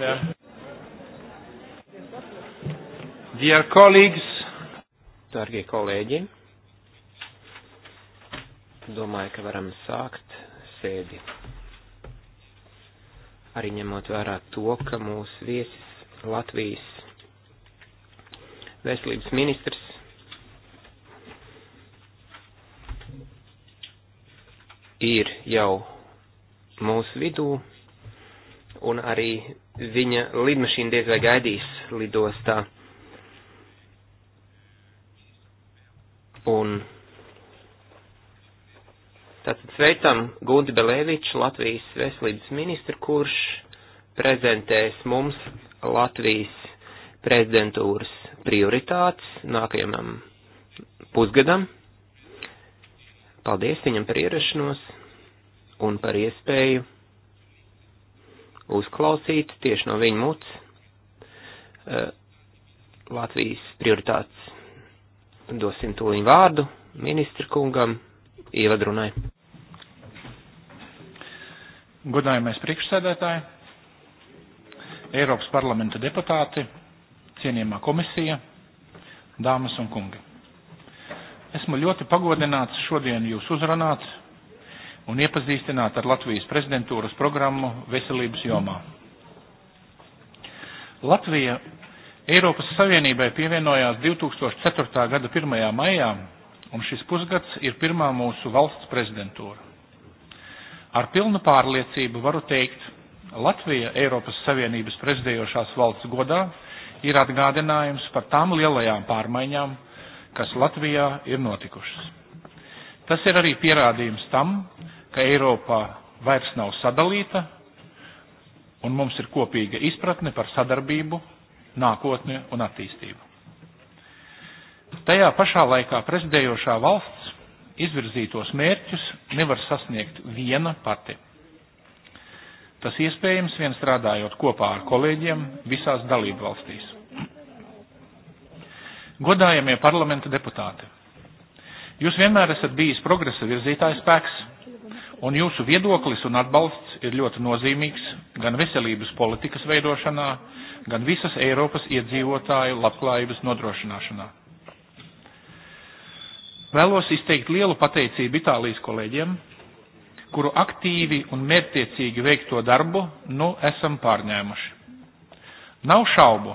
Yeah. Dear colleagues, dārgie kolēģi, domāju, ka varam sākt sēdi. Arī ņemot vērā to, ka mūsu viesis Latvijas veselības ministrs ir jau mūsu vidū un arī viņa lidmašīna diez vai gaidīs lidostā. Un tātad sveicam Gunti Belēviču, Latvijas veselības ministru, kurš prezentēs mums Latvijas prezidentūras prioritātes nākamajam pusgadam. Paldies viņam par ierašanos un par iespēju uzklausīt tieši no viņa muts eh, Latvijas prioritātes. Dosim tūlīt vārdu ministra kungam ievadrunai. Godājumais priekšsēdētāji, Eiropas parlamenta deputāti, cienījamā komisija, dāmas un kungi. Esmu ļoti pagodināts šodien jūs uzrunāt un iepazīstināt ar Latvijas prezidentūras programmu veselības jomā. Latvija Eiropas Savienībai pievienojās 2004. gada 1. maijā, un šis pusgads ir pirmā mūsu valsts prezidentūra. Ar pilnu pārliecību varu teikt, Latvija Eiropas Savienības prezidējošās valsts godā ir atgādinājums par tām lielajām pārmaiņām, kas Latvijā ir notikušas. Tas ir arī pierādījums tam, ka Eiropā vairs nav sadalīta, un mums ir kopīga izpratne par sadarbību, nākotni un attīstību. Tajā pašā laikā prezidējošā valsts izvirzītos mērķus nevar sasniegt viena pati. Tas iespējams vien strādājot kopā ar kolēģiem visās dalību valstīs. Godājamie parlamenta deputāti, jūs vienmēr esat bijis progresa virzītājs spēks un jūsu viedoklis un atbalsts ir ļoti nozīmīgs gan veselības politikas veidošanā, gan visas Eiropas iedzīvotāju labklājības nodrošināšanā. Vēlos izteikt lielu pateicību Itālijas kolēģiem, kuru aktīvi un mērtiecīgi veikto darbu nu esam pārņēmuši. Nav šaubu,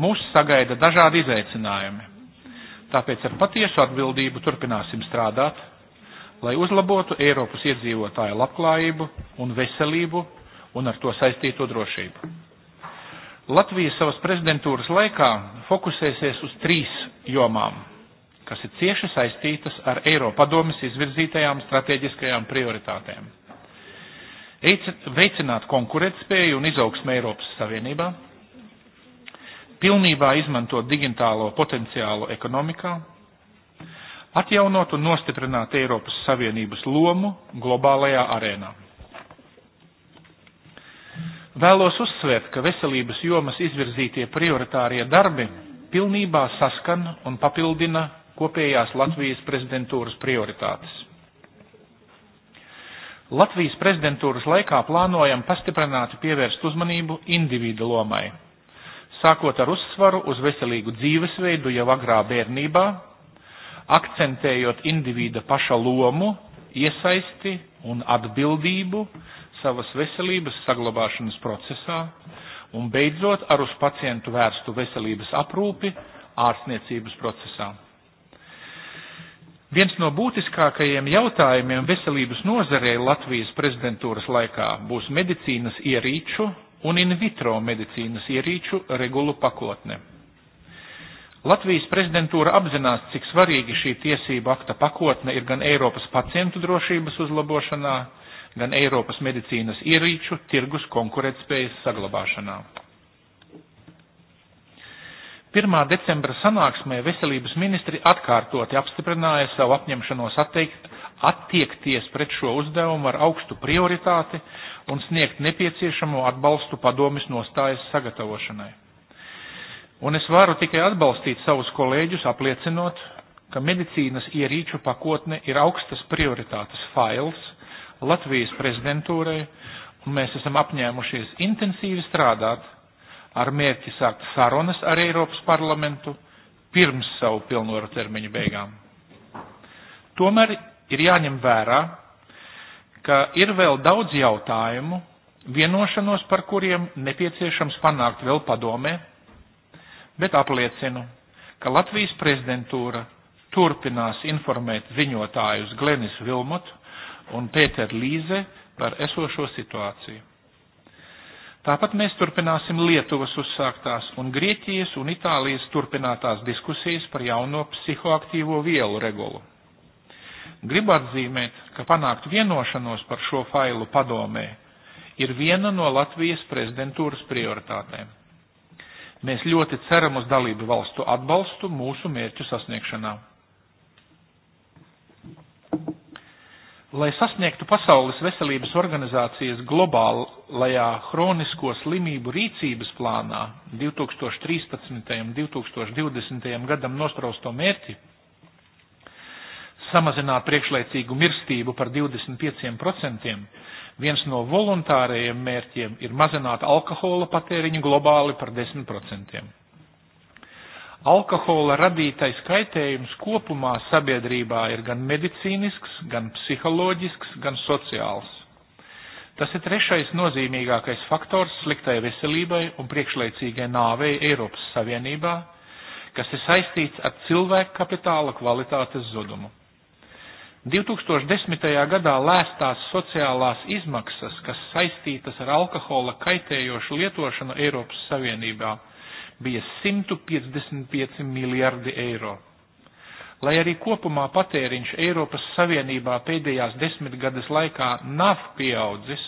mūs sagaida dažādi izaicinājumi, tāpēc ar patiesu atbildību turpināsim strādāt lai uzlabotu Eiropas iedzīvotāju labklājību un veselību un ar to saistīto drošību. Latvija savas prezidentūras laikā fokusēsies uz trīs jomām, kas ir cieši saistītas ar Eiropadomis izvirzītajām strateģiskajām prioritātēm. Veicināt konkurētspēju un izaugsmu Eiropas Savienībā, pilnībā izmantot digitālo potenciālu ekonomikā, atjaunot un nostiprināt Eiropas Savienības lomu globālajā arēnā. Vēlos uzsvērt, ka veselības jomas izvirzītie prioritārie darbi pilnībā saskan un papildina kopējās Latvijas prezidentūras prioritātes. Latvijas prezidentūras laikā plānojam pastiprināti pievērst uzmanību individu lomai, sākot ar uzsvaru uz veselīgu dzīvesveidu jau agrā bērnībā akcentējot individa paša lomu, iesaisti un atbildību savas veselības saglabāšanas procesā, un beidzot ar uz pacientu vērstu veselības aprūpi ārstniecības procesā. Viens no būtiskākajiem jautājumiem veselības nozarē Latvijas prezidentūras laikā būs medicīnas ierīču un in vitro medicīnas ierīču regulu pakotne. Latvijas prezidentūra apzinās, cik svarīgi šī tiesība akta pakotne ir gan Eiropas pacientu drošības uzlabošanā, gan Eiropas medicīnas ierīču tirgus konkurētspējas saglabāšanā. 1. decembra sanāksmē veselības ministri atkārtoti apstiprināja savu apņemšanos atteikt, attiekties pret šo uzdevumu ar augstu prioritāti un sniegt nepieciešamo atbalstu padomis nostājas sagatavošanai. Un es varu tikai atbalstīt savus kolēģus, apliecinot, ka medicīnas ierīču pakotne ir augstas prioritātes fails Latvijas prezidentūrai, un mēs esam apņēmušies intensīvi strādāt ar mērķi sākt sarunas ar Eiropas parlamentu pirms savu pilnvaru termiņu beigām. Tomēr ir jāņem vērā, ka ir vēl daudz jautājumu, vienošanos par kuriem nepieciešams panākt vēl padomē, bet apliecinu, ka Latvijas prezidentūra turpinās informēt ziņotājus Glenis Vilmot un Pēter Līze par esošo situāciju. Tāpat mēs turpināsim Lietuvas uzsāktās un Grieķijas un Itālijas turpinātās diskusijas par jauno psihoaktīvo vielu regulu. Gribu atzīmēt, ka panākt vienošanos par šo failu padomē ir viena no Latvijas prezidentūras prioritātēm. Mēs ļoti ceram uz dalību valstu atbalstu mūsu mērķu sasniegšanā. Lai sasniegtu Pasaules veselības organizācijas globālajā hronisko slimību rīcības plānā 2013. un 2020. gadam nostrausto mērķi, samazināt priekšlaicīgu mirstību par 25%, Viens no voluntārajiem mērķiem ir mazināt alkohola patēriņu globāli par 10%. Alkohola radītais kaitējums kopumā sabiedrībā ir gan medicīnisks, gan psiholoģisks, gan sociāls. Tas ir trešais nozīmīgākais faktors sliktai veselībai un priekšlaicīgai nāvei Eiropas Savienībā, kas ir saistīts ar cilvēku kapitāla kvalitātes zudumu. 2010. gadā lēstās sociālās izmaksas, kas saistītas ar alkohola kaitējošu lietošanu Eiropas Savienībā, bija 155 miljardi eiro. Lai arī kopumā patēriņš Eiropas Savienībā pēdējās desmitgades laikā nav pieaudzis,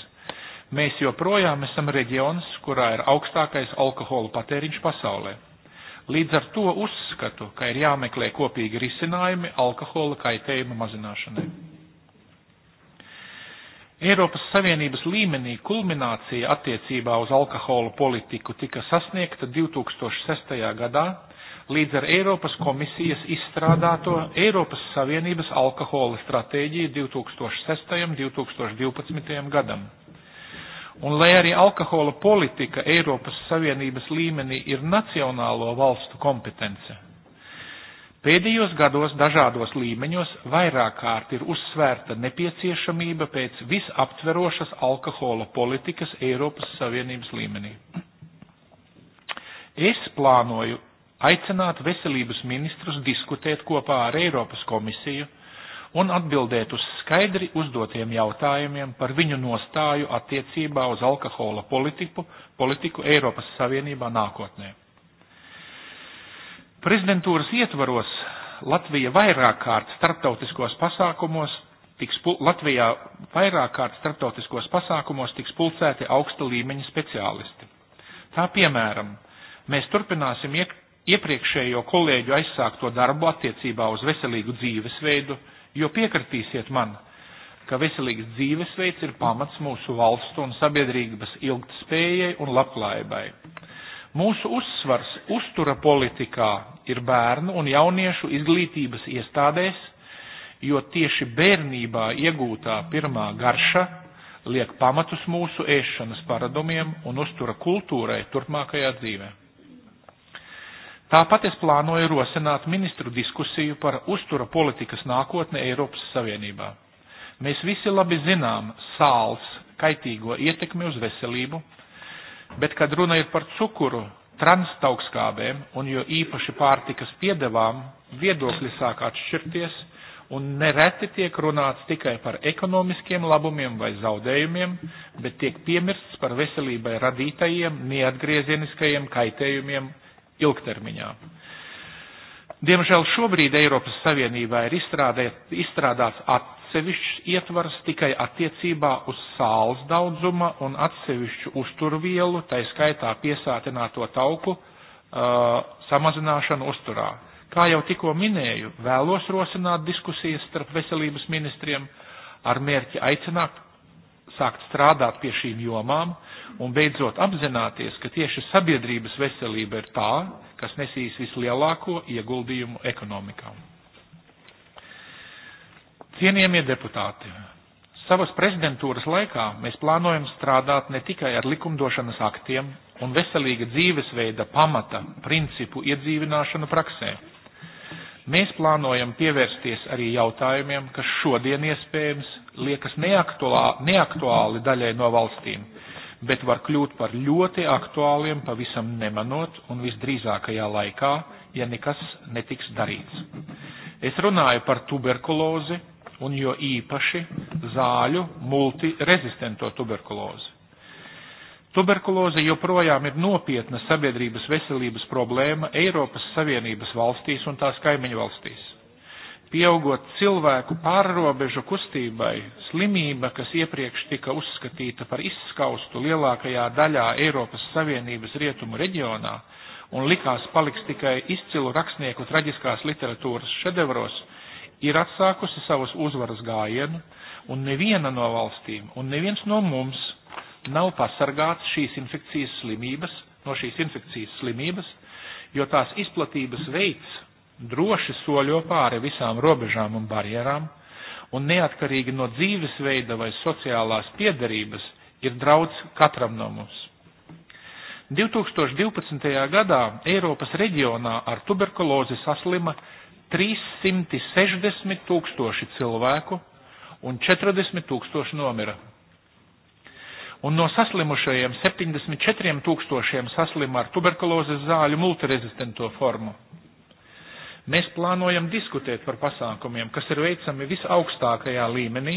mēs joprojām esam reģions, kurā ir augstākais alkohola patēriņš pasaulē. Līdz ar to uzskatu, ka ir jāmeklē kopīgi risinājumi alkohola kaitējuma mazināšanai. Eiropas Savienības līmenī kulminācija attiecībā uz alkohola politiku tika sasniegta 2006. gadā līdz ar Eiropas komisijas izstrādāto Eiropas Savienības alkohola stratēģiju 2006. un 2012. gadam. Un lai arī alkohola politika Eiropas Savienības līmenī ir nacionālo valstu kompetence, pēdējos gados dažādos līmeņos vairāk kārt ir uzsvērta nepieciešamība pēc visaptverošas alkohola politikas Eiropas Savienības līmenī. Es plānoju aicināt veselības ministrus diskutēt kopā ar Eiropas komisiju un atbildēt uz skaidri uzdotiem jautājumiem par viņu nostāju attiecībā uz alkohola politiku, politiku Eiropas Savienībā nākotnē. Prezidentūras ietvaros Latvija vairāk kārt starptautiskos pasākumos tiks, Latvijā vairāk kārt starptautiskos pasākumos tiks pulcēti augsta līmeņa speciālisti. Tā piemēram, mēs turpināsim iek, iepriekšējo kolēģu aizsākto darbu attiecībā uz veselīgu dzīvesveidu, Jo piekritīsiet man, ka veselīgs dzīvesveids ir pamats mūsu valstu un sabiedrības ilgtspējai un labklājībai. Mūsu uzsvars uztura politikā ir bērnu un jauniešu izglītības iestādēs, jo tieši bērnībā iegūtā pirmā garša liek pamatus mūsu ēšanas paradumiem un uztura kultūrai turpmākajā dzīvē. Tāpat es plānoju rosināt ministru diskusiju par uztura politikas nākotni Eiropas Savienībā. Mēs visi labi zinām sāls kaitīgo ietekmi uz veselību, bet, kad runa ir par cukuru, transtaugskābēm un jo īpaši pārtikas piedevām, viedokļi sāk atšķirties un nereti tiek runāts tikai par ekonomiskiem labumiem vai zaudējumiem, bet tiek piemirsts par veselībai radītajiem neatgriezieniskajiem kaitējumiem ilgtermiņā. Diemžēl šobrīd Eiropas Savienībā ir izstrādē, izstrādāts atsevišķs ietvars tikai attiecībā uz sāls daudzuma un atsevišķu uzturvielu, tai skaitā piesātināto tauku, uh, samazināšanu uzturā. Kā jau tikko minēju, vēlos rosināt diskusijas starp veselības ministriem ar mērķi aicināt sākt strādāt pie šīm jomām, un beidzot apzināties, ka tieši sabiedrības veselība ir tā, kas nesīs vislielāko ieguldījumu ekonomikām. Cienījamie deputāti, savas prezidentūras laikā mēs plānojam strādāt ne tikai ar likumdošanas aktiem un veselīga dzīvesveida pamata principu iedzīvināšanu praksē. Mēs plānojam pievērsties arī jautājumiem, kas šodien iespējams liekas neaktuāli daļai no valstīm, bet var kļūt par ļoti aktuāliem pavisam nemanot un visdrīzākajā laikā, ja nekas netiks darīts. Es runāju par tuberkulozi un jo īpaši zāļu multirezistento tuberkulozi. Tuberkuloze joprojām ir nopietna sabiedrības veselības problēma Eiropas Savienības valstīs un tās kaimiņu valstīs pieaugot cilvēku pārrobežu kustībai, slimība, kas iepriekš tika uzskatīta par izskaustu lielākajā daļā Eiropas Savienības rietumu reģionā un likās paliks tikai izcilu rakstnieku traģiskās literatūras šedevros, ir atsākusi savus uzvaras gājienu, un neviena no valstīm, un neviens no mums nav pasargāts šīs infekcijas slimības, no šīs infekcijas slimības, jo tās izplatības veids droši soļo pāri visām robežām un barjerām, un neatkarīgi no dzīvesveida vai sociālās piedarības ir draudz katram no mums. 2012. gadā Eiropas reģionā ar tuberkulozi saslima 360 tūkstoši cilvēku un 40 tūkstoši nomira. Un no saslimušajiem 74 tūkstošiem saslima ar tuberkulozes zāļu multirezistento formu. Mēs plānojam diskutēt par pasākumiem, kas ir veicami visaugstākajā līmenī,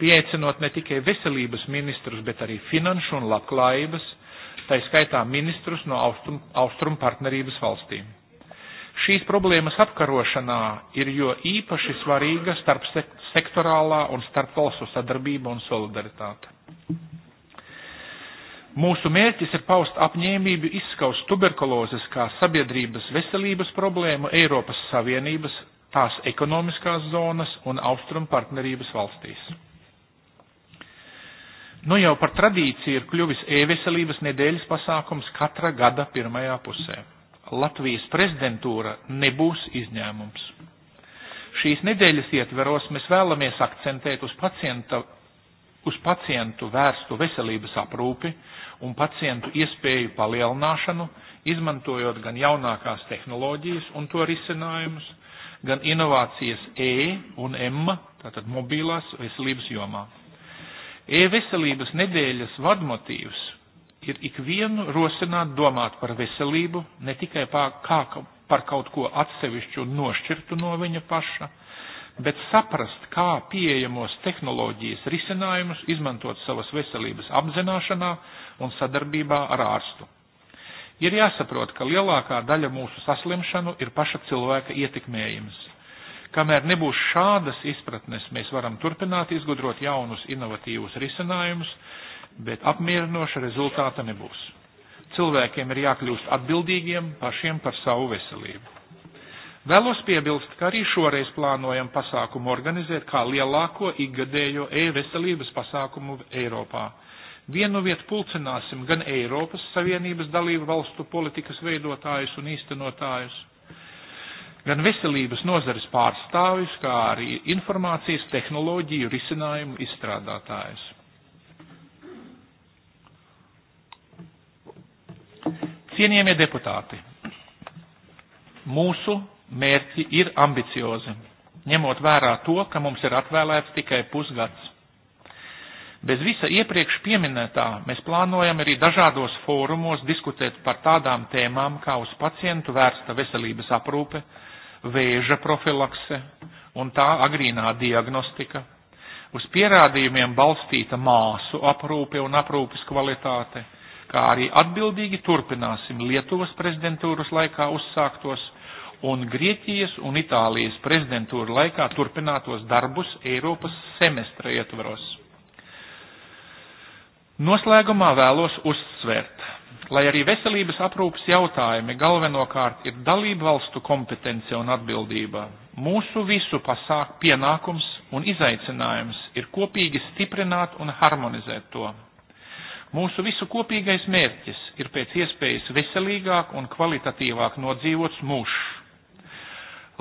pieaicinot ne tikai veselības ministrus, bet arī finanšu un labklājības, tai skaitā ministrus no austrum, austrum partnerības valstīm. Šīs problēmas apkarošanā ir jo īpaši svarīga starp sektorālā un starpvalstu sadarbība un solidaritāte. Mūsu mērķis ir paust apņēmību izskaust tuberkulozes kā sabiedrības veselības problēmu Eiropas Savienības, tās ekonomiskās zonas un austrumu partnerības valstīs. Nu jau par tradīciju ir kļuvis e-veselības nedēļas pasākums katra gada pirmajā pusē. Latvijas prezidentūra nebūs izņēmums. Šīs nedēļas ietveros mēs vēlamies akcentēt uz pacienta uz pacientu vērstu veselības aprūpi un pacientu iespēju palielināšanu, izmantojot gan jaunākās tehnoloģijas un to risinājumus, gan inovācijas E un M, tātad mobilās veselības jomā. E-veselības nedēļas vadmotīvs ir ikvienu rosināt domāt par veselību, ne tikai par, kā, par kaut ko atsevišķu un nošķirtu no viņa paša, bet saprast, kā pieejamos tehnoloģijas risinājumus izmantot savas veselības apzināšanā un sadarbībā ar ārstu. Ir jāsaprot, ka lielākā daļa mūsu saslimšanu ir paša cilvēka ietekmējums. Kamēr nebūs šādas izpratnes, mēs varam turpināt izgudrot jaunus inovatīvus risinājumus, bet apmierinoša rezultāta nebūs. Cilvēkiem ir jākļūst atbildīgiem pašiem par savu veselību. Vēlos piebilst, ka arī šoreiz plānojam pasākumu organizēt kā lielāko ikgadējo e-veselības pasākumu Eiropā. Vienu vietu pulcināsim gan Eiropas Savienības dalību valstu politikas veidotājus un īstenotājus, gan veselības nozares pārstāvjus, kā arī informācijas tehnoloģiju risinājumu izstrādātājus. Cienījamie deputāti, mūsu mērķi ir ambiciozi, ņemot vērā to, ka mums ir atvēlēts tikai pusgads. Bez visa iepriekš pieminētā mēs plānojam arī dažādos fórumos diskutēt par tādām tēmām kā uz pacientu vērsta veselības aprūpe, vēža profilakse un tā agrīnā diagnostika, uz pierādījumiem balstīta māsu aprūpe un aprūpes kvalitāte, kā arī atbildīgi turpināsim Lietuvas prezidentūras laikā uzsāktos un Grieķijas un Itālijas prezidentūra laikā turpinātos darbus Eiropas semestra ietvaros. Noslēgumā vēlos uzsvērt, lai arī veselības aprūpas jautājumi galvenokārt ir dalību valstu kompetence un atbildība, mūsu visu pasāk pienākums un izaicinājums ir kopīgi stiprināt un harmonizēt to. Mūsu visu kopīgais mērķis ir pēc iespējas veselīgāk un kvalitatīvāk nodzīvots mūžs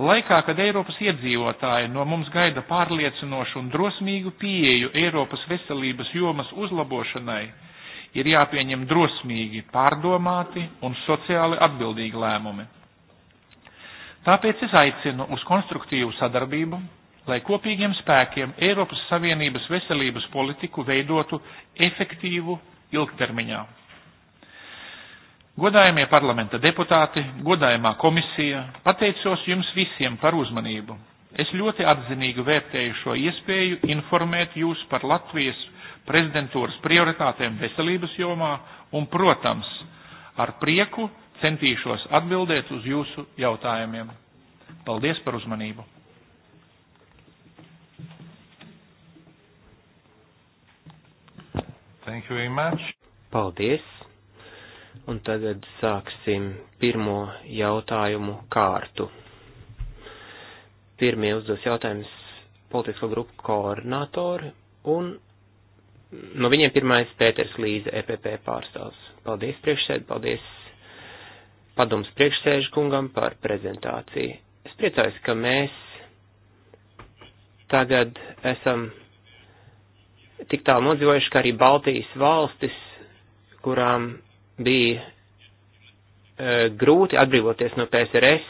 Laikā, kad Eiropas iedzīvotāji no mums gaida pārliecinošu un drosmīgu pieeju Eiropas veselības jomas uzlabošanai, ir jāpieņem drosmīgi, pārdomāti un sociāli atbildīgi lēmumi. Tāpēc es aicinu uz konstruktīvu sadarbību, lai kopīgiem spēkiem Eiropas Savienības veselības politiku veidotu efektīvu ilgtermiņā. Godājumie parlamenta deputāti, godājumā komisija, pateicos jums visiem par uzmanību. Es ļoti atzinīgi vērtēju šo iespēju informēt jūs par Latvijas prezidentūras prioritātēm veselības jomā un, protams, ar prieku centīšos atbildēt uz jūsu jautājumiem. Paldies par uzmanību! Thank you very much. Paldies! Un tagad sāksim pirmo jautājumu kārtu. Pirmie uzdos jautājums politisko grupu koordinātori un no viņiem pirmais Pēters Līze, EPP pārstāvs. Paldies priekšsēd, paldies padoms priekšsēžu kungam par prezentāciju. Es priecājos, ka mēs tagad esam tik tālu nodzīvojuši, ka arī Baltijas valstis, kurām bija e, grūti atbrīvoties no PSRS,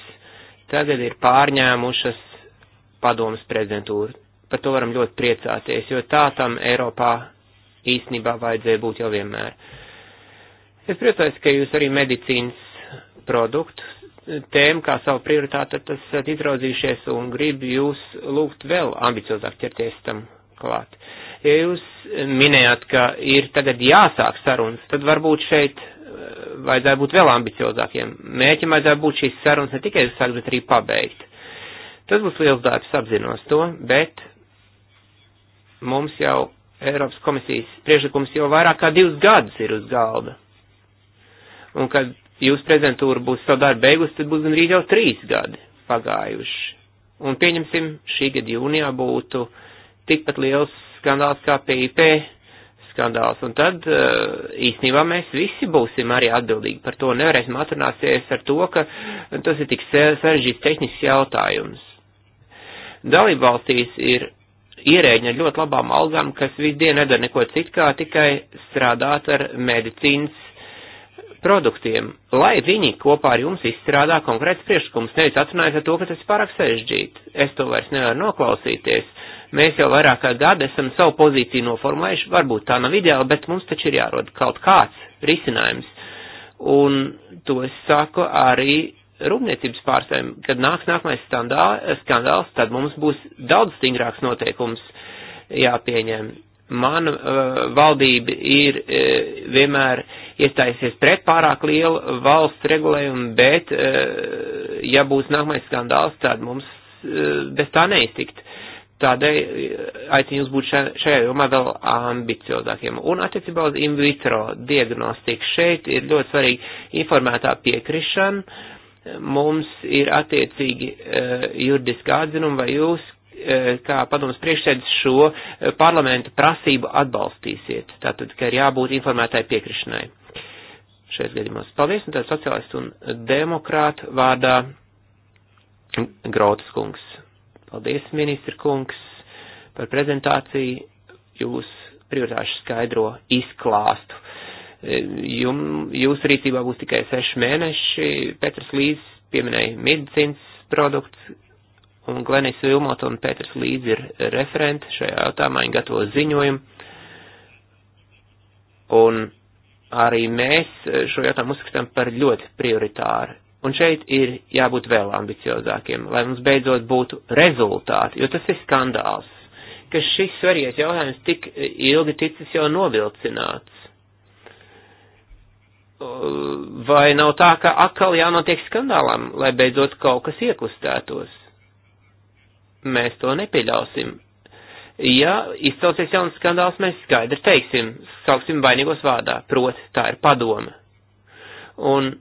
tagad ir pārņēmušas padomas prezidentūru. Par to varam ļoti priecāties, jo tā tam Eiropā īstenībā vajadzēja būt jau vienmēr. Es priecājos, ka jūs arī medicīnas produktu tēmu kā savu prioritāti tas izraudzījušies un grib jūs lūgt vēl ambiciozāk ķerties tam klāt. Ja jūs minējāt, ka ir tagad jāsāk sarunas, tad varbūt šeit vajadzētu būt vēl ambiciozākiem. Mēķim vajadzētu būt šīs sarunas ne tikai uzsākt, bet arī pabeigt. Tas būs liels darbs, apzinos to, bet mums jau Eiropas komisijas priešlikums jau vairāk kā divus gadus ir uz galda. Un kad jūs prezentūra būs savu darbu beigusi, tad būs gandrīz jau trīs gadi pagājuši. Un pieņemsim, šī gada jūnijā būtu tikpat liels skandāls kā PIP skandāls, un tad eh, īstenībā mēs visi būsim arī atbildīgi par to. Nevarēsim atrunāties ar to, ka tas ir tik sarežģīts tehnisks jautājums. Dalībvalstīs ir ierēģi ar ļoti labām algām, kas visu dienu nedara neko citu, kā tikai strādāt ar medicīnas produktiem, lai viņi kopā ar jums izstrādā konkrēts priekšlikums, nevis atrunājas ar to, ka tas ir pārāk sarežģīti. Es to vairs nevaru noklausīties Mēs jau vairāk kā gadu esam savu pozīciju noformulējuši, varbūt tā nav ideāla, bet mums taču ir jārod kaut kāds risinājums. Un to es saku arī rūpniecības pārstāvjiem, kad nāks nākamais skandāls, tad mums būs daudz stingrāks noteikums jāpieņem. Mana uh, valdība ir uh, vienmēr iestājusies pret pārāk lielu valsts regulējumu, bet, uh, ja būs nākamais skandāls, tad mums uh, bez tā neiztikt. Tādēļ aicinu eh, jūs būt šajā jomā vēl ambiciozākiem. Un attiecībā uz in vitro diagnostiku šeit ir ļoti svarīgi informētā piekrišana. Mums ir attiecīgi uh, juridiski atzinumi, vai jūs, uh, kā padomas priekšsēdis, šo uh, parlamentu prasību atbalstīsiet. Tātad, ka ir jābūt informētāji piekrišanai. Šeit gadījumos. Paldies, un tā sociālistu un demokrātu vārdā Grotas kungs. Paldies, ministra kungs, par prezentāciju. Jūs prioritāšu skaidro izklāstu. E, jum, jūsu rīcībā būs tikai seši mēneši. Petrs Līs pieminēja medicīnas produkts, un Glenis Vilmot un Petrs Līs ir referenti šajā jautājumā, viņi gatavo ziņojumu. Un arī mēs e, šo jautājumu uzskatām par ļoti prioritāru. Un šeit ir jābūt vēl ambiciozākiem, lai mums beidzot būtu rezultāti, jo tas ir skandāls, ka šis svarīgais jautājums tik ilgi ticis jau novilcināts. Vai nav tā, ka atkal jānotiek skandālam, lai beidzot kaut kas iekustētos? Mēs to nepieļausim. Ja izcelsies jauns skandāls, mēs skaidri teiksim, sauksim vainīgos vārdā, proti tā ir padoma. Un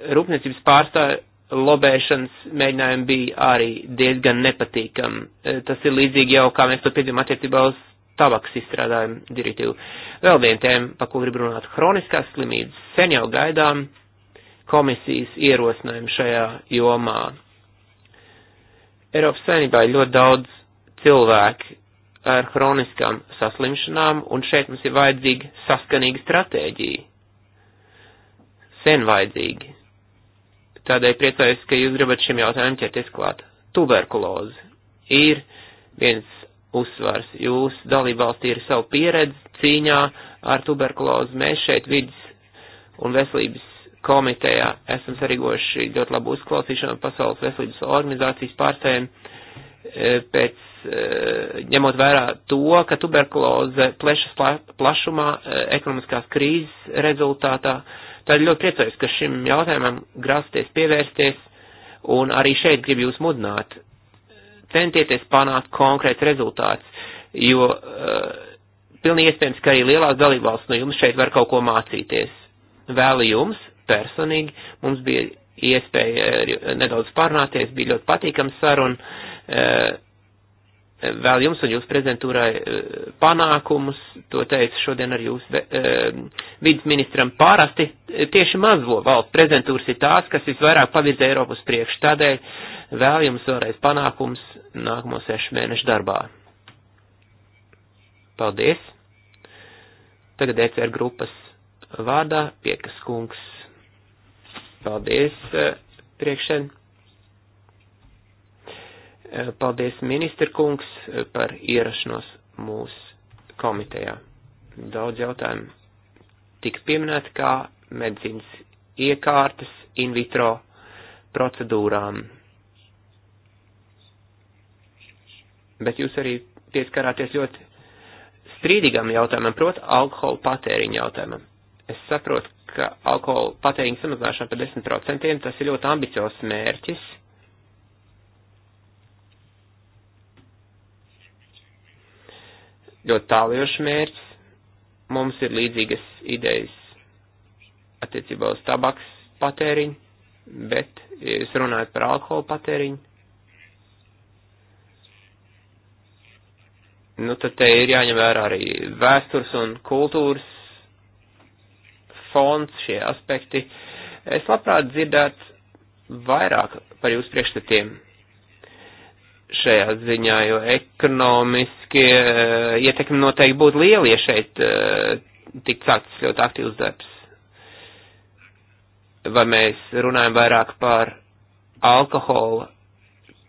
rūpniecības pārstāju lobēšanas mēģinājumi bija arī diezgan nepatīkami. E, tas ir līdzīgi jau, kā mēs to piedzīvām attiecībā uz tabaks izstrādājumu direktīvu. Vēl viena tēma, pa ko grib runāt, hroniskās slimības. Sen jau gaidām komisijas ierosinājumu šajā jomā. Eiropas saimnībā ir ļoti daudz cilvēku ar hroniskām saslimšanām, un šeit mums ir vajadzīga saskanīga stratēģija. Sen vajadzīga. Tādēļ priecājos, ka jūs gribat šim jautājumam ķerties klāt. Tuberkuloze ir viens uzsvars. Jūs dalībvalstī ir savu pieredzi cīņā ar tuberkulozi. Mēs šeit vidas un veselības komitejā esam sarīgojuši ļoti labu uzklausīšanu Pasaules veselības organizācijas pārstāvjiem e, pēc e, ņemot vērā to, ka tuberkuloze plešas plašumā e, ekonomiskās krīzes rezultātā uh, Tad ļoti priecājos, ka šim jautājumam grasties pievērsties, un arī šeit gribu jūs mudināt. Centieties panākt konkrēts rezultāts, jo uh, pilnīgi iespējams, ka arī lielās dalībvalsts no jums šeit var kaut ko mācīties. Vēlu jums personīgi, mums bija iespēja nedaudz pārnāties, bija ļoti patīkams saruna. Uh, vēl jums un jūsu prezidentūrai eh, panākumus, to teicu šodien ar jūs eh, vidas ministram pārasti, eh, tieši mazo valstu prezidentūras ir tās, kas visvairāk pavirza Eiropas priekš, tādēļ vēl jums vēlreiz panākums nākamo sešu mēnešu darbā. Paldies! Tagad ECR grupas vārdā piekas kungs. Paldies, priekšēn! Eh, paldies, ministra kungs, eh, par ierašanos mūsu komitejā. Daudz jautājumu tika pieminēti kā medicīnas iekārtas in vitro procedūrām. Bet jūs arī pieskarāties ļoti strīdīgam jautājumam, proti alkohola patēriņa jautājumam. Es saprotu, ka alkohola patēriņa samazināšana par 10% tas ir ļoti ambiciozs mērķis, ļoti tāliošs mērķis. Mums ir līdzīgas idejas attiecībā uz tabaks patēriņu, bet, ja jūs runājat par alkohola patēriņu, nu tad te ir jāņem vērā arī vēstures un kultūras fonds, šie aspekti. Es labprāt dzirdētu vairāk par jūsu priekšstatiem šajā ziņā, jo ekonomiskie eh, ietekmi noteikti būtu lieli, ja šeit eh, tik sāktas ļoti aktīvs darbs. Vai mēs runājam vairāk par alkohola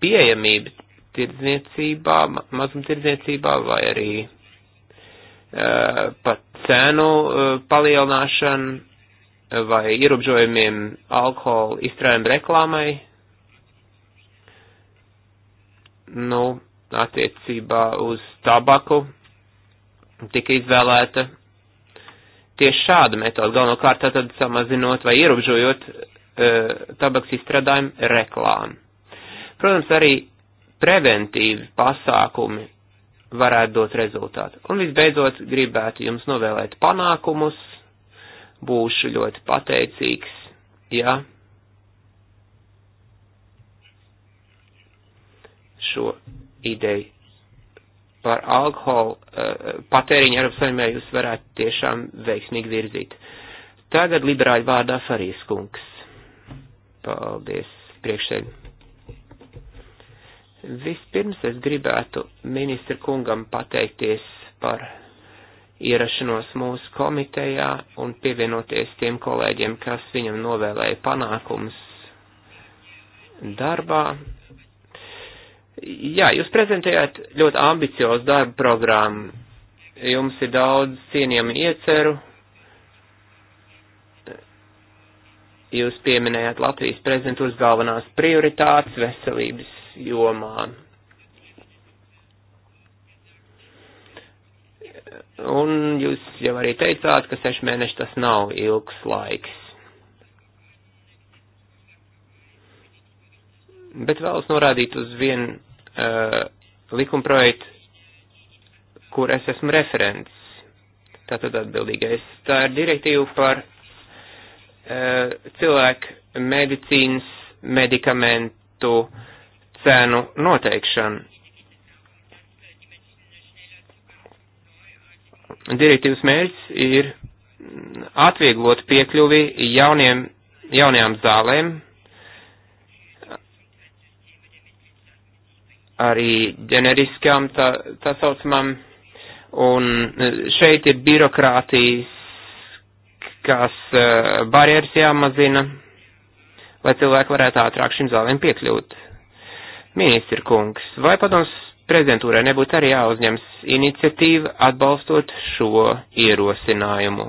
pieejamību tirdzniecībā, mazumtirdzniecībā vai arī uh, pat cenu uh, palielināšanu vai ierobežojumiem alkohola izstrādājumu reklāmai nu, attiecībā uz tabaku tika izvēlēta tieši šāda metoda, galvenokārt tātad samazinot vai ierobežojot e, tabaks izstrādājumu reklāmu. Protams, arī preventīvi pasākumi varētu dot rezultātu. Un visbeidzot, gribētu jums novēlēt panākumus, būšu ļoti pateicīgs, ja šo ideju. Par alkoholu uh, patēriņu Eiropas Savienībā jūs varētu tiešām veiksmīgi virzīt. Tagad liberāļu vārdā Farijas kungs. Paldies, priekšsēd. Vispirms es gribētu ministra kungam pateikties par ierašanos mūsu komitejā un pievienoties tiem kolēģiem, kas viņam novēlēja panākums darbā. Jā, jūs prezentējāt ļoti ambiciozu darbu programmu. Jums ir daudz cienījami ieceru. Jūs pieminējāt Latvijas prezidentūras galvenās prioritātes veselības jomā. Un jūs jau arī teicāt, ka seši mēneši tas nav ilgs laiks. Bet vēlos norādīt uz vienu Uh, likumprojektu, kur es esmu referents. Tātad atbildīgais. Tā ir direktīva par uh, cilvēku medicīnas medikamentu cenu noteikšanu. Direktīvas mērķis ir atvieglot piekļuvi jauniem, jaunajām zālēm, arī ģeneriskām tā, tā saucamām, un e, šeit ir birokrātijas, kas e, barjeras jāmazina, lai cilvēki varētu ātrāk šim zālēm piekļūt. Ministri kungs, vai padoms prezidentūrai nebūtu arī jāuzņems iniciatīva atbalstot šo ierosinājumu?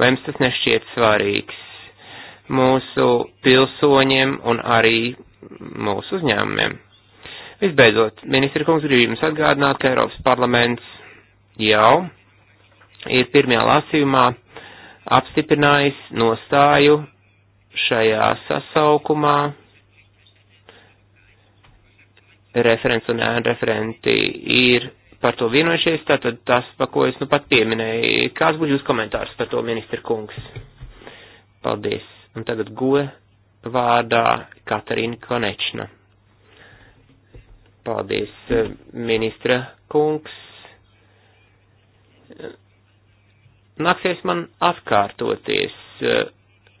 Vai jums tas nešķiet svarīgs mūsu pilsoņiem un arī mūsu uzņēmumiem? Visbeidzot, ministri kungs grib jums atgādināt, ka Eiropas parlaments jau ir pirmajā lasījumā apstiprinājis nostāju šajā sasaukumā. Referents un referenti ir par to vienojušies, tātad tas, pa ko es nu pat pieminēju. Kāds būs jūsu komentārs par to, ministra kungs? Paldies. Un tagad goe vārdā Katarina Konečna. Paldies, eh, ministra kungs. Nāksies man atkārtoties, eh,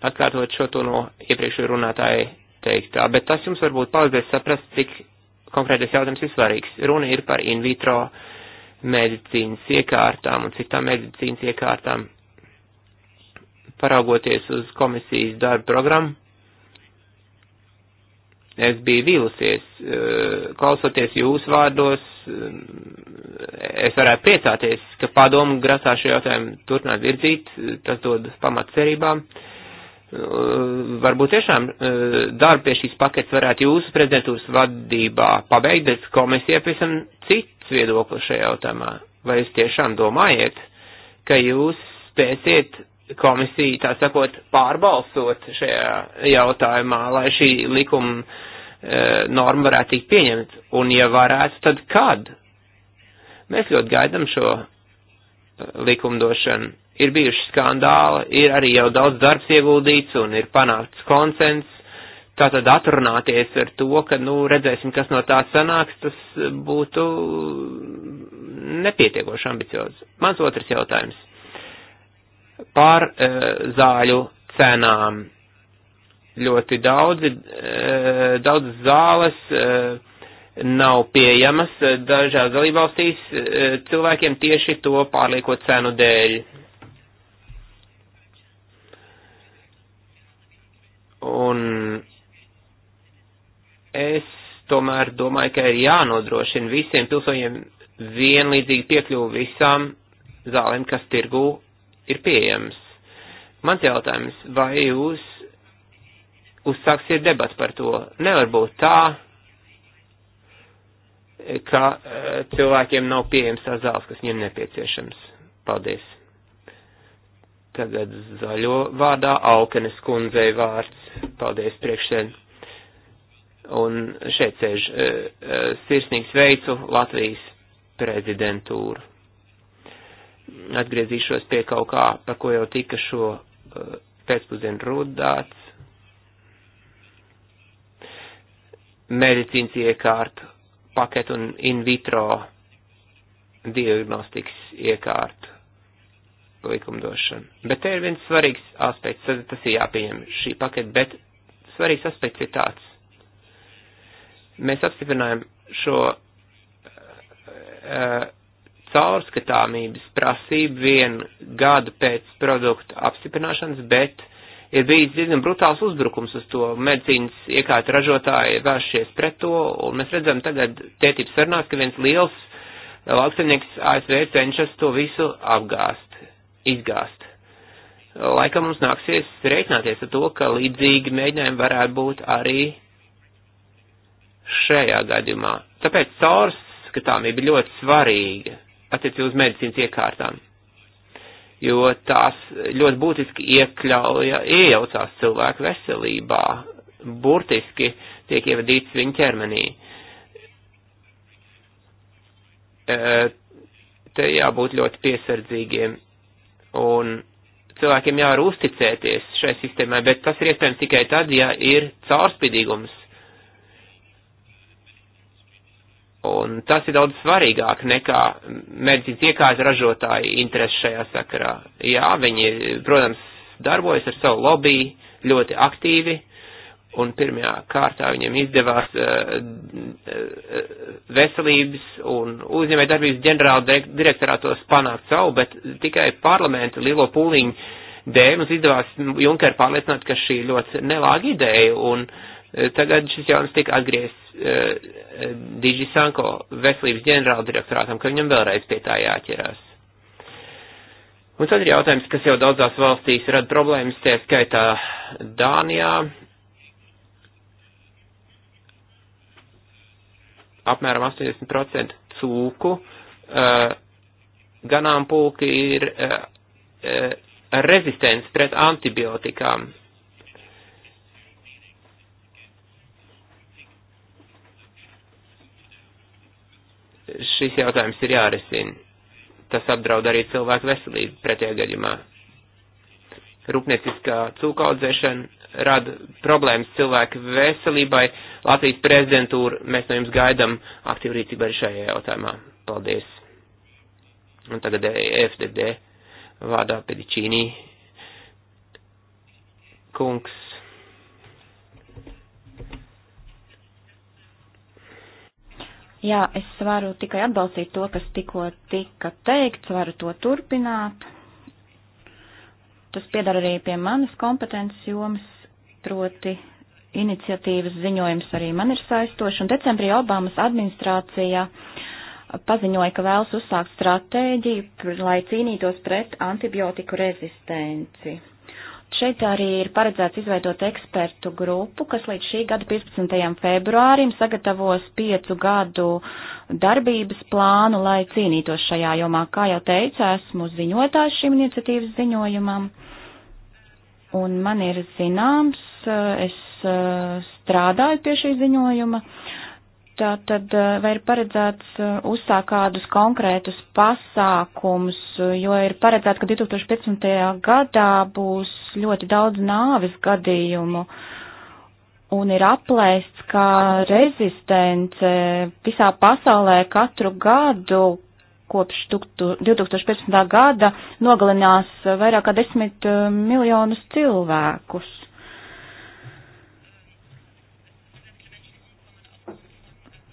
atkārtot šo to no iepriekšējā runātāja teiktā, bet tas jums varbūt palīdzēs saprast, cik konkrētais jautājums ir svarīgs. Runa ir par in vitro medicīnas iekārtām un citām medicīnas iekārtām. Paraugoties uz komisijas darba programmu, Es biju vīlusies, eh, klausoties jūsu vārdos, eh, es varētu priecāties, ka padomu grasā šo jautājumu turpināt virzīt, tas dod pamats cerībām. Eh, varbūt tiešām darbu pie šīs paketes varētu jūsu prezidentūras vadībā pabeigt, bet komisija pavisam cits viedoklis šajā jautājumā. Vai jūs tiešām domājat, ka jūs spēsiet komisiju, tā sakot, pārbalsot šajā jautājumā, lai šī likuma E, norma varētu tikt pieņemta, un ja varētu, tad kad? Mēs ļoti gaidam šo e, likumdošanu. Ir bijuši skandāli, ir arī jau daudz darbs ieguldīts un ir panākts konsens. Tātad atrunāties ar to, ka, nu, redzēsim, kas no tā sanāks, tas būtu nepietiekoši ambiciozi. Mans otrs jautājums. Par e, zāļu cenām ļoti daudzi, eh, daudz zāles eh, nav pieejamas eh, dažās dalībvalstīs cilvēkiem tieši to pārlieko cenu dēļ. Un es tomēr domāju, ka ir jānodrošina visiem pilsoņiem vienlīdzīgi piekļuvu visām zālēm, kas tirgū ir pieejams. Mans jautājums, vai jūs uzsāksiet debats par to. Nevar būt tā, ka eh, cilvēkiem nav pieejams tās zāles, kas viņiem nepieciešams. Paldies. Tagad zaļo vārdā Alkenes kundzei vārds. Paldies priekšsēd. Un šeit sēž eh, eh, sirsnīgs veicu Latvijas prezidentūru. Atgriezīšos pie kaut kā, par ko jau tika šo pēcpusdienu rudāts medicīnas iekārtu paketu un in vitro diagnostikas iekārtu likumdošanu. Bet te ir viens svarīgs aspekts, tad tas ir jāpieņem šī paketa, bet svarīgs aspekts ir tāds. Mēs apstiprinājam šo uh, caurskatāmības prasību vienu gadu pēc produktu apstiprināšanas, bet ir bijis diezgan brutāls uzbrukums uz to. Medicīnas iekārta ražotāji vēršies pret to, un mēs redzam tagad tētības sarunās, ka viens liels eh, lauksaimnieks ASV cenšas to visu apgāst, izgāst. Laikam mums nāksies rēķināties ar to, ka līdzīgi mēģinājumi varētu būt arī šajā gadījumā. Tāpēc caurskatāmība ļoti svarīga attiecībā uz medicīnas iekārtām jo tās ļoti būtiski iekļauja, iejaucās cilvēku veselībā, burtiski tiek ievadīts viņa ķermenī. E, te jābūt ļoti piesardzīgiem un cilvēkiem jāvar uzticēties šai sistēmai, bet tas ir iespējams tikai tad, ja ir caurspīdīgums Un tas ir daudz svarīgāk nekā medicīnas iekārtas ražotāji interesi šajā sakarā. Jā, viņi, protams, darbojas ar savu lobby ļoti aktīvi, un pirmajā kārtā viņam izdevās uh, veselības un uzņēmē darbības ģenerāla direktorātos panākt savu, bet tikai parlamentu lielo pūliņu dēļ mums izdevās Junkeru pārliecināt, ka šī ļoti nelāga ideja, un uh, Eh, tagad šis jaunas tika atgriezts uh, Digi Sanko veselības ģenerāla direktorātam, ka viņam vēlreiz pie tā jāķerās. Un tad ir jautājums, kas jau daudzās valstīs rada problēmas, tie skaitā Dānijā. Apmēram 80% cūku uh, ganāmpulki ir uh, uh, rezistents pret antibiotikām šis jautājums ir jārisina. Tas apdraud arī cilvēku veselību pretējā gadījumā. Rūpnieciskā cūkaudzēšana rada problēmas cilvēku veselībai. Latvijas prezidentūra, mēs no jums gaidam aktīvu rīcību arī šajā jautājumā. Paldies. Un tagad e FDD vārdā Pedičīnī. Kungs, Jā, es varu tikai atbalstīt to, kas tikko tika teikts, varu to turpināt. Tas piedara arī pie manas kompetences jomas, proti iniciatīvas ziņojums arī man ir saistošs, un decembrī Obamas administrācija paziņoja, ka vēlas uzsākt stratēģiju, lai cīnītos pret antibiotiku rezistenci. Šeit arī ir paredzēts izveidot ekspertu grupu, kas līdz šī gada 15. februārim sagatavos piecu gadu darbības plānu, lai cīnītos šajā jomā. Kā jau teicu, esmu ziņotājs šim iniciatīvas ziņojumam, un man ir zināms, es eh, strādāju pie šī ziņojuma, Tā tad eh, vai ir paredzēts eh, uzsākt kādus konkrētus pasākumus, jo ir paredzēts, ka 2015. gadā būs ļoti daudz nāvis gadījumu un ir aplēsts, ka rezistence visā pasaulē katru gadu kopš 2015. gada nogalinās vairāk kā 10 eh, miljonus cilvēkus.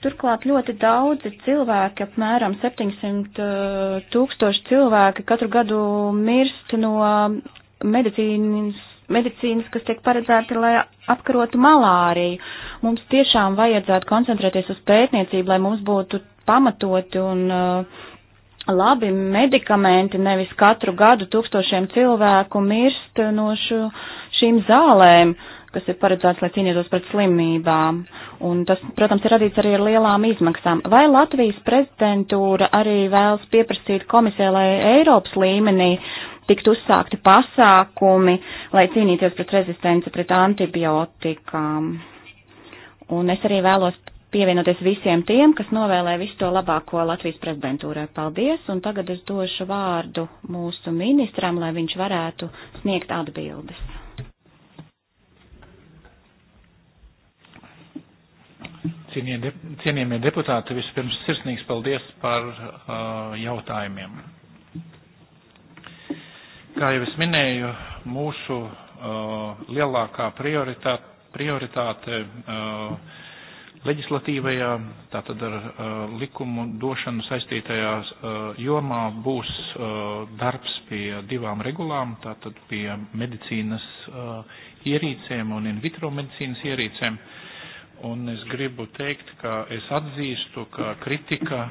Turklāt ļoti daudzi cilvēki, apmēram 700 eh, tūkstoši cilvēki, katru gadu mirst no medicīnas, medicīnas, kas tiek paredzēta, lai apkarotu malāriju. Mums tiešām vajadzētu koncentrēties uz pētniecību, lai mums būtu pamatoti un eh, labi medikamenti, nevis katru gadu tūkstošiem cilvēku mirst no šo, šīm zālēm. Uh, kas ir paredzēts, lai cīnītos pret slimībām. Un tas, protams, ir radīts arī ar lielām izmaksām. Vai Latvijas prezidentūra arī vēlas pieprasīt komisijai, lai Eiropas līmenī tiktu uzsākti pasākumi, lai cīnīties pret rezistenci pret antibiotikām? Un es arī vēlos pievienoties visiem tiem, kas novēlē visu to labāko Latvijas prezidentūrai. Paldies, un tagad es došu vārdu mūsu ministram, lai viņš varētu sniegt atbildes. Cienie de, cienījamie deputāti, vispirms sirsnīgs paldies par uh, jautājumiem. Kā jau es minēju, mūsu uh, lielākā prioritāte, prioritāte uh, leģislatīvajā, tātad ar uh, likumu došanu saistītajā uh, jomā būs uh, darbs pie divām regulām, tātad pie medicīnas uh, ierīcēm un in vitro medicīnas ierīcēm. Uh, Un es gribu teikt, ka es atzīstu, ka kritika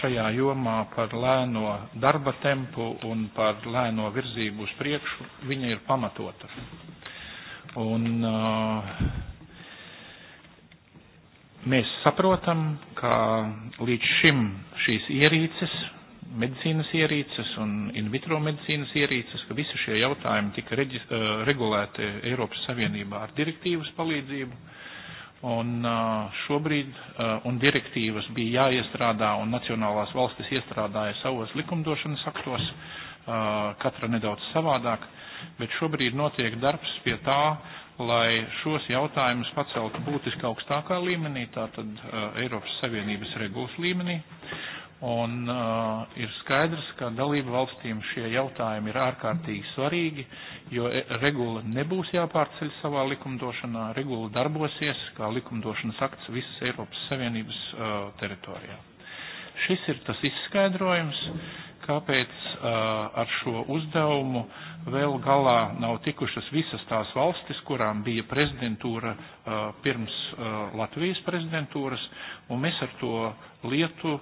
šajā jomā par lēno darba tempu un par lēno virzību uz priekšu, viņa ir pamatota. Un uh, mēs saprotam, ka līdz šim šīs ierīces, medicīnas ierīces un in vitro medicīnas ierīces, ka visi šie jautājumi tika reģis, uh, regulēti Eiropas Savienībā ar direktīvas palīdzību. Uh, Un uh, šobrīd uh, un direktīvas bija jāiestrādā un nacionālās valstis iestrādāja savos likumdošanas aktos, uh, katra nedaudz savādāk, bet šobrīd notiek darbs pie tā, lai šos jautājumus paceltu būtiski augstākā līmenī, tātad Eiropas Savienības regulas līmenī. Un uh, ir skaidrs, ka dalību valstīm šie jautājumi ir ārkārtīgi svarīgi, jo e, regula nebūs jāpārceļ savā likumdošanā, regula darbosies kā likumdošanas akts visas Eiropas Savienības uh, teritorijā. Šis ir tas izskaidrojums, kāpēc uh, ar šo uzdevumu vēl galā nav tikušas visas tās valstis, kurām bija prezidentūra uh, pirms uh, Latvijas prezidentūras, un mēs ar to lietu,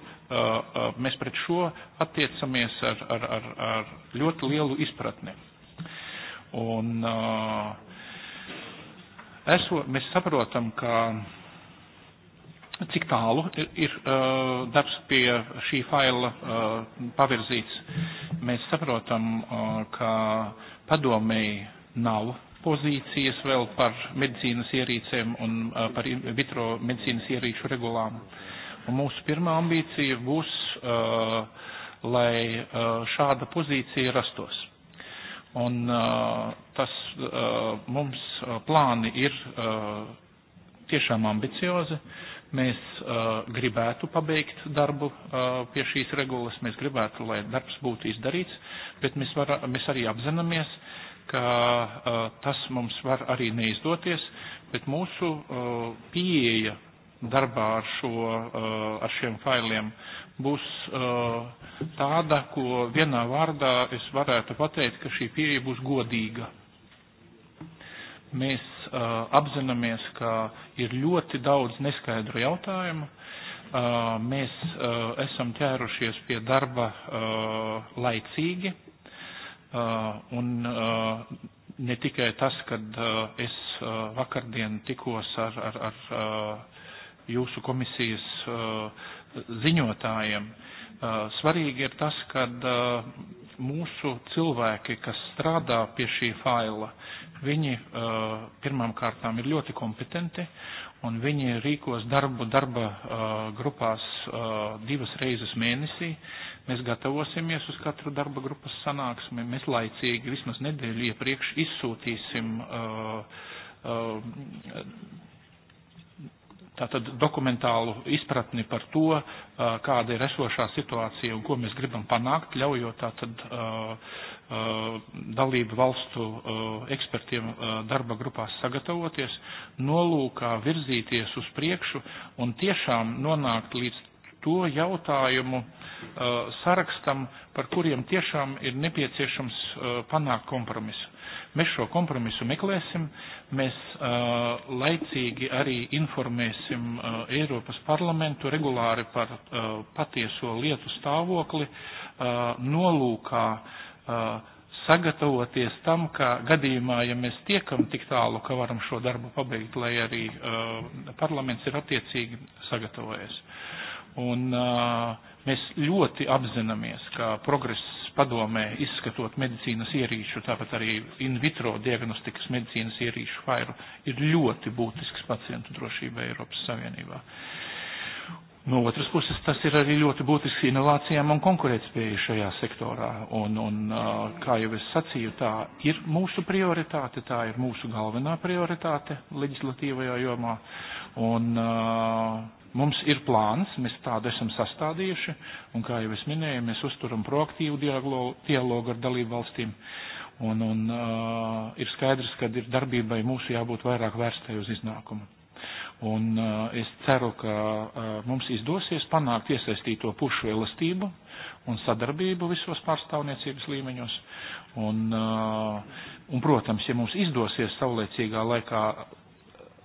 mēs pret šo attiecamies ar, ar, ar, ar ļoti lielu izpratni. Un, eso, mēs saprotam, ka Nu, cik tālu ir, ir uh, darbs pie šī faila uh, pavirzīts. Mēs saprotam, uh, ka padomēji nav pozīcijas vēl par medicīnas ierīcēm un uh, par vitro medicīnas ierīču regulām. Un mūsu pirmā ambīcija būs, uh, lai uh, šāda pozīcija rastos. Un uh, tas uh, mums uh, plāni ir uh, tiešām ambiciozi. Mēs uh, gribētu pabeigt darbu uh, pie šīs regulas, mēs gribētu, lai darbs būtu izdarīts, bet mēs, var, mēs arī apzināmies, ka uh, tas mums var arī neizdoties, bet mūsu uh, pieeja darbā ar, šo, uh, ar šiem failiem būs uh, tāda, ko vienā vārdā es varētu pateikt, ka šī pieeja būs godīga. Mēs uh, apzināmies, ka ir ļoti daudz neskaidru jautājumu. Uh, mēs uh, esam ķērušies pie darba uh, laicīgi. Uh, un, uh, ne tikai tas, kad uh, es uh, vakardien tikos ar, ar, ar uh, jūsu komisijas uh, ziņotājiem, uh, svarīgi ir tas, ka uh, mūsu cilvēki, kas strādā pie šī faila, Viņi uh, pirmām kārtām ir ļoti kompetenti un viņi rīkos darbu darba uh, grupās uh, divas reizes mēnesī. Mēs gatavosimies uz katru darba grupas sanāksmi. Mēs laicīgi vismaz nedēļu iepriekš izsūtīsim uh, uh, tātad dokumentālu izpratni par to, uh, kāda ir esošā situācija un ko mēs gribam panākt, ļaujot tātad uh, uh, dalību valstu ekspertiem darba grupās sagatavoties, nolūkā virzīties uz priekšu un tiešām nonākt līdz to jautājumu sarakstam, par kuriem tiešām ir nepieciešams panākt kompromisu. Mēs šo kompromisu meklēsim, mēs uh, laicīgi arī informēsim uh, Eiropas parlamentu regulāri par uh, patieso lietu stāvokli, uh, nolūkā uh, sagatavoties tam, ka gadījumā, ja mēs tiekam tik tālu, ka varam šo darbu pabeigt, lai arī uh, parlaments ir attiecīgi sagatavojies. Un uh, mēs ļoti apzināmies, ka progress padomē izskatot medicīnas ierīšu, tāpat arī in vitro diagnostikas medicīnas ierīšu fairu, ir ļoti būtisks pacientu drošībai Eiropas Savienībā. No otras puses, tas ir arī ļoti būtisks inovācijām un konkurētspējai šajā sektorā. Un, un, kā jau es sacīju, tā ir mūsu prioritāte, tā ir mūsu galvenā prioritāte leģislatīvajā jomā. Un, uh, Mums ir plāns, mēs tādu esam sastādījuši, un, kā jau es minēju, mēs uzturam proaktīvu dialogu, dialogu ar dalību valstīm. Un, un uh, ir skaidrs, ka ir darbībai mūsu jābūt vairāk vērstai uz iznākumu. Un uh, es ceru, ka uh, mums izdosies panākt iesaistīto pušu elastību un sadarbību visos pārstāvniecības līmeņos. Un, uh, un, protams, ja mums izdosies saulēcīgā laikā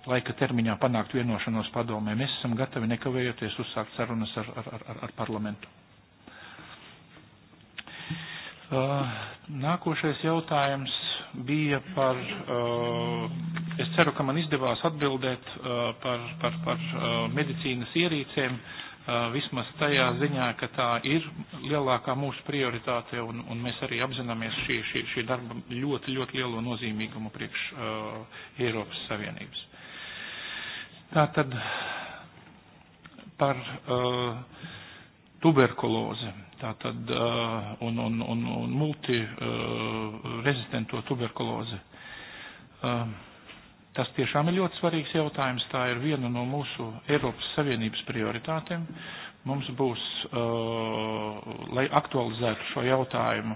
laika termiņā panākt vienošanos padomē. Mēs esam gatavi nekavējoties uzsākt sarunas ar, ar, ar, ar parlamentu. Uh, nākošais jautājums bija par, uh, es ceru, ka man izdevās atbildēt uh, par, par, par uh, medicīnas ierīcēm, uh, vismaz tajā ziņā, ka tā ir lielākā mūsu prioritāte un, un mēs arī apzināmies šī, šī, šī darba ļoti, ļoti lielo nozīmīgumu priekš uh, Eiropas Savienības. Tātad par uh, tuberkulozi tātad, uh, un, un, un, un multirezistento uh, tuberkulozi. Uh, tas tiešām ir ļoti svarīgs jautājums. Tā ir viena no mūsu Eiropas Savienības prioritātēm. Uh, mums būs, uh, lai aktualizētu šo jautājumu,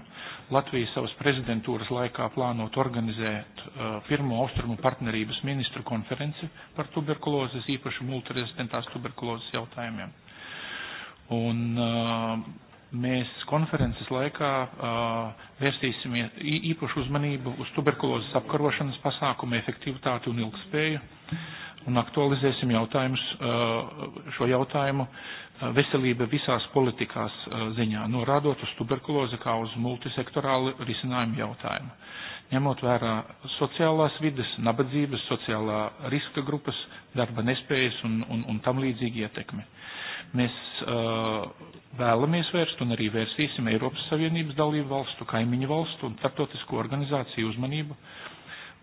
Latvija savas prezidentūras laikā plānot organizēt uh, pirmo austrumu partnerības ministru konferenci par tuberkulozes, īpaši multirezistentās tuberkulozes jautājumiem. Un uh, mēs konferences laikā uh, vērsīsim īpašu uzmanību uz tuberkulozes apkarošanas pasākumu efektivitāti un ilgspēju un aktualizēsim jautājumus, šo jautājumu veselība visās politikās ziņā, norādot uz tuberkulozi kā uz multisektorālu risinājumu jautājumu. Ņemot vērā sociālās vidas, nabadzības, sociālā riska grupas, darba nespējas un, un, un tam līdzīgi ietekmi. Mēs uh, vēlamies vērst un arī vērsīsim Eiropas Savienības dalību valstu, kaimiņu valstu un starptautisko organizāciju uzmanību uh,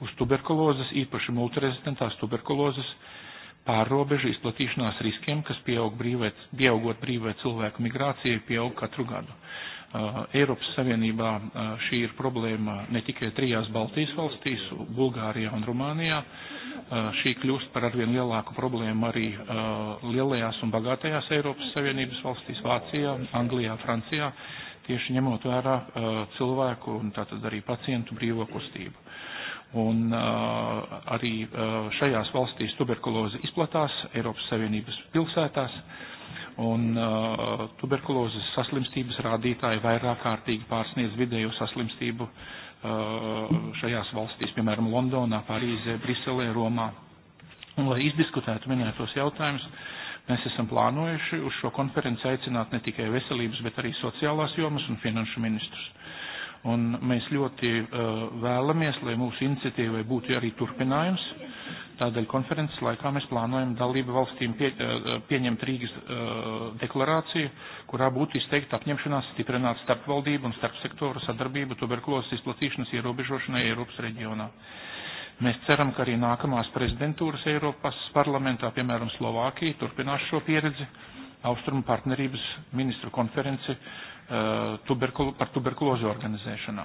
uz tuberkulozes, īpaši multirezistentās tuberkulozes, pārrobežu izplatīšanās riskiem, kas pieaug brīvē, pieaugot brīvē cilvēku migrācijai, pieaug katru gadu. Uh, Eiropas Savienībā uh, šī ir problēma ne tikai trijās Baltijas valstīs, Bulgārijā un Rumānijā. Uh, šī kļūst par arvien lielāku problēmu arī uh, lielajās un bagātajās Eiropas Savienības valstīs - Vācijā, Anglijā, Francijā, tieši ņemot vērā uh, cilvēku un tātad arī pacientu brīvo kustību. Un uh, arī uh, šajās valstīs tuberkuloze izplatās Eiropas Savienības pilsētās, un uh, tuberkulozes saslimstības rādītāji vairāk kārtīgi pārsniedz vidējo saslimstību uh, šajās valstīs, piemēram, Londonā, Parīzē, Briselē, Romā. Un, lai izdiskutētu minētos jautājumus, mēs esam plānojuši uz šo konferenci aicināt ne tikai veselības, bet arī sociālās jomas un finanšu ministrus. Un mēs ļoti uh, vēlamies, lai mūsu iniciatīvai būtu arī turpinājums. Tādēļ konferences laikā mēs plānojam dalību valstīm pie, uh, pieņemt Rīgas uh, deklarāciju, kurā būtu izteikta apņemšanās stiprināt starpvaldību un starpsektoru sadarbību tuberkulozes izplatīšanas ierobežošanai Eiropas reģionā. Mēs ceram, ka arī nākamās prezidentūras Eiropas parlamentā, piemēram, Slovākija, turpinās šo pieredzi. Austrumu partnerības ministru konference Eh, tuberkulo, par tuberkulozi organizēšanā.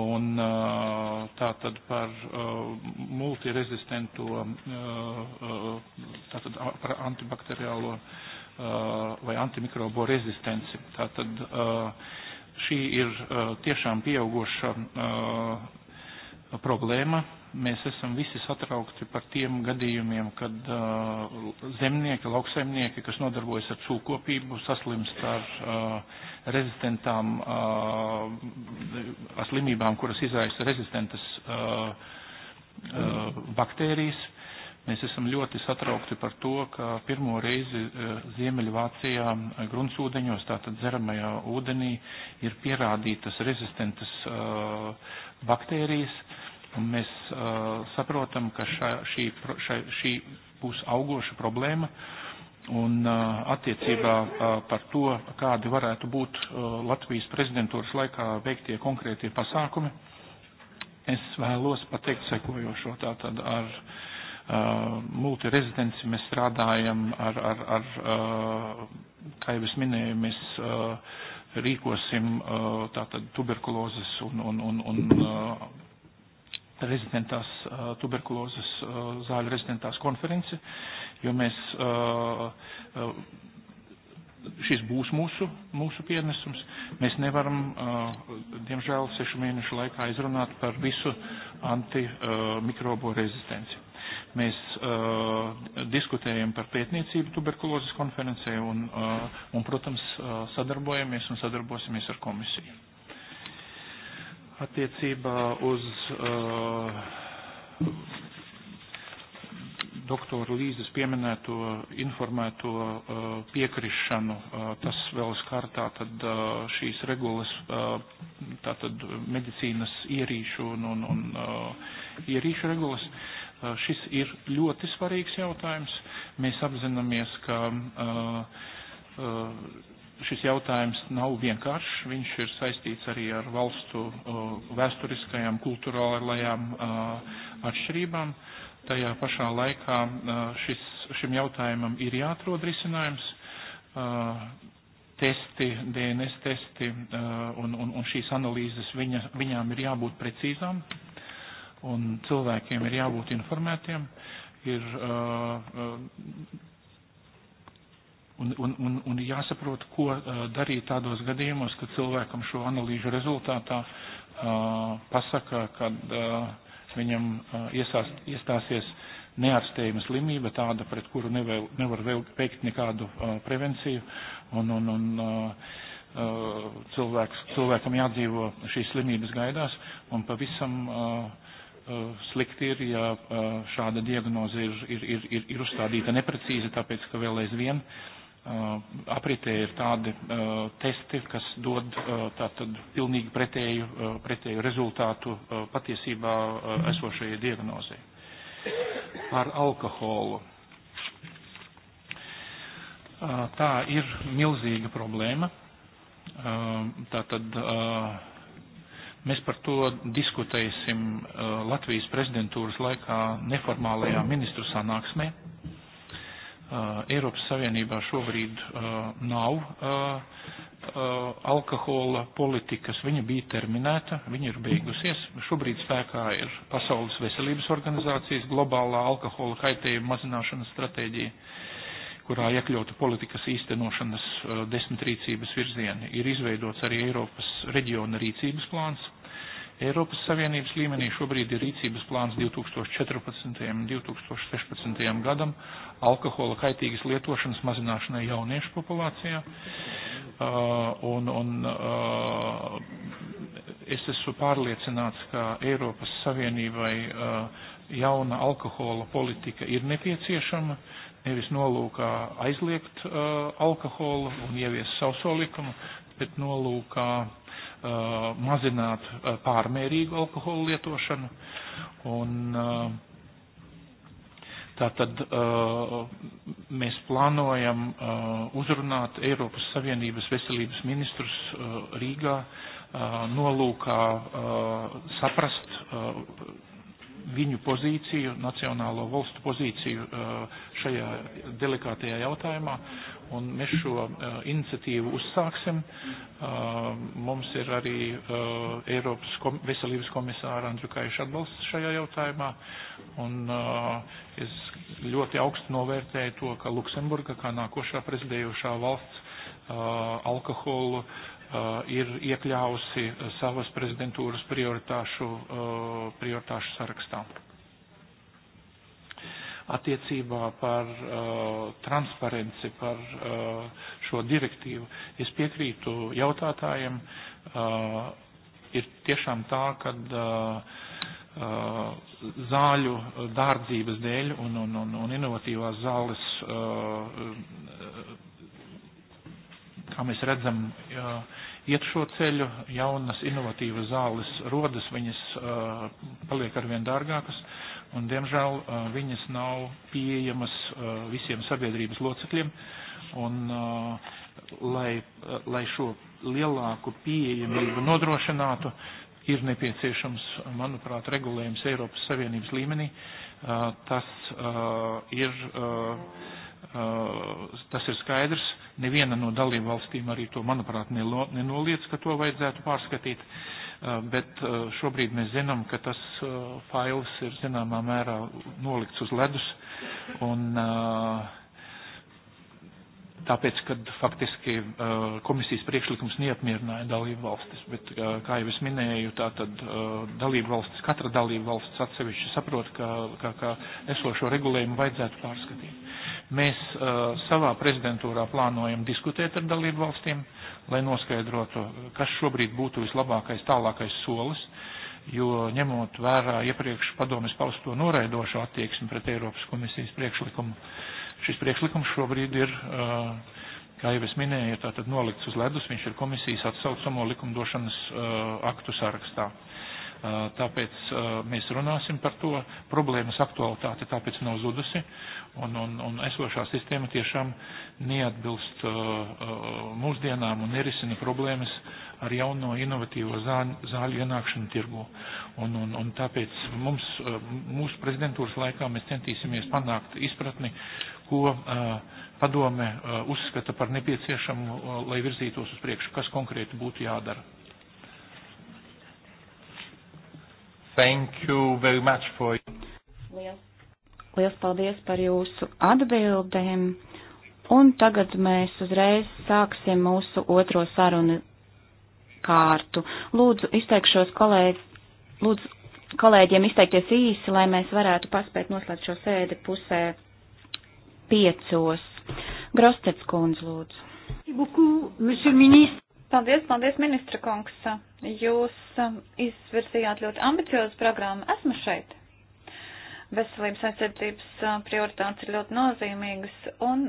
Un eh, tātad par eh, multirezistento, tātad par antibakteriālo vai antimikrobo rezistenci. Tātad šī ir tiešām pieauguša problēma mēs esam visi satraukti par tiem gadījumiem, kad uh, zemnieki, lauksaimnieki, kas nodarbojas ar cūkopību, saslimst ar uh, rezistentām, uh, ar slimībām, kuras izraisa rezistentas uh, uh, baktērijas. Mēs esam ļoti satraukti par to, ka pirmo reizi uh, Ziemeļvācijā uh, gruntsūdeņos, tātad dzeramajā ūdenī, ir pierādītas rezistentas uh, baktērijas, Un mēs uh, saprotam, ka šā, šī, šā, šī būs augoša problēma. Un uh, attiecībā uh, par to, kādi varētu būt uh, Latvijas prezidentūras laikā veiktie konkrētie pasākumi, es vēlos pateikt sekojošo. Tātad ar uh, multirezidenci mēs strādājam, ar, ar, ar uh, kā jau es minēju, mēs. Uh, rīkosim uh, tātad tuberkulozes un, un, un, un uh, rezistentās tuberkulozes zāļu rezistentās konferenci, jo mēs šis būs mūsu, mūsu pienesums. Mēs nevaram, diemžēl, sešu mēnešu laikā izrunāt par visu antimikrobo rezistenci. Mēs uh, diskutējam par pētniecību tuberkulozes konferencē un, uh, un protams, uh, sadarbojamies un sadarbosimies ar komisiju attiecībā uz uh, doktoru Līzes pieminēto informēto uh, piekrišanu, uh, tas vēl skartā tad uh, šīs regulas, uh, tātad medicīnas ierīšu un, un, un uh, ierīšu regulas. Uh, šis ir ļoti svarīgs jautājums. Mēs apzināmies, ka uh, uh, šis jautājums nav vienkāršs. Viņš ir saistīts arī ar valstu vēsturiskajām, kulturālajām atšķirībām. Tajā pašā laikā šis, šim jautājumam ir jāatrod risinājums. Testi, DNS testi un, un, un šīs analīzes viņa, viņām ir jābūt precīzām un cilvēkiem ir jābūt informētiem. Ir, uh, Un, un, un, un jāsaprot, ko darīt tādos gadījumos, kad cilvēkam šo analīžu rezultātā uh, pasaka, kad uh, viņam uh, iesās, iestāsies neārstējama slimība, tāda, pret kuru nevēl, nevar veikt nekādu prevenciju. Un, un, un, cilvēks, cilvēkam jādzīvo šīs slimības gaidās, un pavisam slikti ir, ja šāda diagnoze ir, ir, ir, ir, ir uzstādīta neprecīzi, tāpēc, ka vēl aizvien uh, Uh, apritē ir tādi uh, testi, kas dod uh, tātad pilnīgi pretēju, uh, pretēju rezultātu uh, patiesībā uh, esošajai diagnozē. Par alkoholu. Uh, tā ir milzīga problēma. Uh, tātad uh, mēs par to diskutēsim uh, Latvijas prezidentūras laikā neformālajā ministru sanāksmē. Uh, Eiropas Savienībā šobrīd nav alkohola politikas, viņa bija terminēta, viņa ir beigusies. Šobrīd spēkā ir Pasaules veselības organizācijas globālā alkohola kaitējuma mazināšanas stratēģija, kurā iekļauta politikas īstenošanas desmit rīcības virzieni. Ir izveidots arī Eiropas reģiona rīcības plāns, Eiropas Savienības līmenī šobrīd ir rīcības plāns 2014. un 2016. gadam alkohola kaitīgas lietošanas mazināšanai jauniešu populācijā. Uh, un, un, uh, es esmu pārliecināts, ka Eiropas Savienībai uh, jauna alkohola politika ir nepieciešama, nevis nolūkā aizliegt uh, alkoholu un ievies sauso likumu, bet nolūkā uh, Uh, mazināt uh, pārmērīgu alkoholu lietošanu. Un, uh, tātad mēs plānojam uzrunāt Eiropas Savienības veselības ministrus Rīgā nolūkā saprast viņu pozīciju, nacionālo valstu pozīciju eh, šajā delikātajā jautājumā. Un mēs šo eh, iniciatīvu uzsāksim. Eh, mums ir arī Eiropas kom veselības komisāra Andriukaiša atbalsts šajā jautājumā. Un es ļoti augstu novērtēju to, ka Luksemburga kā nākošā prezidējošā valsts alkoholu uh, ir iekļāvusi savas prezidentūras prioritāšu, prioritāšu sarakstā. Attiecībā par transparenci, par šo direktīvu, es piekrītu jautātājiem, ir tiešām tā, ka zāļu dārdzības dēļ un, un, un, un inovatīvās zāles, kā mēs redzam, iet šo ceļu, jaunas inovatīvas zāles rodas, viņas uh, paliek arvien dārgākas, un diemžēl uh, viņas nav pieejamas uh, visiem sabiedrības locekļiem, un uh, lai, uh, lai šo lielāku pieejamību nodrošinātu, ir nepieciešams, manuprāt, regulējums Eiropas Savienības līmenī. Uh, tas uh, ir. Uh, Uh, tas ir skaidrs, Neviena no dalību valstīm arī to, manuprāt, nenoliedz, ka to vajadzētu pārskatīt, bet šobrīd mēs zinām, ka tas fails ir zināmā mērā nolikts uz ledus. Un, tāpēc, ka faktiski komisijas priekšlikums neapmierināja dalību valstis, bet, kā jau es minēju, tā tad dalību valstis, katra dalību valsts atsevišķi saprot, ka, ka, ka esošo regulējumu vajadzētu pārskatīt. Mēs uh, savā prezidentūrā plānojam diskutēt ar dalību valstīm, lai noskaidrotu, kas šobrīd būtu vislabākais tālākais solis, jo ņemot vērā iepriekš padomjas pausto noraidošo attieksmi pret Eiropas komisijas priekšlikumu, šis priekšlikums šobrīd ir, uh, kā jau es minēju, tātad nolikts uz ledus, viņš ir komisijas atsaucamo likumdošanas uh, aktu sarakstā. Uh, tāpēc uh, mēs runāsim par to. Problēmas aktualitāte tāpēc nav zudusi un, un, un esošā sistēma tiešām neatbilst uh, uh mūsdienām un nerisina problēmas ar jauno inovatīvo zāļu, zāļu ienākšanu tirgu. Un, un, un tāpēc mums, uh, mūsu prezidentūras laikā mēs centīsimies panākt izpratni, ko uh, padome uh, uzskata par nepieciešamu, uh, lai virzītos uz priekšu, kas konkrēti būtu jādara. Thank you very much for. Liels. Liels paldies par jūsu atbildēm. Un tagad mēs uzreiz sāksim mūsu otro sarunu kārtu. Lūdzu, izteikšos kolēģi, lūdzu, kolēģiem izteikties īsi, lai mēs varētu paspēt noslēgt šo sēdi pusē piecos. Grostets kundze, lūdzu. Paldies, paldies, ministra kungs. Jūs izvirzījāt ļoti ambiciozu programmu. Esmu šeit veselības aizsardzības prioritātes ir ļoti nozīmīgas un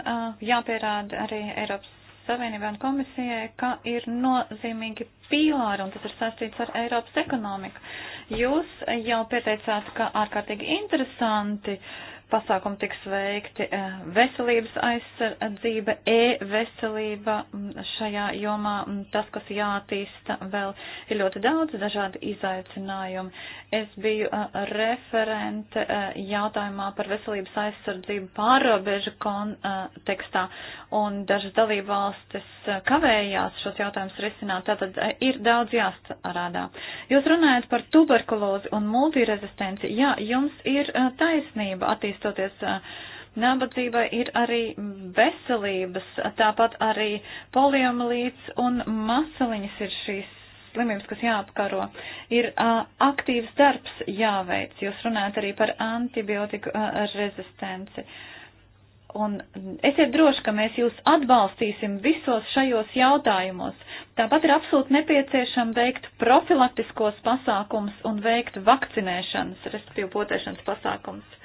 jāpierāda arī Eiropas Savienībai un komisijai, ka ir nozīmīgi pīlāri un tas ir saistīts ar Eiropas ekonomiku. Jūs jau pieteicāt, ka ārkārtīgi interesanti uh, pasākumi tiks veikti eh, veselības aizsardzība, e-veselība mm, šajā jomā. Mm, tas, kas jātīsta vēl, ir ļoti daudz dažādi izaicinājumi. Es biju eh, referente eh, jautājumā par veselības aizsardzību pārobežu kontekstā, un dažas dalību valstis kavējās šos jautājumus risināt. Tātad ir daudz jāstrādā. Jūs runājat par tuberkulozi un multirezistenci. Jā, jums ir taisnība attīstīt attīstoties nabadzībai, ir arī veselības, tāpat arī poliomielīts un maseliņas ir šīs slimības, kas jāapkaro. Ir uh, aktīvs darbs jāveic, jūs runājat arī par antibiotiku uh, rezistenci. Un esiet droši, ka mēs jūs atbalstīsim visos šajos jautājumos. Tāpat ir absolūti nepieciešama veikt profilaktiskos pasākums un veikt vakcinēšanas, respektīvi potēšanas pasākums.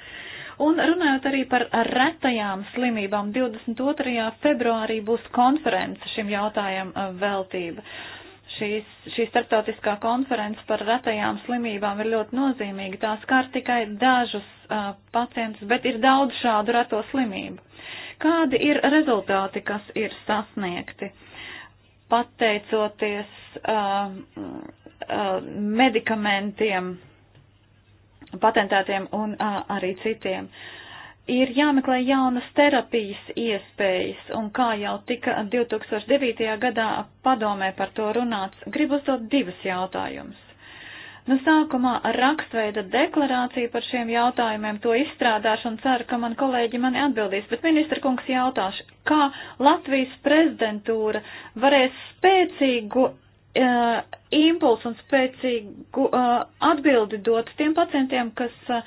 Un runājot arī par retajām slimībām, 22. februārī būs konference šim jautājumam eh, veltība. Šīs, šī starptautiskā konference par retajām slimībām ir ļoti nozīmīga. Tā skar tikai dažus uh, pacientus, bet ir daudz šādu reto slimību. Kādi ir rezultāti, kas ir sasniegti? Pateicoties uh, uh, medikamentiem, uh, patentētiem un a, arī citiem. Ir jāmeklē jaunas terapijas iespējas, un kā jau tika 2009. gadā padomē par to runāts, gribu uzdot divus jautājumus. Nu, sākumā rakstveida deklarācija par šiem jautājumiem to izstrādāšu un ceru, ka man kolēģi mani atbildīs, bet ministra kungs jautāšu, kā Latvijas prezidentūra varēs spēcīgu uh, impulsu un spēcīgu uh, atbildi dot tiem pacientiem, kas uh,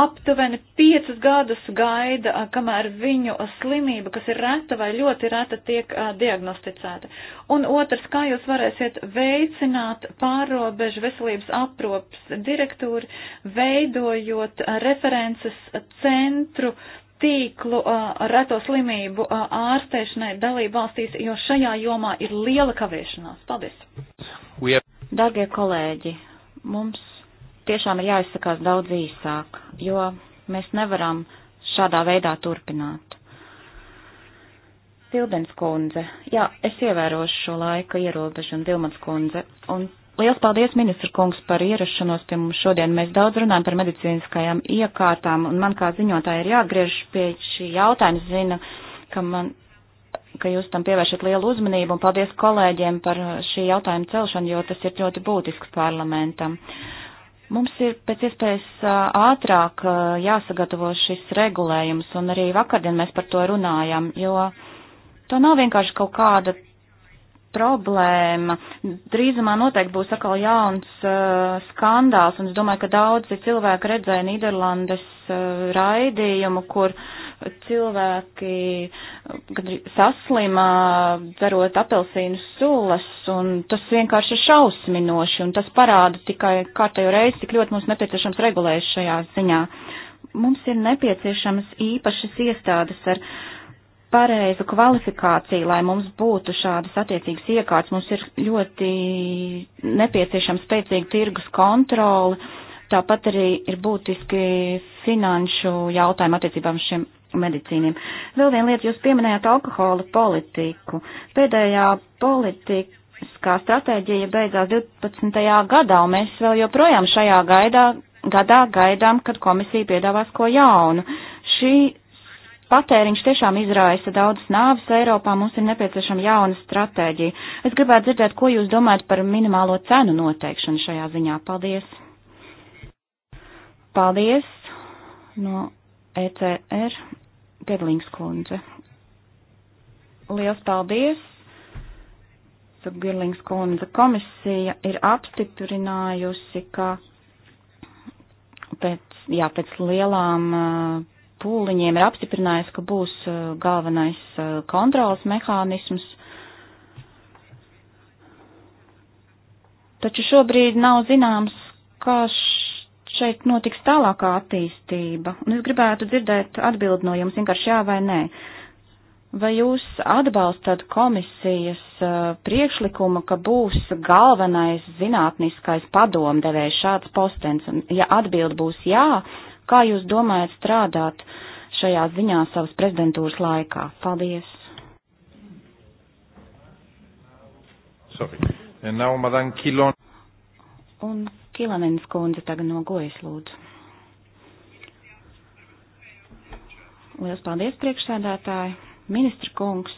aptuveni piecus gadus gaida, uh, kamēr viņu slimība, kas ir reta vai ļoti reta, tiek uh, diagnosticēta. Un otrs, kā jūs varēsiet veicināt pārobežu veselības aprops direktūru, veidojot uh, references centru uh, tīklu reto slimību ārstēšanai dalību valstīs, jo šajā jomā ir liela kavēšanās. Paldies! Have... Dargie kolēģi, mums tiešām ir jāizsakās daudz īsāk, jo mēs nevaram šādā veidā turpināt. Tildens kundze, jā, es ievērošu šo laika ierobežu un Dilmans kundze, un Liels paldies, ministra kungs, par ierašanos pie mums šodien. Mēs daudz runājam par medicīniskajām iekārtām, un man kā ziņotāji ir jāgriež pie šī jautājuma. Zina, ka, man, ka jūs tam pievēršat lielu uzmanību, un paldies kolēģiem par šī jautājuma celšanu, jo tas ir ļoti būtisks parlamentam. Mums ir pēc iespējas ātrāk jāsagatavo šis regulējums, un arī vakardien mēs par to runājam, jo to nav vienkārši kaut kāda problēma. Drīzumā noteikti būs atkal jauns uh, skandāls, un es domāju, ka daudzi cilvēki redzēja Nīderlandes uh, raidījumu, kur cilvēki kad uh, saslimā dzerot apelsīnu sulas, un tas vienkārši ir šausminoši, un tas parāda tikai kārtējo reizi, cik ļoti mums nepieciešams regulējums šajā ziņā. Mums ir nepieciešamas īpašas iestādes ar uh, pareizu kvalifikāciju, lai mums būtu šādas attiecīgas iekārtas. Mums ir ļoti nepieciešama spēcīga tirgus kontrole, tāpat arī ir būtiski finanšu jautājumu attiecībām šiem medicīniem. Vēl viena lieta, jūs pieminējāt alkohola politiku. Pēdējā politika kā stratēģija beidzās 12. gadā, un mēs vēl joprojām šajā gaidā, gadā gaidām, kad komisija piedāvās ko jaunu. Šī patēriņš tiešām izraisa daudz nāvis Eiropā, mums ir nepieciešama jauna stratēģija. Es gribētu dzirdēt, ko jūs domājat par minimālo cenu noteikšanu šajā ziņā. Paldies! Paldies no ECR Gedlings kundze. Liels paldies! Girlings kundze komisija ir apstiprinājusi, ka pēc, jā, pēc lielām uh, pūliņiem ir apstiprinājis, ka būs uh, galvenais uh, kontrols mehānisms. Taču šobrīd nav zināms, kā šeit notiks tālākā attīstība, un es gribētu dzirdēt atbildi no jums vienkārši jā vai nē. Vai jūs atbalstat komisijas uh, priekšlikumu, ka būs galvenais zinātniskais padomdevējs šāds postens, un ja atbildi būs jā, Kā jūs domājat strādāt šajā ziņā savas prezidentūras laikā? Paldies! Now, Un Kilanens kundze tagad no gojas lūdzu. Liels paldies, priekšsēdētāji, ministra kungs.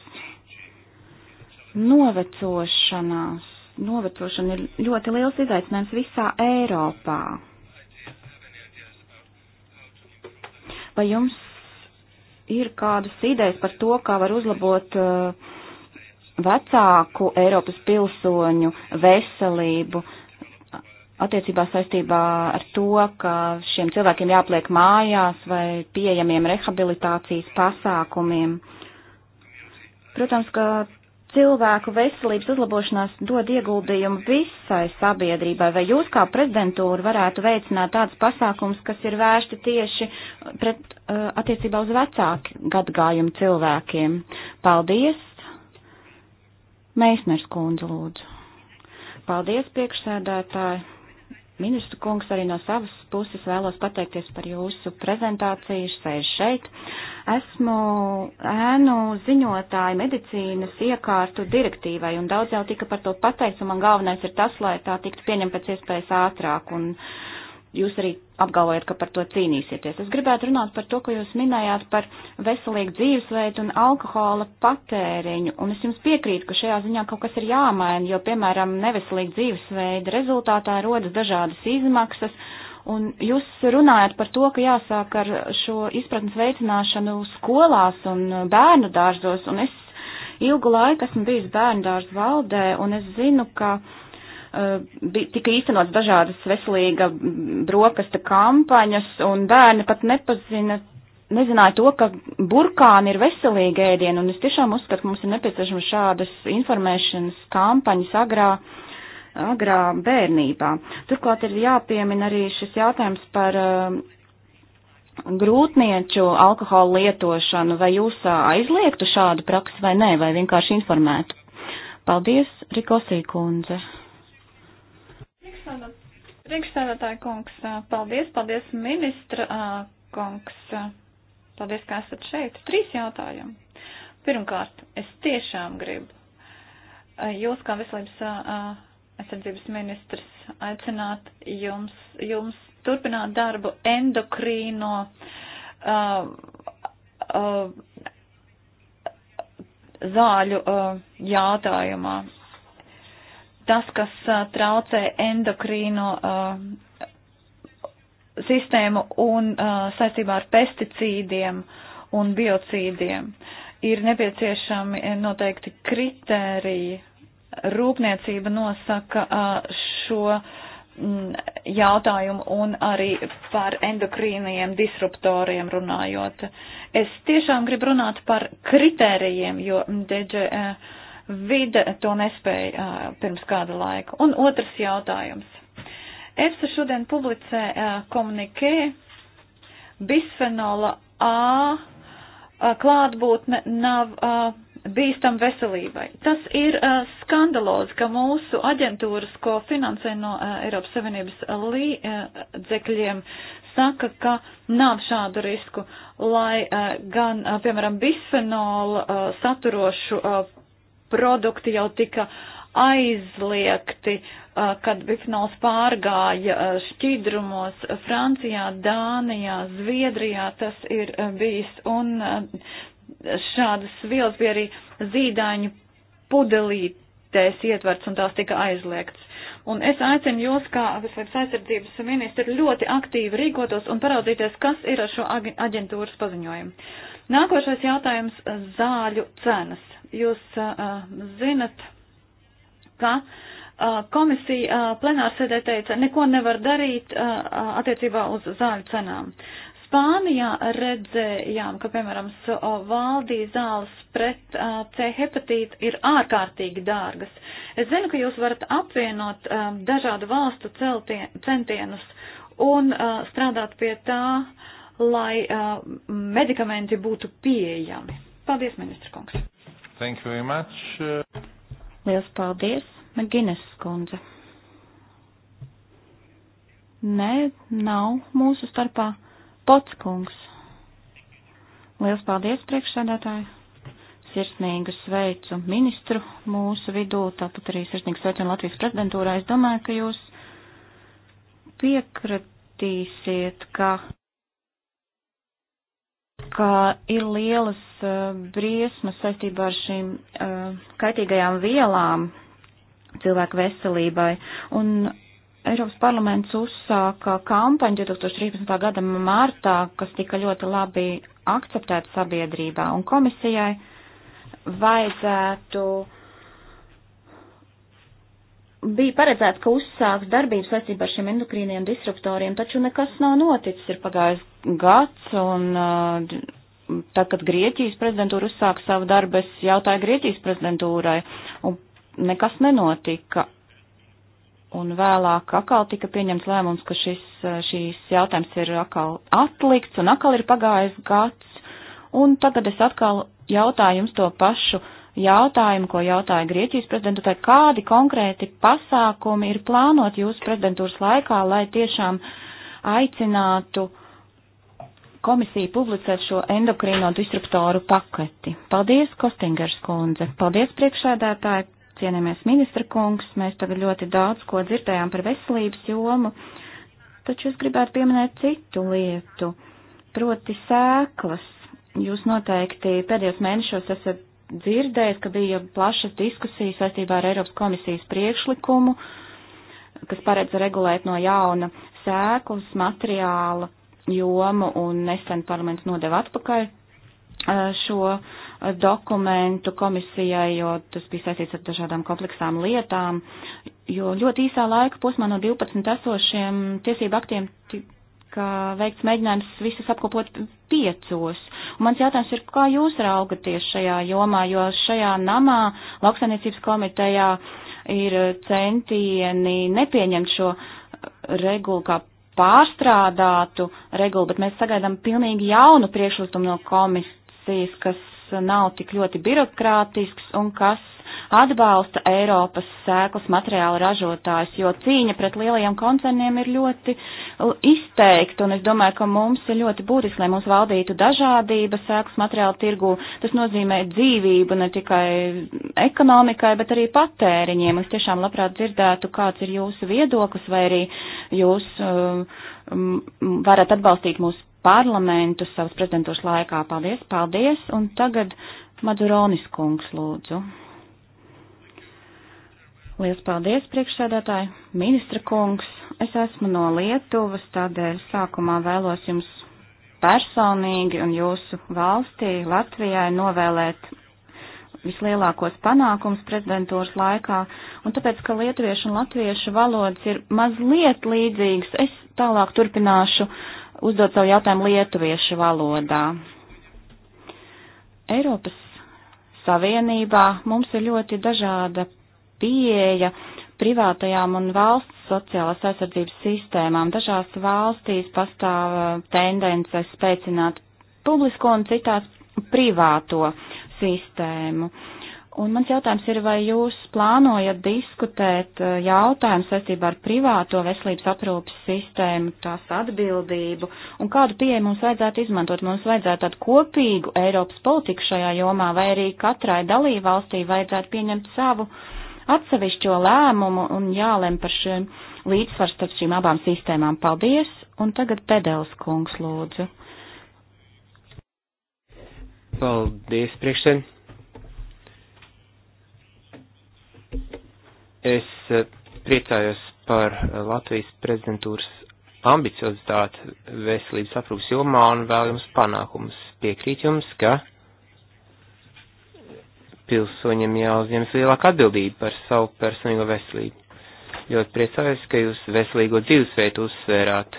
Novecošanās, novecošana ir ļoti liels izaicinājums visā Eiropā. Vai jums ir kādas idejas par to, kā var uzlabot uh, vecāku Eiropas pilsoņu veselību attiecībā saistībā ar to, ka šiem cilvēkiem jāpliek mājās vai pieejamiem rehabilitācijas pasākumiem? Protams, ka cilvēku veselības uzlabošanās dod ieguldījumu visai sabiedrībai, vai jūs kā prezidentūra varētu veicināt tādus pasākumus, kas ir vērsti tieši pret uh, attiecībā uz vecāku gadgājumu cilvēkiem? Paldies! Meisners kundze lūdzu. Paldies, priekšsēdētāji! Ministru kungs, arī no savas puses vēlos pateikties par jūsu prezentāciju, sēž šeit. Esmu ēnu ziņotāja medicīnas iekārtu direktīvai, un daudz jau tika par to pateikts, un man galvenais ir tas, lai tā tiktu pieņemta pēc iespējas ātrāk. Un, uh, jūs arī apgalvojat, ka par to cīnīsieties. Es gribētu runāt par to, ko jūs minējāt par veselīgu dzīvesveidu un alkohola patēriņu, un es jums piekrītu, ka šajā ziņā kaut kas ir jāmaina, jo, piemēram, neveselīga dzīvesveida rezultātā rodas dažādas izmaksas, un jūs runājat par to, ka jāsāk ar šo izpratnes veicināšanu skolās un bērnu dārzos, un es ilgu laiku esmu bijis bērnu dārzu valdē, un es zinu, ka uh, Eh, tika īstenots dažādas veselīga brokasta kampaņas, un bērni pat nepazina, nezināja to, ka burkāni ir veselīgi ēdieni, un es tiešām uzskatu, ka mums ir nepieciešama šādas informēšanas kampaņas agrā, agrā bērnībā. Turklāt ir jāpiemina arī šis jautājums par uh, grūtnieču alkoholu lietošanu, vai jūs eh, aizliegtu šādu praksi vai nē, vai vienkārši informētu? Paldies, Rikosī kundze. Priekšstādātāja kungs, paldies, paldies ministra kungs, paldies, ka esat šeit. Trīs jautājumi. Pirmkārt, es tiešām gribu jūs kā veselības aizsardzības ministrs aicināt jums, jums turpināt darbu endokrīno uh, uh, zāļu uh, jautājumā tas, kas traucē endokrīno sistēmu un saistībā ar pesticīdiem un biocīdiem. Ir nepieciešami noteikti kritēriji. Rūpniecība nosaka šo jautājumu un arī par endokrīniem disruptoriem runājot. Es tiešām gribu runāt par kritērijiem, jo DG Vide to nespēja uh, pirms kāda laika. Un otrs jautājums. EFSA šodien publicē uh, komunikē bisfenola A uh, klātbūtne nav. Uh, bīstam veselībai. Tas ir uh, skandalozi, ka mūsu aģentūras, ko finansē no uh, Eiropas Savienības līdzekļiem, uh, saka, ka nav šādu risku, lai uh, gan, uh, piemēram, bisfenola uh, saturošu uh, produkti jau tika aizliegti, uh, kad bifnols pārgāja uh, šķidrumos uh, Francijā, Dānijā, Zviedrijā tas ir bijis, un šādas vielas bija arī zīdaiņu pudelītēs ietverts, un tās tika aizliegtas. Un es aicinu jūs, kā veselības aizsardzības ministri, ļoti aktīvi rīkotos un paraudzīties, kas ir ar šo aģentūras paziņojumu. Nākošais jautājums - zāļu cenas jūs zinat, ka komisija plenārsēdē teica, neko nevar darīt attiecībā uz zāļu cenām. Spānijā redzējām, ka, piemēram, valdī zāles pret C hepatītu ir ārkārtīgi dārgas. Es zinu, ka jūs varat apvienot dažādu valstu centienus un strādāt pie tā, lai medikamenti būtu pieejami. Paldies, ministra kungs! Thank you very much. Liels paldies, Magines skundze. Nē, nav mūsu starpā pots kungs. Liels paldies, priekšsēdētāji. Sirsnīgu sveicu ministru mūsu vidū, tāpat arī sirsnīgu sveicu Latvijas prezidentūrā. Es domāju, ka jūs piekritīsiet, ka ka ir lielas uh, briesmas saistībā ar šīm uh, kaitīgajām vielām cilvēku veselībai. Un Eiropas parlaments uzsāka kampaņu 2013. gada martā, kas tika ļoti labi akceptēta sabiedrībā, un komisijai vajadzētu uh, bija paredzēts, ka uzsāks darbības saistībā ar šiem endokrīniem disruptoriem, taču nekas nav noticis. Ir pagājis gads, un uh, tad, kad Grieķijas prezidentūra uzsāka savu darbu, es jautāju Grieķijas prezidentūrai, un nekas nenotika. Un vēlāk atkal tika pieņemts lēmums, ka šis, uh, šīs jautājums ir atkal atlikts, un atkal ir pagājis gads, un tagad es atkal jautāju jums to pašu jautājumu, ko jautāja Grieķijas prezidentūrai, kādi konkrēti pasākumi ir plānot jūsu prezidentūras laikā, lai tiešām aicinātu komisiju publicēt šo endokrīno disruptoru paketi. Paldies, Kostingers kundze. Paldies, priekšēdētāji, cienījamies ministra kungs. Mēs tagad ļoti daudz ko dzirdējām par veselības jomu, taču es gribētu pieminēt citu lietu, proti sēklas. Jūs noteikti pēdējos mēnešos esat dzirdējis, ka bija plašas diskusijas saistībā ar Eiropas komisijas priekšlikumu, kas paredz regulēt no jauna sēklas materiāla jomu, un nesen parlaments nodeva atpakaļ šo dokumentu komisijai, jo tas bija saistīts ar dažādām kompleksām lietām, jo ļoti īsā laika posmā no 12 esošiem tiesību aktiem tika veikts mēģinājums visas apkopot piecos. Un mans jautājums ir, kā jūs raugaties šajā jomā, jo šajā namā lauksainiecības komitejā ir centieni nepieņemt šo regulu kā pārstrādātu regulu, bet mēs sagaidām pilnīgi jaunu priekšlikumu no komisijas, kas nav tik ļoti birokrātisks un kas atbalsta Eiropas sēklas materiāla ražotājs, jo cīņa pret lielajiem koncerniem ir ļoti uh, izteikta, un es domāju, ka mums ir ļoti būtiski, lai mums valdītu dažādība sēklas materiāla tirgū. Tas nozīmē dzīvību ne tikai ekonomikai, bet arī patēriņiem. Es tiešām labprāt dzirdētu, kāds ir jūsu viedoklis, vai arī jūs um, varat atbalstīt mūsu parlamentu savas prezidentūras laikā. Paldies, paldies, un tagad Maduronis kungs lūdzu. Lielas paldies, priekšsēdētāji, ministra kungs. Es esmu no Lietuvas, tādēļ sākumā vēlos jums personīgi un jūsu valstī, Latvijai, novēlēt vislielākos panākums prezidentūras laikā, un tāpēc, ka lietuviešu un latviešu valodas ir mazliet līdzīgas, es tālāk turpināšu uzdot savu jautājumu lietuviešu valodā. Eiropas Savienībā mums ir ļoti dažāda pieeja privātajām un valsts sociālās aizsardzības sistēmām. Dažās valstīs pastāv uh, tendence spēcināt publisko un citās privāto sistēmu. Un mans jautājums ir, vai jūs plānojat diskutēt uh, jautājumu saistībā ar privāto veselības aprūpas sistēmu, tās atbildību un kādu pieeju mums vajadzētu izmantot? Mums vajadzētu tādu kopīgu Eiropas politiku šajā jomā, vai arī katrai dalībvalstī vajadzētu pieņemt savu uh, atsevišķo lēmumu un jālem par šiem līdzsvars starp šīm abām sistēmām. Paldies! Un tagad Pedels kungs lūdzu. Paldies, priekšsēn. Es eh, priecājos par eh, Latvijas prezidentūras ambiciozitāti veselības aprūpas jomā un vēl jums panākums. Piekrīt jums, ka pilsoņiem jāuzņemas lielāka atbildība par savu personīgo veselību. Ļoti priecājos, ka jūs veselīgo dzīvesveitu uzsvērāt.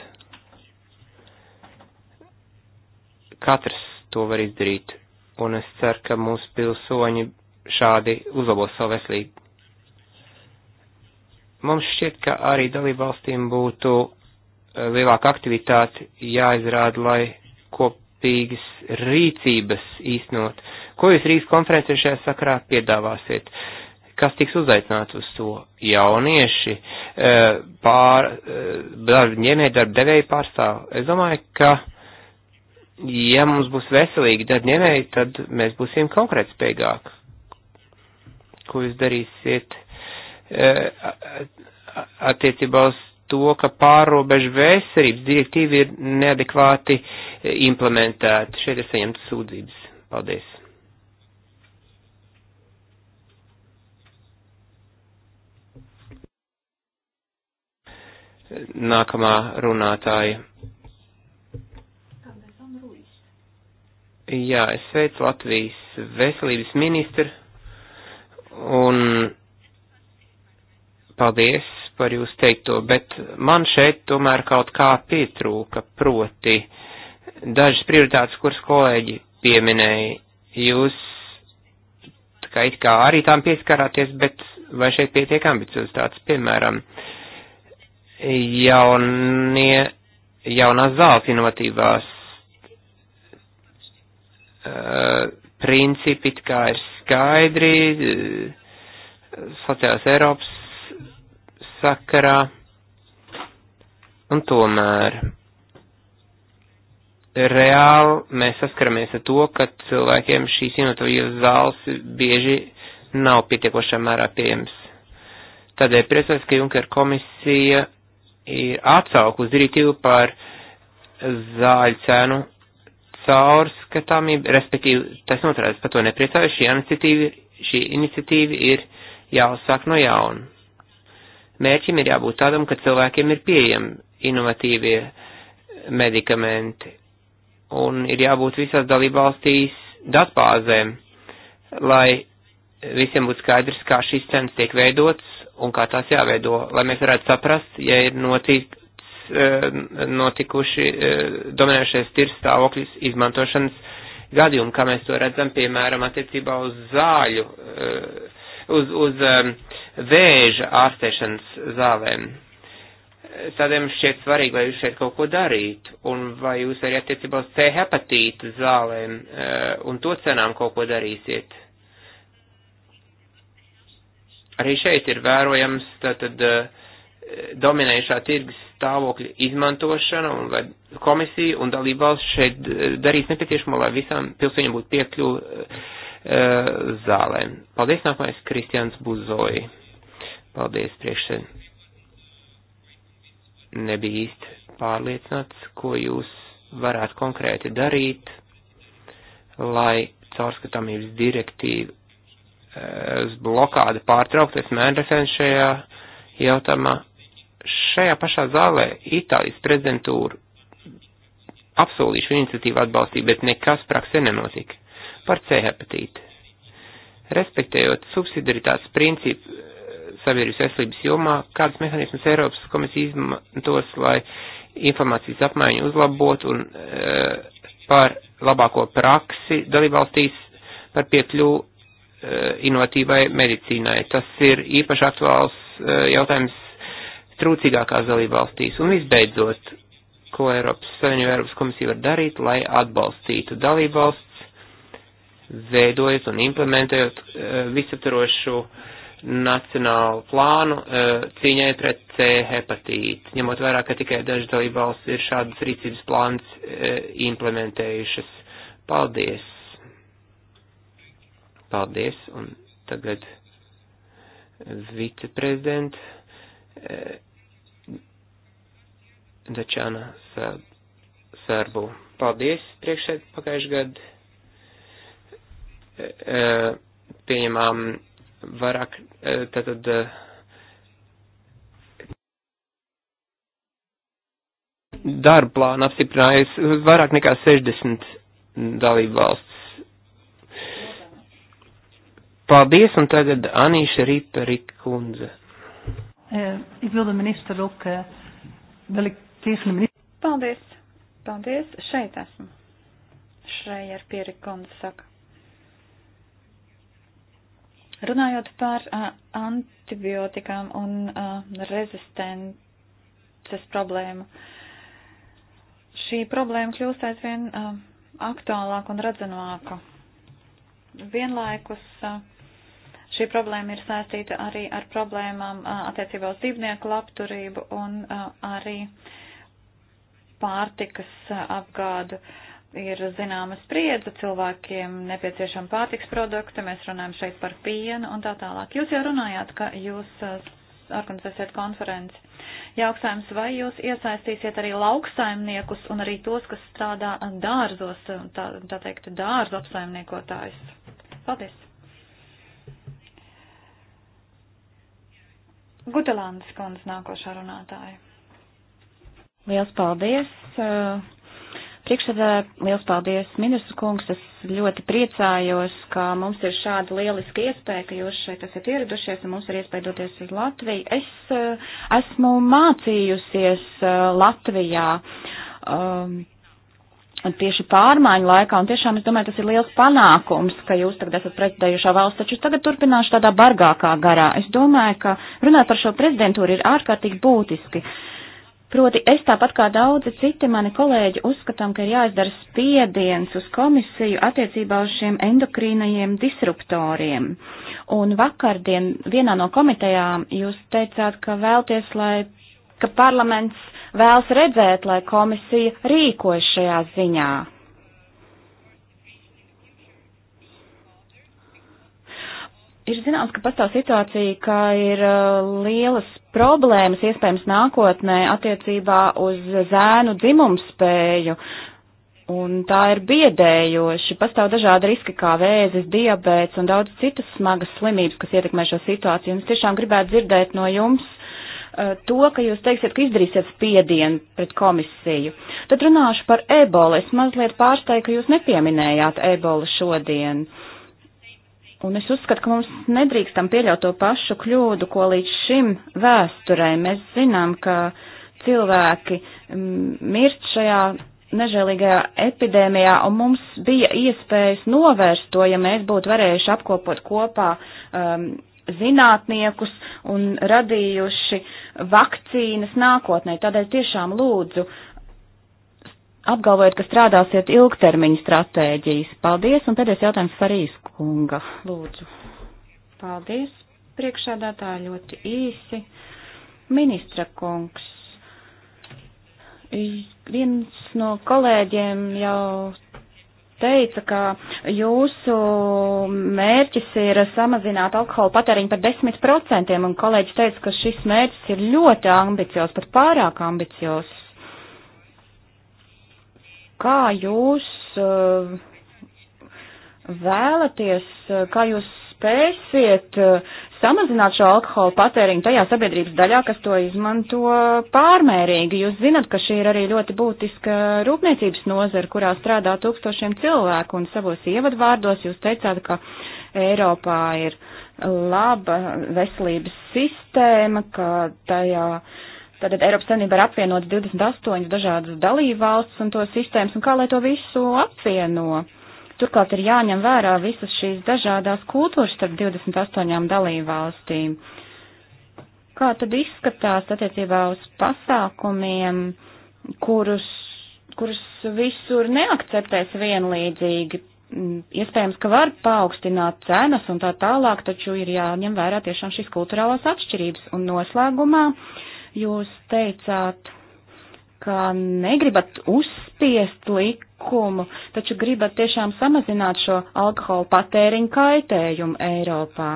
Katrs to var izdarīt, un es ceru, ka mūsu pilsoņi šādi uzlabos savu veselību. Mums šķiet, ka arī dalībvalstīm būtu eh, lielāka aktivitāte jāizrāda, lai kopīgas rīcības īstenot Ko jūs Rīgas konferencē šajā sakrā piedāvāsiet? Kas tiks uzaicināts uz to? Jaunieši, eh, pār, eh, darba ņēmēji, darba devēji pārstāv. Es domāju, ka, ja mums būs veselīgi darba ņēmēji, tad mēs būsim konkrēt spējīgāki. Ko jūs darīsiet eh, attiecībā uz to, ka pārobežu veselības direktīvi ir neadekvāti implementēti. Šeit ir saņemtas sūdzības. Paldies! nākamā runātāja. Jā, es sveicu Latvijas veselības ministru un paldies par jūs teikto, bet man šeit tomēr kaut kā pietrūka, proti dažas prioritātes, kuras kolēģi pieminēja. Jūs kā it kā arī tām pieskarāties, bet vai šeit pietiek ambiciozitātes, piemēram, uh, jaunie, jaunās zāles inovatīvās uh, principi, kā ir skaidri uh, sociālās Eiropas sakarā, un tomēr reāli mēs saskaramies ar to, ka cilvēkiem šīs inovatīvas zāles bieži nav pietiekošā mērā pieejams. Tādēļ priecājos, ka Junker komisija ir atsauku uz direktīvu par zāļu cenu caurskatāmību, respektīvi, tas noturēs, par to nepriecāju, šī iniciatīva, šī iniciatīva ir jāuzsāk no jauna. Mērķim ir jābūt tādam, ka cilvēkiem ir pieejami inovatīvie medikamenti, un ir jābūt visās dalībvalstīs datbāzēm, lai visiem būtu skaidrs, kā šīs cenas tiek veidotas un kā tās jāveido, lai mēs varētu saprast, ja ir noticis, e, notikuši e, dominējušies tirs stāvokļus izmantošanas gadījumi, kā mēs to redzam, piemēram, attiecībā uz zāļu, e, uz, uz vēža ārstēšanas zālēm. Tādēļ mums šķiet svarīgi, lai jūs šeit kaut ko darītu, un vai jūs arī attiecībā uz C hepatīta zālēm un to cenām kaut ko darīsiet Arī šeit ir vērojams tātad eh, dominējušā tirgus stāvokļa izmantošana un vai komisija un dalībvalsts šeit eh, darīs nepieciešamo, lai visām pilsoņiem būtu piekļuva eh, zālēm. Paldies, nākamais Kristians Buzoji. Paldies, priekšsēd. Nebija īsti pārliecināts, ko jūs varētu konkrēti darīt, lai caurskatāmības direktīva blokāde pārtraukties mērnesēm šajā jautājumā. Šajā pašā zālē Itālijas prezidentūra apsolīja šo iniciatīvu atbalstīt, bet nekas praksē nenotika. Par C hepatīti. Respektējot subsidiaritātes principu eh, sabiedrības veselības jomā, kādas mehānismas Eiropas komisija izmantos, lai informācijas apmaiņu uzlabotu un e, par labāko praksi dalībvalstīs par piekļuvu Eh, inovatīvai medicīnai. Tas ir īpaši aktuāls eh, jautājums trūcīgākās dalībvalstīs. Un visbeidzot, ko Eiropas Savienība Eiropas komisija var darīt, lai atbalstītu dalībvalsts, veidojot un implementējot eh, visaptarošu nacionālu plānu cīņai pret C hepatītu, ņemot vērā, ka tikai daži dalībvalsts ir šādas rīcības plāns implementējušas. Paldies! Paldies, un tagad viceprezidents eh, Dačāna Sērbu. Paldies, priekšēd pagājuši gadu. Eh, eh, pieņemām vairāk, tātad. Darba plānu apstiprinājusi vairāk nekā 60 dalību valsts Paldies, un tagad Anīša Riperika kundze. Eh, ik wilde minister ook eh, wel ik tegen de minister. Paldies, paldies, šeit esmu. Šreier Pierikons saka. Runājot par uh, antibiotikām un uh, rezistences problēmu, šī problēma kļūst aizvien uh, aktuālāka un redzamāka. Vienlaikus uh, Šī problēma ir saistīta arī ar problēmām attiecībā uz dzīvnieku labturību un arī pārtikas apgādu. Ir zināma spriedze, cilvēkiem nepieciešama pārtiks produkti, mēs runājam šeit par pienu un tā tālāk. Jūs jau runājāt, ka jūs organizēsiet konferenci. Jautājums, vai jūs iesaistīsiet arī lauksaimniekus un arī tos, kas strādā dārzos, tā, tā teikt, dārzu apsaimniekotājus? Paldies! Gutelandes kundze nākošā runātāja. Liels paldies! Uh, Priekšsēdā liels paldies, ministru kungs. Es ļoti priecājos, ka mums ir šāda lieliska iespēja, ka jūs šeit esat ieradušies un mums ir iespēja doties uz Latviju. Es uh, esmu mācījusies uh, Latvijā. Um, tieši pārmaiņu laikā, un tiešām es domāju, tas ir liels panākums, ka jūs tagad esat prezidējušā valsts, taču tagad turpināšu tādā bargākā garā. Es domāju, ka runāt par šo prezidentūru ir ārkārtīgi būtiski. Proti es tāpat kā daudzi citi mani kolēģi uzskatām, ka ir jāizdara spiediens uz komisiju attiecībā uz šiem endokrīnajiem disruptoriem. Un vakardien vienā no komitejām jūs teicāt, ka vēlties, lai, ka parlaments vēlas redzēt, lai komisija rīkojas šajā ziņā. Ir zināms, ka pastāv situācija, ka ir uh, lielas problēmas iespējams nākotnē attiecībā uz zēnu dzimumspēju, un tā ir biedējoši. Pastāv dažādi riski kā vēzis, diabēts un daudz citas smagas slimības, kas ietekmē šo situāciju, un es tiešām gribētu dzirdēt no jums, uh, Eh, to, ka jūs teiksiet, ka izdarīsiet spiedienu pret komisiju. Tad runāšu par ebolu. Es mazliet pārsteigtu, ka jūs nepieminējāt ebolu šodien. Un es uzskatu, ka mums nedrīkstam pieļaut to pašu kļūdu, ko līdz šim vēsturē. Mēs zinām, ka cilvēki mm, mirst šajā nežēlīgajā epidēmijā, un mums bija iespējas novērst to, ja mēs būtu varējuši apkopot kopā um, zinātniekus un radījuši vakcīnas nākotnē. Tādēļ tiešām lūdzu apgalvojot, ka strādāsiet ilgtermiņa stratēģijas. Paldies, un pēdējais jautājums Farīs kunga. Lūdzu. Paldies, priekšādātāji, ļoti īsi. Ministra kungs, viens no kolēģiem jau teica, ka jūsu mērķis ir samazināt alkohola patēriņu par 10%, un kolēģis teica, ka šis mērķis ir ļoti ambiciozs, pat pārāk ambiciozs. Kā jūs uh, vēlaties, uh, kā jūs spēsiet eh, samazināt šo alkohola patēriņu tajā sabiedrības daļā, kas to izmanto pārmērīgi. Jūs zinat, ka šī ir arī ļoti būtiska rūpniecības nozara, kurā strādā tūkstošiem cilvēku, un savos ievadvārdos jūs teicāt, ka Eiropā ir laba veselības sistēma, ka tajā. Tātad Eiropas Savienība ir apvienot 28 dažādas dalībvalstis un to sistēmas, un kā lai to visu apvieno? Uh, Turklāt ir jāņem vērā visas šīs dažādās kultūras starp 28 dalībvalstīm. Kā tad izskatās attiecībā uz pasākumiem, kurus, kurus visur neakceptēs vienlīdzīgi? Mm, iespējams, ka var paaugstināt cenas un tā tālāk, taču ir jāņem vērā tiešām šīs kultūrālās atšķirības. Un noslēgumā jūs teicāt, ka negribat uzspiest likumu, taču gribat tiešām samazināt šo alkohola patēriņu kaitējumu Eiropā.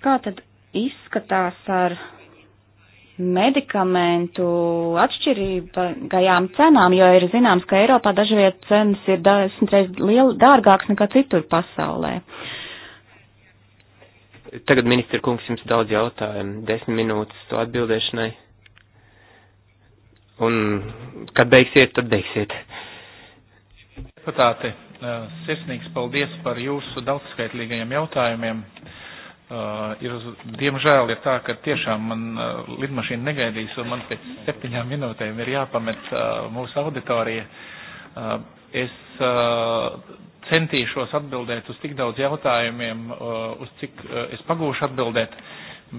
Kā tad izskatās ar medikamentu atšķirīgajām cenām, jo ir zināms, ka Eiropā dažviet cenas ir desmitreiz liela dārgāks nekā citur pasaulē. Uh, Tagad, ministra kungs, jums daudz jautājumu, desmit minūtes to atbildēšanai. Un, kad beigsiet, tad beigsiet. Deputāti, sirsnīgs paldies par jūsu daudzskaitlīgajiem jautājumiem. Uh, ir, diemžēl ir tā, ka tiešām man uh, lidmašīna negaidīs, un man pēc septiņām minūtēm ir jāpamet uh, mūsu auditorija. Uh, es uh, centīšos atbildēt uz tik daudz jautājumiem, uh, uz cik uh, es pagūšu atbildēt,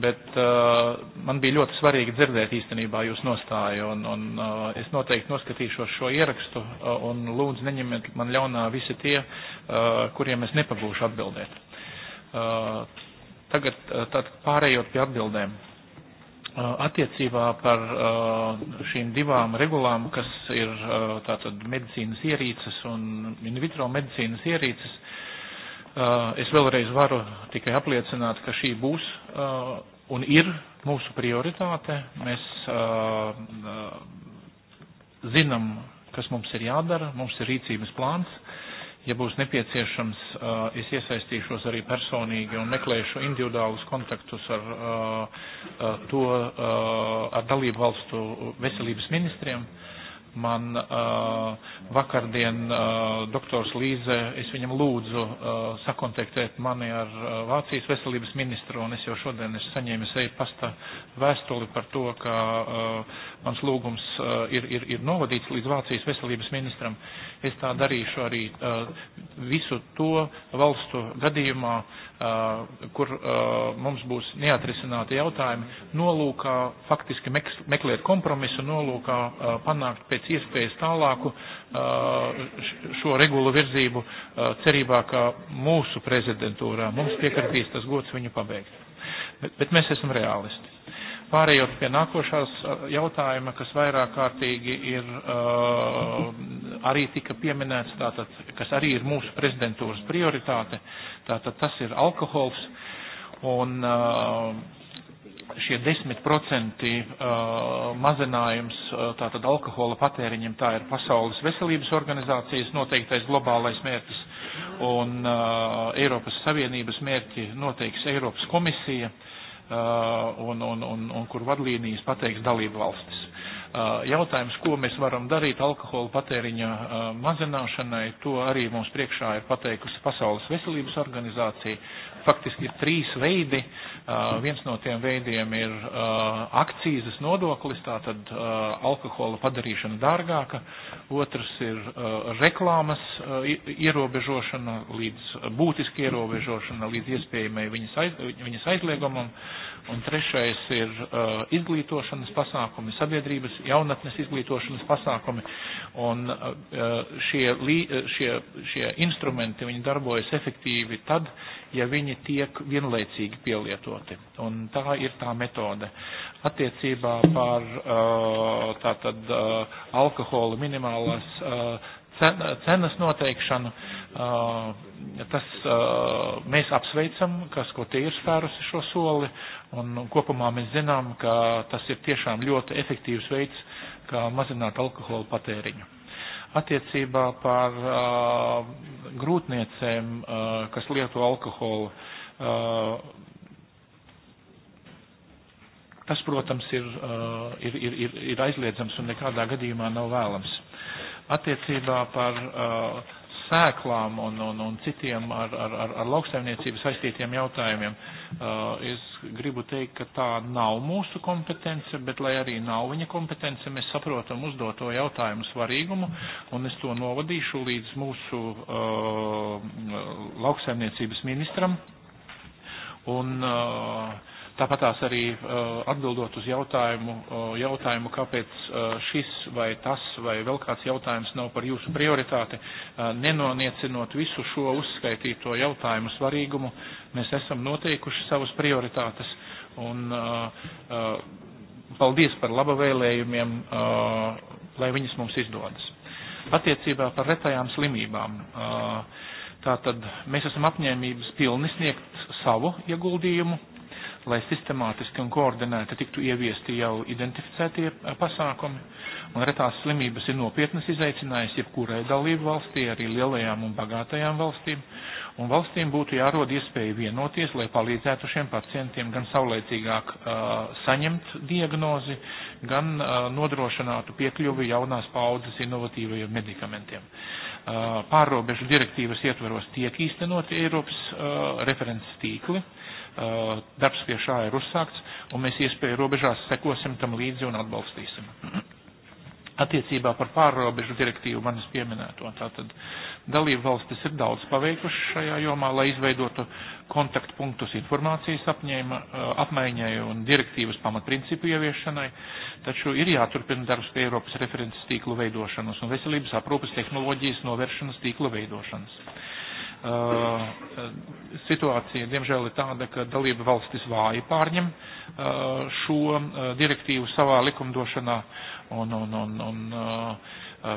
bet uh, man bija ļoti svarīgi dzirdēt īstenībā jūs nostāju, un, un es noteikti noskatīšos šo ierakstu, un lūdzu neņemiet man ļaunā visi tie, kuriem es nepagūšu atbildēt. Tagad tad pārējot pie atbildēm. Eh, attiecībā par eh, šīm divām regulām, kas ir eh, tātad medicīnas ierīces un in vitro medicīnas ierīces, es vēlreiz varu tikai apliecināt, ka šī būs un ir mūsu prioritāte. Mēs zinām, kas mums ir jādara, mums ir rīcības plāns. Ja būs nepieciešams, uh, es iesaistīšos arī personīgi un meklēšu individuālus kontaktus ar, uh, uh, to, ar dalību valstu veselības ministriem. Man vakardien doktors Līze, es viņam lūdzu sakontaktēt mani ar Vācijas veselības ministru, un es jau šodien esmu saņēmis e-pasta vēstuli par to, ka mans lūgums ir, ir, ir novadīts līdz Vācijas veselības ministram Es tā darīšu arī uh, visu to valstu gadījumā, uh, kur uh, mums būs neatrisināti jautājumi, nolūkā faktiski meklēt kompromisu, nolūkā uh, panākt pēc iespējas tālāku uh, šo regulu virzību, uh, cerībā, ka mūsu prezidentūrā mums piekritīs tas gods viņu pabeigt. Bet, bet mēs esam realisti. Pārējot pie nākošās uh, jautājuma, kas vairāk kārtīgi ir uh, arī tika pieminēts, tātad, kas arī ir mūsu prezidentūras prioritāte, tātad tas ir alkohols. Un uh, šie 10% uh, mazinājums uh, tātad alkohola patēriņam, tā ir Pasaules veselības organizācijas noteiktais globālais mērķis un uh, Eiropas Savienības mērķi noteiks Eiropas komisija. Uh, un, un, un, un kur vadlīnijas pateiks dalību valstis. Uh, jautājums, ko mēs varam darīt alkohola patēriņa uh, mazināšanai, to arī mums priekšā ir pateikusi Pasaules veselības organizācija. Faktiski ir trīs veidi, Uh, viens no tiem veidiem ir uh, akcīzes nodoklis, tātad uh, alkohola padarīšana dārgāka, otrs ir uh, reklāmas uh, ierobežošana, līdz, būtiski ierobežošana līdz iespējamai viņas, aiz, viņas aizliegumam, un trešais ir uh, izglītošanas pasākumi, sabiedrības jaunatnes izglītošanas pasākumi, un uh, uh šie, lī, šie, šie instrumenti, viņi darbojas efektīvi tad, ja viņi tiek vienlaicīgi pielietoti. Un tā ir tā metode. Attiecībā par uh, tātad uh, alkohola minimālās uh, cenas noteikšanu, tas mēs apsveicam, kas, ko tie ir spērusi šo soli, un kopumā mēs zinām, ka tas ir tiešām ļoti efektīvs veids, kā mazināt alkohola patēriņu attiecībā par uh, grūtniecēm, uh, kas lieto alkoholu. Uh, tas, protams, ir, uh, ir, ir, ir, ir aizliedzams un nekādā gadījumā nav vēlams. Attiecībā par uh, sēklām un, un, un citiem ar, ar, ar, ar lauksaimniecību saistītiem jautājumiem. Uh, es gribu teikt, ka tā nav mūsu kompetence, bet lai arī nav viņa kompetence, mēs saprotam uzdoto jautājumu svarīgumu un es to novadīšu līdz mūsu uh, lauksaimniecības ministram. Un, uh, Tāpatās arī eh, atbildot uz jautājumu, eh, jautājumu, kāpēc eh, šis vai tas vai vēl kāds jautājums nav par jūsu prioritāti, nenoniecinot visu šo uzskaitīto jautājumu svarīgumu, mēs esam noteikuši savas prioritātes. Un, paldies par laba vēlējumiem, lai viņas mums izdodas. Attiecībā par retajām slimībām. Tātad mēs esam apņēmības pilni sniegt savu ieguldījumu lai sistemātiski un koordinēti tiktu ieviesti jau identificētie eh, pasākumi, un retās slimības ir nopietnas izaicinājis jebkurai dalību valstī, arī lielajām un bagātajām valstīm, un valstīm būtu jārod iespēja vienoties, lai palīdzētu šiem pacientiem gan saulēcīgāk uh, saņemt diagnozi, gan uh, nodrošinātu piekļuvi jaunās paaudzes inovatīvajiem medikamentiem. Uh, pārrobežu direktīvas ietvaros tiek īstenoti Eiropas uh, referents tīkli. Uh, Eh, darbs pie šā ir uzsākts, un mēs iespēju robežās sekosim tam līdzi un atbalstīsim. Attiecībā par pārrobežu direktīvu manis pieminēto, tātad dalību valstis ir daudz paveikuši šajā jomā, lai izveidotu kontaktpunktus informācijas apņēma, eh, apmaiņai un direktīvas pamatprincipu ieviešanai, taču ir jāturpina darbs pie Eiropas references tīklu veidošanas un veselības aprūpas tehnoloģijas novēršanas tīklu veidošanas. Uh, uh, situācija, diemžēl, ir tāda, ka dalība valstis vāji pārņem uh, šo direktīvu savā likumdošanā, un, un, un, un,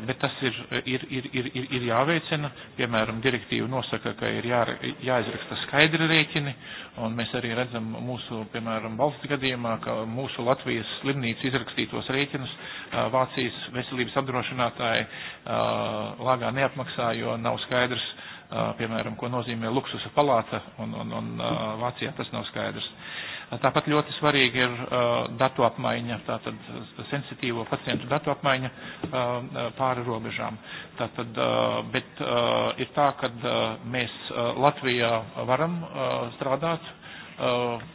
bet tas ir, ir, ir, ir, ir, ir jāveicina. Piemēram, direktīva nosaka, ka ir jā, jāizraksta skaidri rēķini, un mēs arī redzam mūsu, piemēram, valsts gadījumā, ka mūsu Latvijas slimnīca izrakstītos rēķinus Vācijas veselības apdrošinātāji lāgā neapmaksā, jo nav skaidrs, piemēram, ko nozīmē luksusa palāta, un, un, un Vācijā tas nav skaidrs. Tāpat ļoti svarīgi ir datu apmaiņa, tātad sensitīvo pacientu datu apmaiņa pāri robežām. Tātad, bet ir tā, ka mēs Latvijā varam strādāt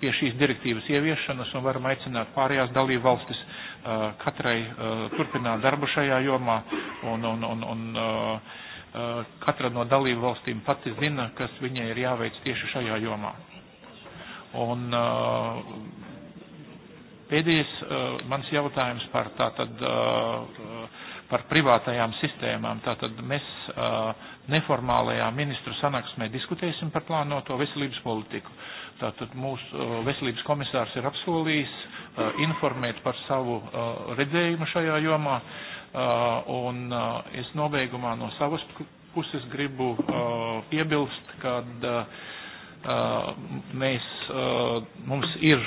pie šīs direktīvas ieviešanas un varam aicināt pārējās dalību valstis katrai turpināt darbu šajā jomā un, un, un, un Eh, katra no dalību valstīm pati zina, kas viņai ir jāveic tieši šajā jomā. Un eh, pēdējais eh, mans jautājums par tātad par privātajām sistēmām. Tātad mēs neformālajā ministru sanāksmē diskutēsim par plānoto veselības politiku. Tātad mūsu veselības komisārs ir apsolījis informēt par savu redzējumu šajā jomā. Uh, un uh, es nobeigumā no savas puses gribu uh, piebilst, ka mēs, mums ir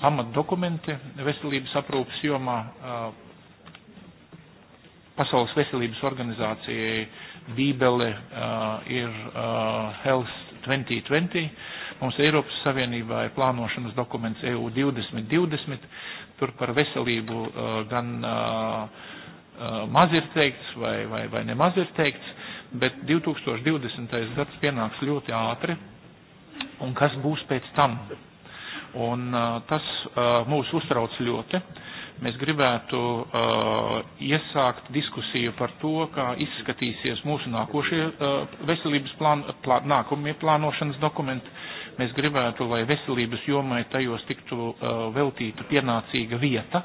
pamatdokumenti veselības aprūpas jomā. Pasaules veselības organizācijai Bībele uh, ir uh, Health 2020. Mums Eiropas Savienībā ir plānošanas dokuments EU 2020. Tur par veselību uh, gan uh, Uh, maz ir teikts vai, vai, vai nemaz ir teikts, bet 2020. gads pienāks ļoti ātri, un kas būs pēc tam? Un uh, tas uh, mūs uztrauc ļoti. Mēs gribētu iesākt diskusiju par to, kā izskatīsies mūsu nākošie veselības plān, plā, nākamie plānošanas dokumenti. Mēs gribētu, lai veselības jomai tajos tiktu veltīta pienācīga vieta.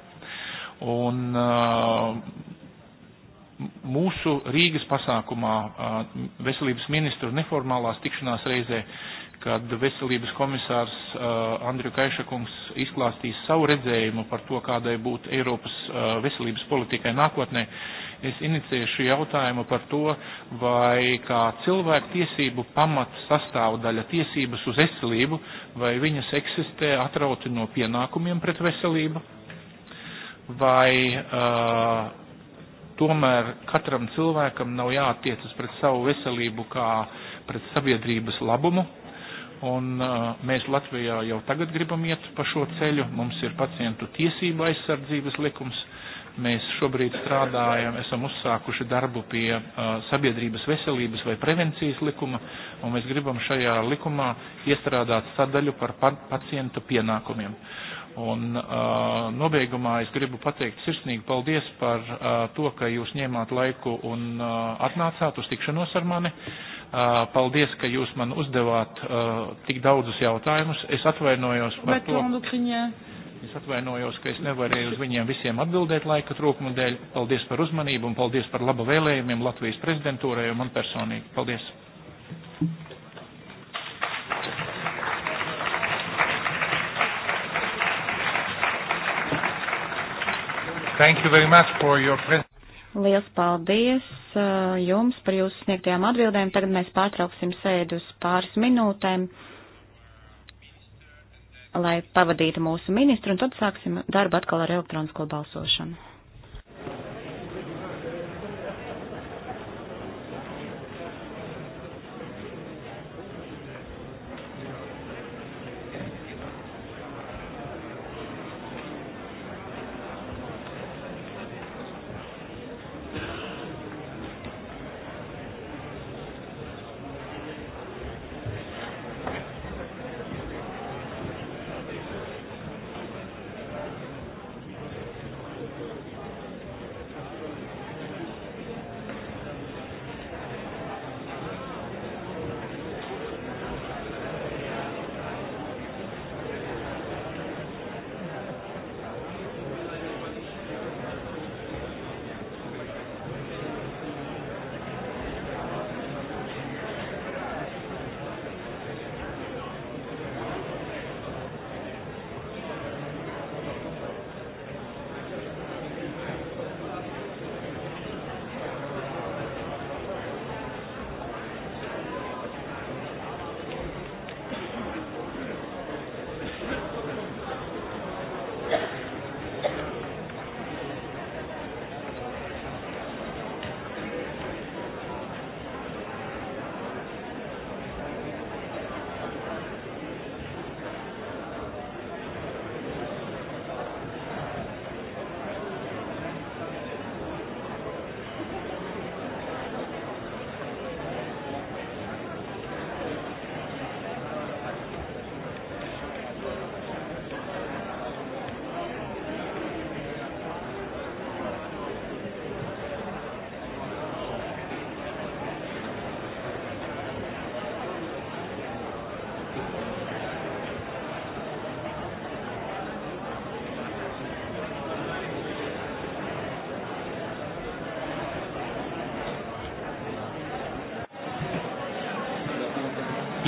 Un uh, mūsu Rīgas pasākumā veselības ministru neformālās tikšanās reizē, kad veselības komisārs Andriu Kaišakungs izklāstīs savu redzējumu par to, kādai būtu Eiropas veselības politikai nākotnē, es iniciešu jautājumu par to, vai kā cilvēku tiesību pamats sastāvdaļa tiesības uz veselību, vai viņas eksistē atrauti no pienākumiem pret veselību, vai uh, tomēr katram cilvēkam nav jātiecas pret savu veselību kā pret sabiedrības labumu. Un uh, mēs Latvijā jau tagad gribam iet pa šo ceļu. Mums ir pacientu tiesība aizsardzības likums. Mēs šobrīd strādājam, esam uzsākuši darbu pie uh, sabiedrības veselības vai prevencijas likuma, un mēs gribam šajā likumā iestrādāt sadaļu par pacientu pienākumiem. Uh, Un uh, nobeigumā es gribu pateikt sirsnīgi paldies par uh, to, ka jūs ņēmāt laiku un uh, atnācāt uz tikšanos ar mani. Uh, paldies, ka jūs man uzdevāt uh, tik daudzus jautājumus. Es atvainojos par to. Es atvainojos, ka es nevarēju uz viņiem visiem atbildēt laika trūkuma dēļ. Paldies par uzmanību un paldies par laba vēlējumiem Latvijas prezidentūrai un man personīgi. Paldies! Thank you very much for your presentation. Liels paldies uh, jums par jūsu sniegtajām atbildēm. Tagad mēs pārtrauksim sēdi uz pāris minūtēm, lai pavadītu mūsu ministru, un tad sāksim darbu atkal ar elektronisko balsošanu.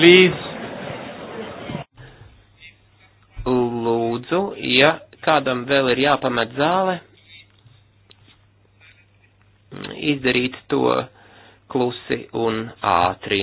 please. Lūdzu, ja kādam vēl ir jāpamet zāle, izdarīt to klusi un ātri.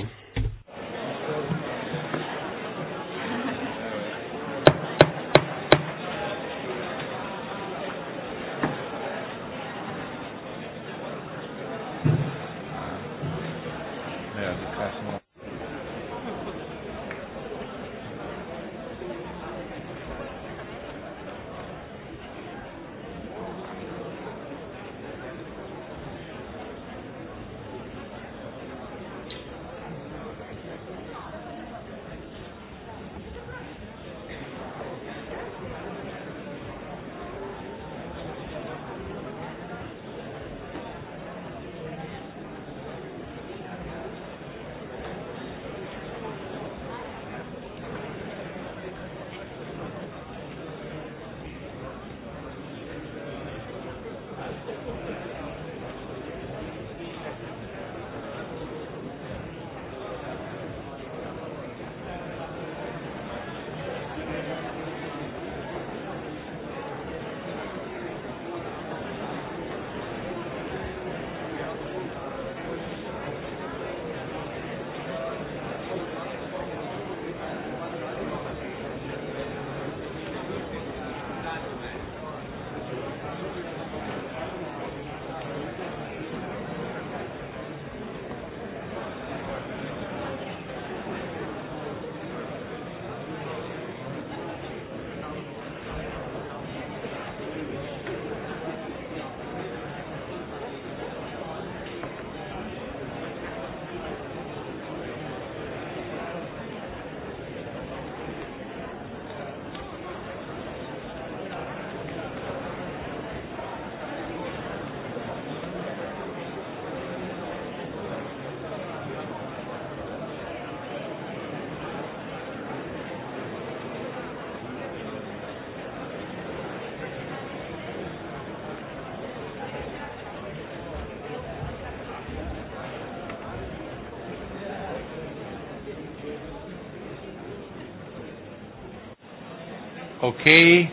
Okay.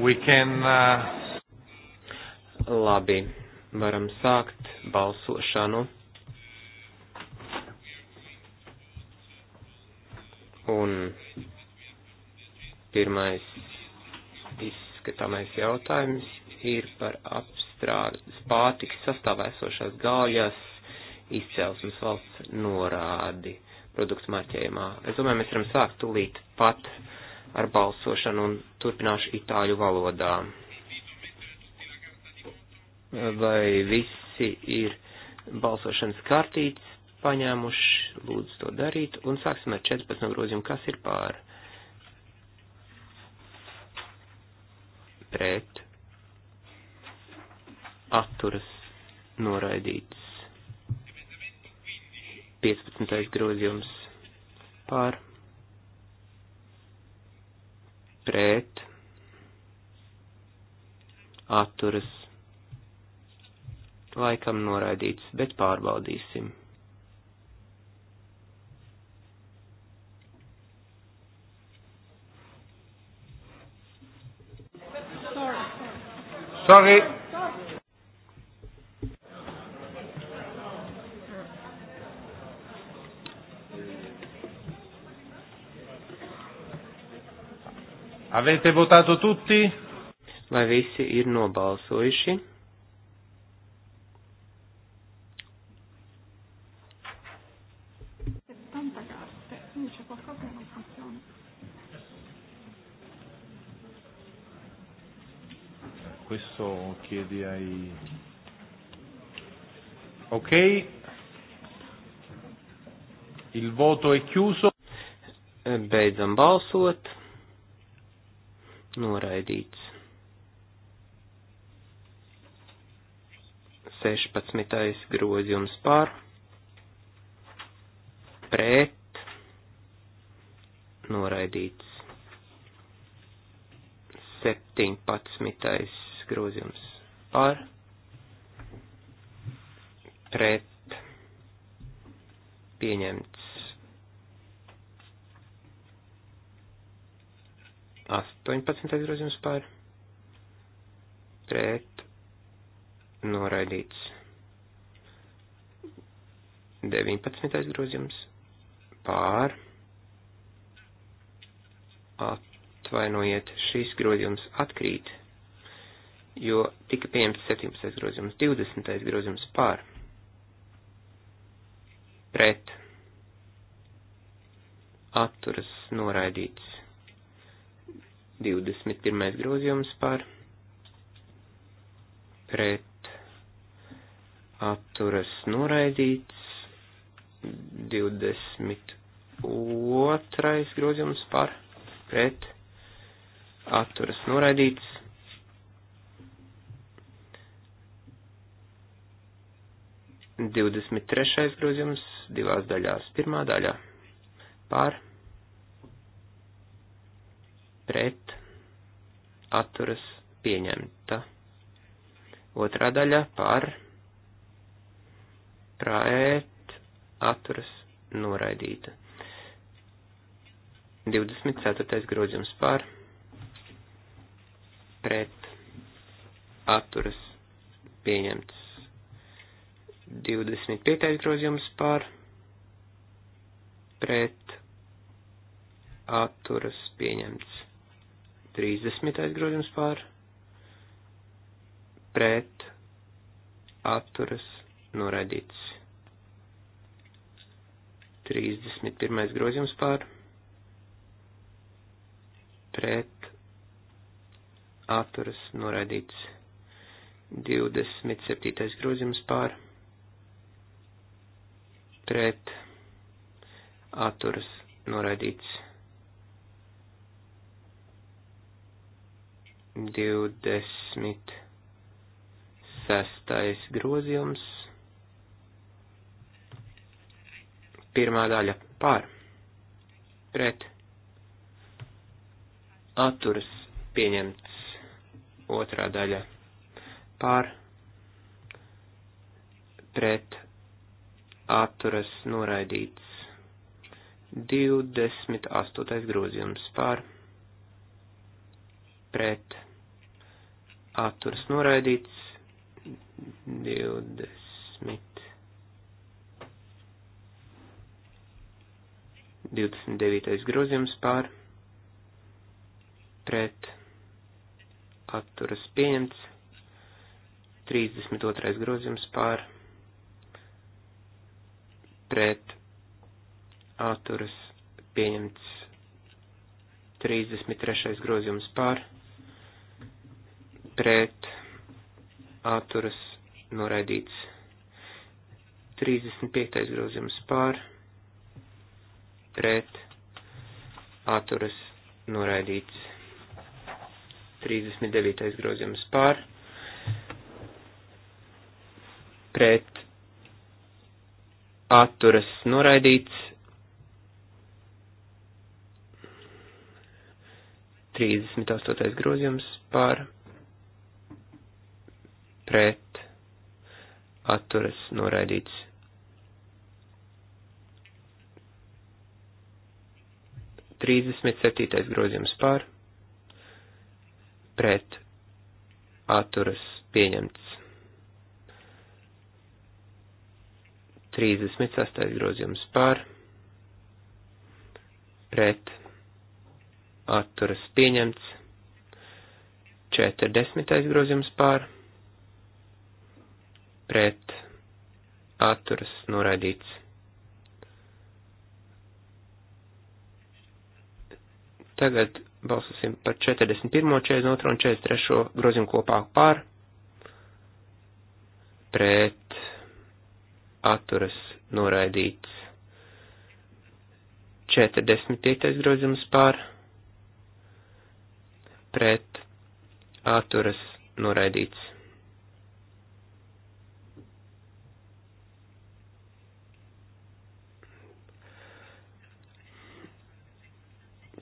We can. Uh... Labi, varam sākt balsošanu. Un pirmais izskatāmais jautājums ir par apstrādes pārtikas sastāvā esošās gāļas izcelsmes valsts norādi produktu marķējumā. Es domāju, mēs varam sākt tūlīt pat ar balsošanu un turpināšu itāļu valodā. Vai visi ir balsošanas kartītes paņēmuši, lūdzu to darīt, un sāksim ar 14 grozījumu, kas ir pār. Pret. Atturas noraidīts. 15. grozījums pār. atturas laikam noraidīts, bet pārbaudīsim. Sorry. Avete votato tutti? Vai visi ir nobalsojuši? Questo chiedi ai... Ok, il voto è chiuso. Beidzam balsot. Noraidīts. 11. grozījums par, pret, noraidīts. 17. grozījums par, pret, pieņemts. 18. grozījums par, pret, noraidīts. 19. grozījums pār atvainojiet, šīs grozījums atkrīt, jo tika pieņemts 17. grozījums, 20. grozījums pār pret atturas noraidīts 21. grozījums pār pret atturas noraidīts 22. grozījums par pret atturas noraidīts. Divdesmit trešais grozījums divās daļās. Pirmā daļā par, pret, atturas pieņemta. Otrā daļa par, pret, atturas noraidīta. 24. grozījums par pret atturas pieņemts. 25. grozījums par pret atturas pieņemts. 30. grozījums par pret atturas noraidīts. 31. grozījums pār pret atturas noraidīts. 27. grozījums pār pret atturas noraidīts. 26. grozījums Pirmā daļa par, pret, atturas pieņemts. Otrā daļa par, pret, atturas noraidīts. 28. grozījums par, pret, atturas noraidīts. 20. 29. grozījums pār pret atturas pieņemts, 32. grozījums pār pret atturas pieņemts, 33. grozījums pār pret atturas noraidīts, 35. grozījums pār pret pret atturas noraidīts. 39. grozījums pār pret atturas noraidīts. 38. grozījums pār pret atturas noraidīts. 37. grozījums pār, pret atturas pieņemts. 36. grozījums pār, pret atturas pieņemts. 40. grozījums pār, pret atturas noraidīts. Tagad balsosim par 41., 42. un 43. grozījumu kopā pār, pret, atturas noraidīts. 45. grozījums pār, pret, atturas noraidīts.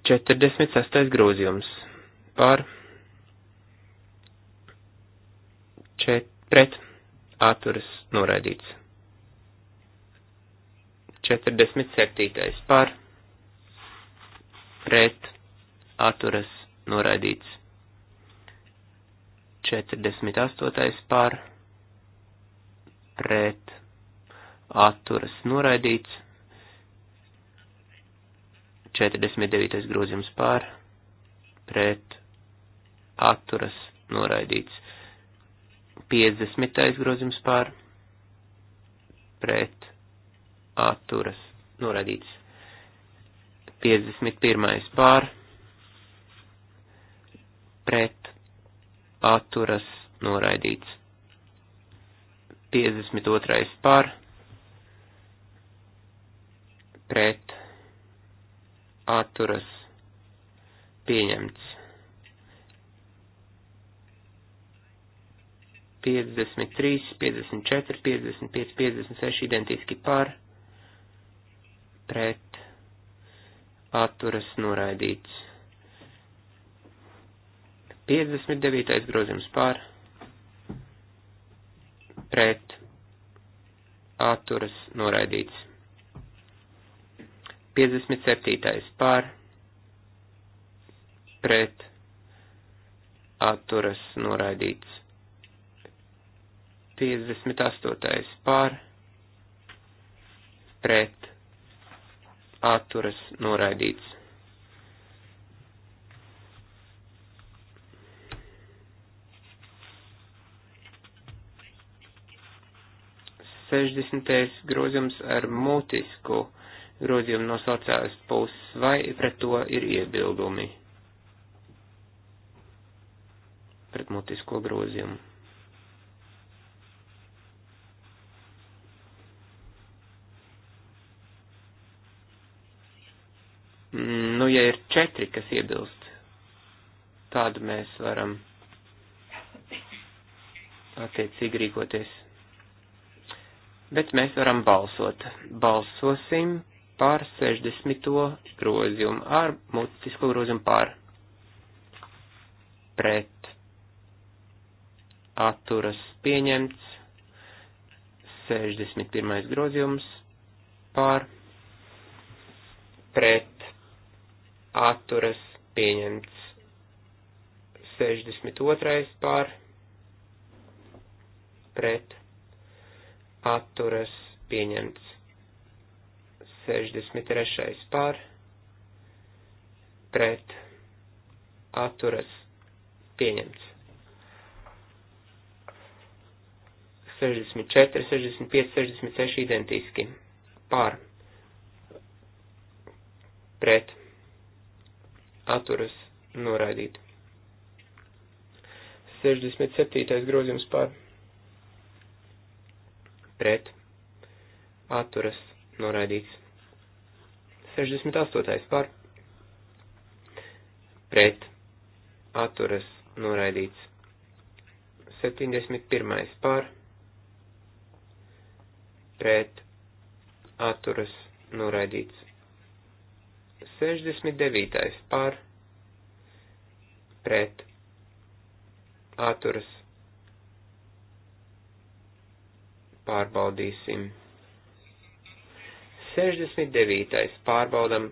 46. grozījums par čet, pret atturas noraidīts. 47. par pret atturas noraidīts. 48. par pret atturas noraidīts. 49. grozījums pār, pret, atturas, noraidīts. 50. grozījums pār, pret, atturas, noraidīts. 51. pār, pret, atturas, noraidīts. 52. pār, pret, atturas pieņemts. 53, 54, 55, 56 identiski par, pret, atturas noraidīts. 59. grozījums par, pret, atturas noraidīts. 57. pār pret atturas noraidīts. 58. pār pret atturas noraidīts. Sešdesmitais grozījums ar mutisku grozījumu no sociālas puses, vai pret to ir iebildumi? Pret mutisko grozījumu. Nu, ja ir četri, kas iebilst, tādu mēs varam attiecīgi rīkoties. Bet mēs varam balsot. Balsosim pār 60. grozījumu ar mutisko grozījumu pār pret atturas pieņemts 61. grozījums pār pret atturas pieņemts 62. pār pret atturas pieņemts 63. pār pret atturas pieņemts. 64, 65, 66 identiski pār pret atturas noraidīt. 67. grozījums pār pret atturas noraidīts. 68. par pret atturas noraidīts. 71. par pret atturas noraidīts. 69. par pret atturas pārbaudīsim. 69. pārbaudam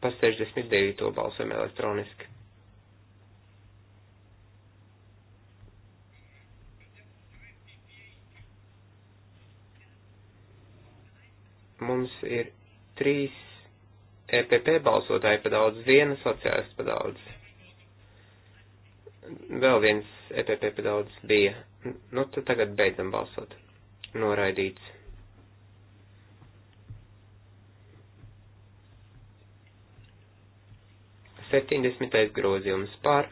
pa 69. balsojam elektroniski. Mums ir trīs EPP balsotāji pa daudz, viena sociālists pa daudz. Vēl viens EPP pa daudz bija. Nu, tad tagad beidzam balsot. Noraidīts. 70. grozījums par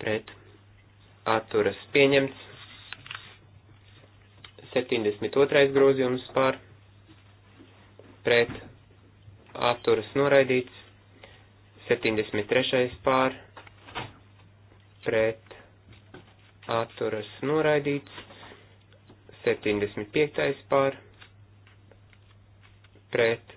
pret atturas pieņemts. 72. grozījums par pret atturas noraidīts. 73. pār pret atturas noraidīts. 75. pār pret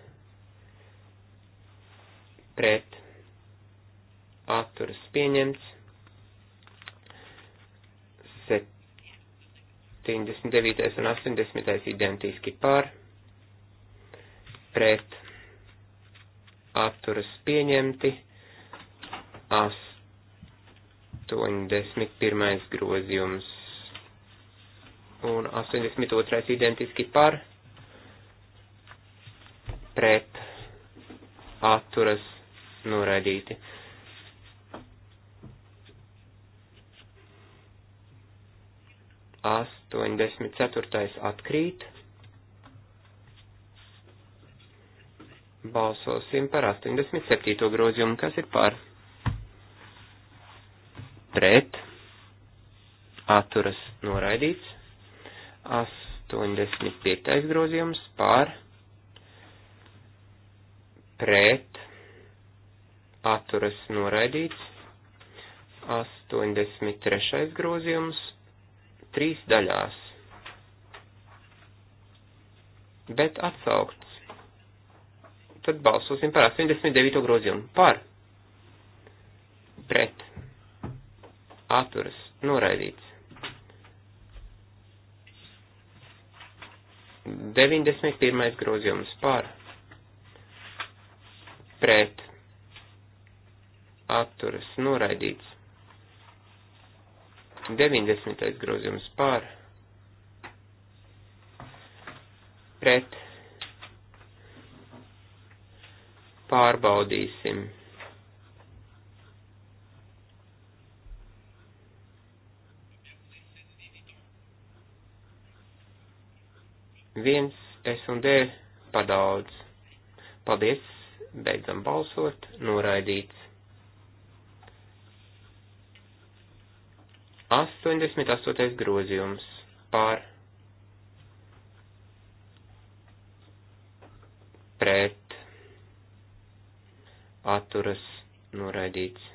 pret atturas pieņemts, 79. un 80. identiski par, pret atturas pieņemti, 81. grozījums un 82. identiski par, pret atturas noraidīti. Astoņdesmit ceturtais atkrīt. Balsosim par 87. grozījumu, kas ir par pret, atturas noraidīts, 85. grozījums par pret, atturas noraidīts. 83. grozījums trīs daļās, bet atsaukts. Tad balsosim par 89. grozījumu. Par. Pret. Atturas. Noraidīts. 91. grozījums. Par. Pret atturas noraidīts. 90. grozījums pār pret pārbaudīsim. Viens es un D padaudz. Paldies, beidzam balsot, noraidīts. 88. grozījums pār pret atturas noraidīts.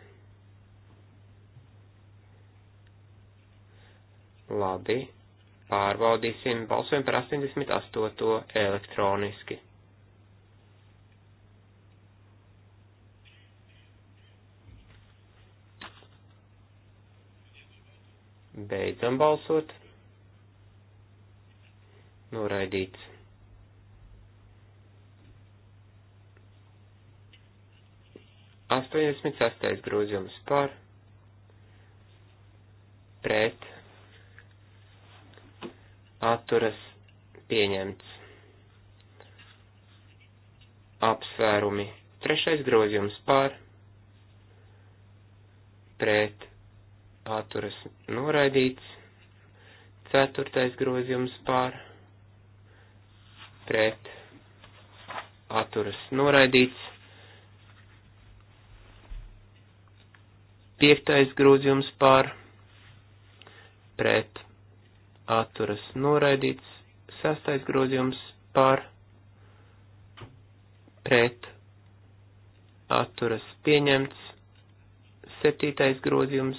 Labi, pārbaudīsim, balsojam par 88. elektroniski. Beidzam balsot. Noraidīts. Astoņdesmit sastais grozījums par, pret, atturas pieņemts. Apsvērumi. Trešais grozījums par, pret, atturas noraidīts, ceturtais grozījums pār, pret, atturas noraidīts, piektais grozījums pār, pret, atturas noraidīts, sastais grozījums pār, pret, atturas pieņemts, septītais grozījums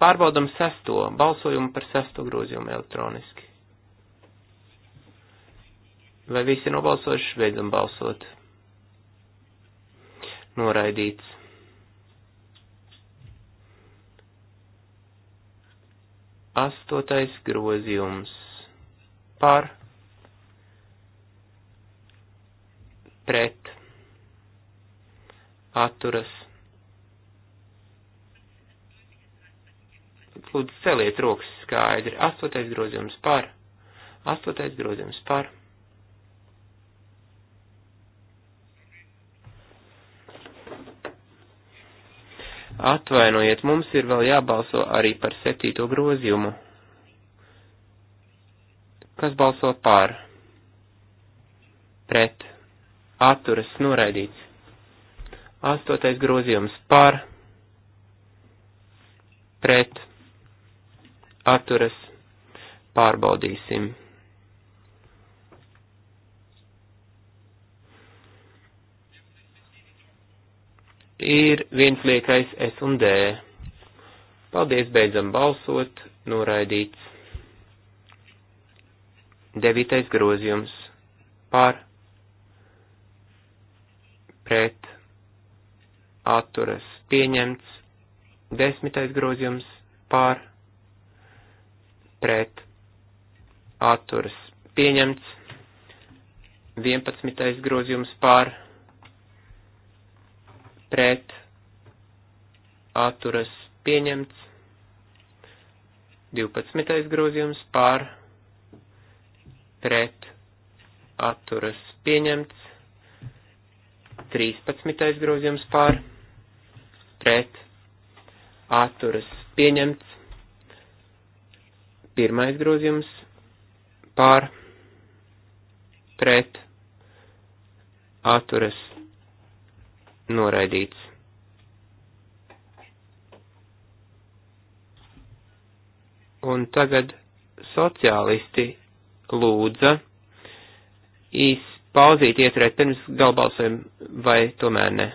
pārbaudam sesto, balsojumu par sesto grozījumu elektroniski. Vai visi nobalsojuši, beidzam balsot? Noraidīts. Astotais grozījums par pret atturas Lūdzu, celiet rokas skaidri. Astotais grozījums par. Astotais grozījums par. Atvainojiet, mums ir vēl jābalso arī par septīto grozījumu. Kas balso par? Pret. Atturas noraidīts. Astotais grozījums par. Pret atturas pārbaudīsim. Ir viens liekais S un D. Paldies, beidzam balsot, noraidīts. Devītais grozījums par, pret, atturas pieņemts. Desmitais grozījums par, pret atturas pieņemts, 11. grozījums pār pret atturas pieņemts, 12. grozījums pār pret atturas pieņemts, 13. grozījums pār pret atturas pieņemts, Pirmais grozījums pār pret atturas noraidīts. Un tagad sociālisti lūdza īs pauzīt ieturēt pirms galbalsojumu vai tomēr ne.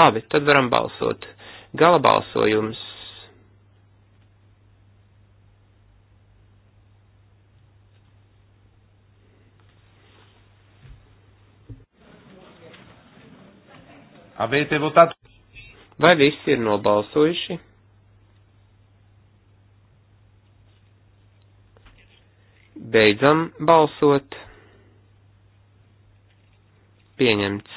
Labi, tad varam balsot. Gala balsojums Avete votato? Vai visi ir nobalsojuši? Beidzam balsot. Pieņemts.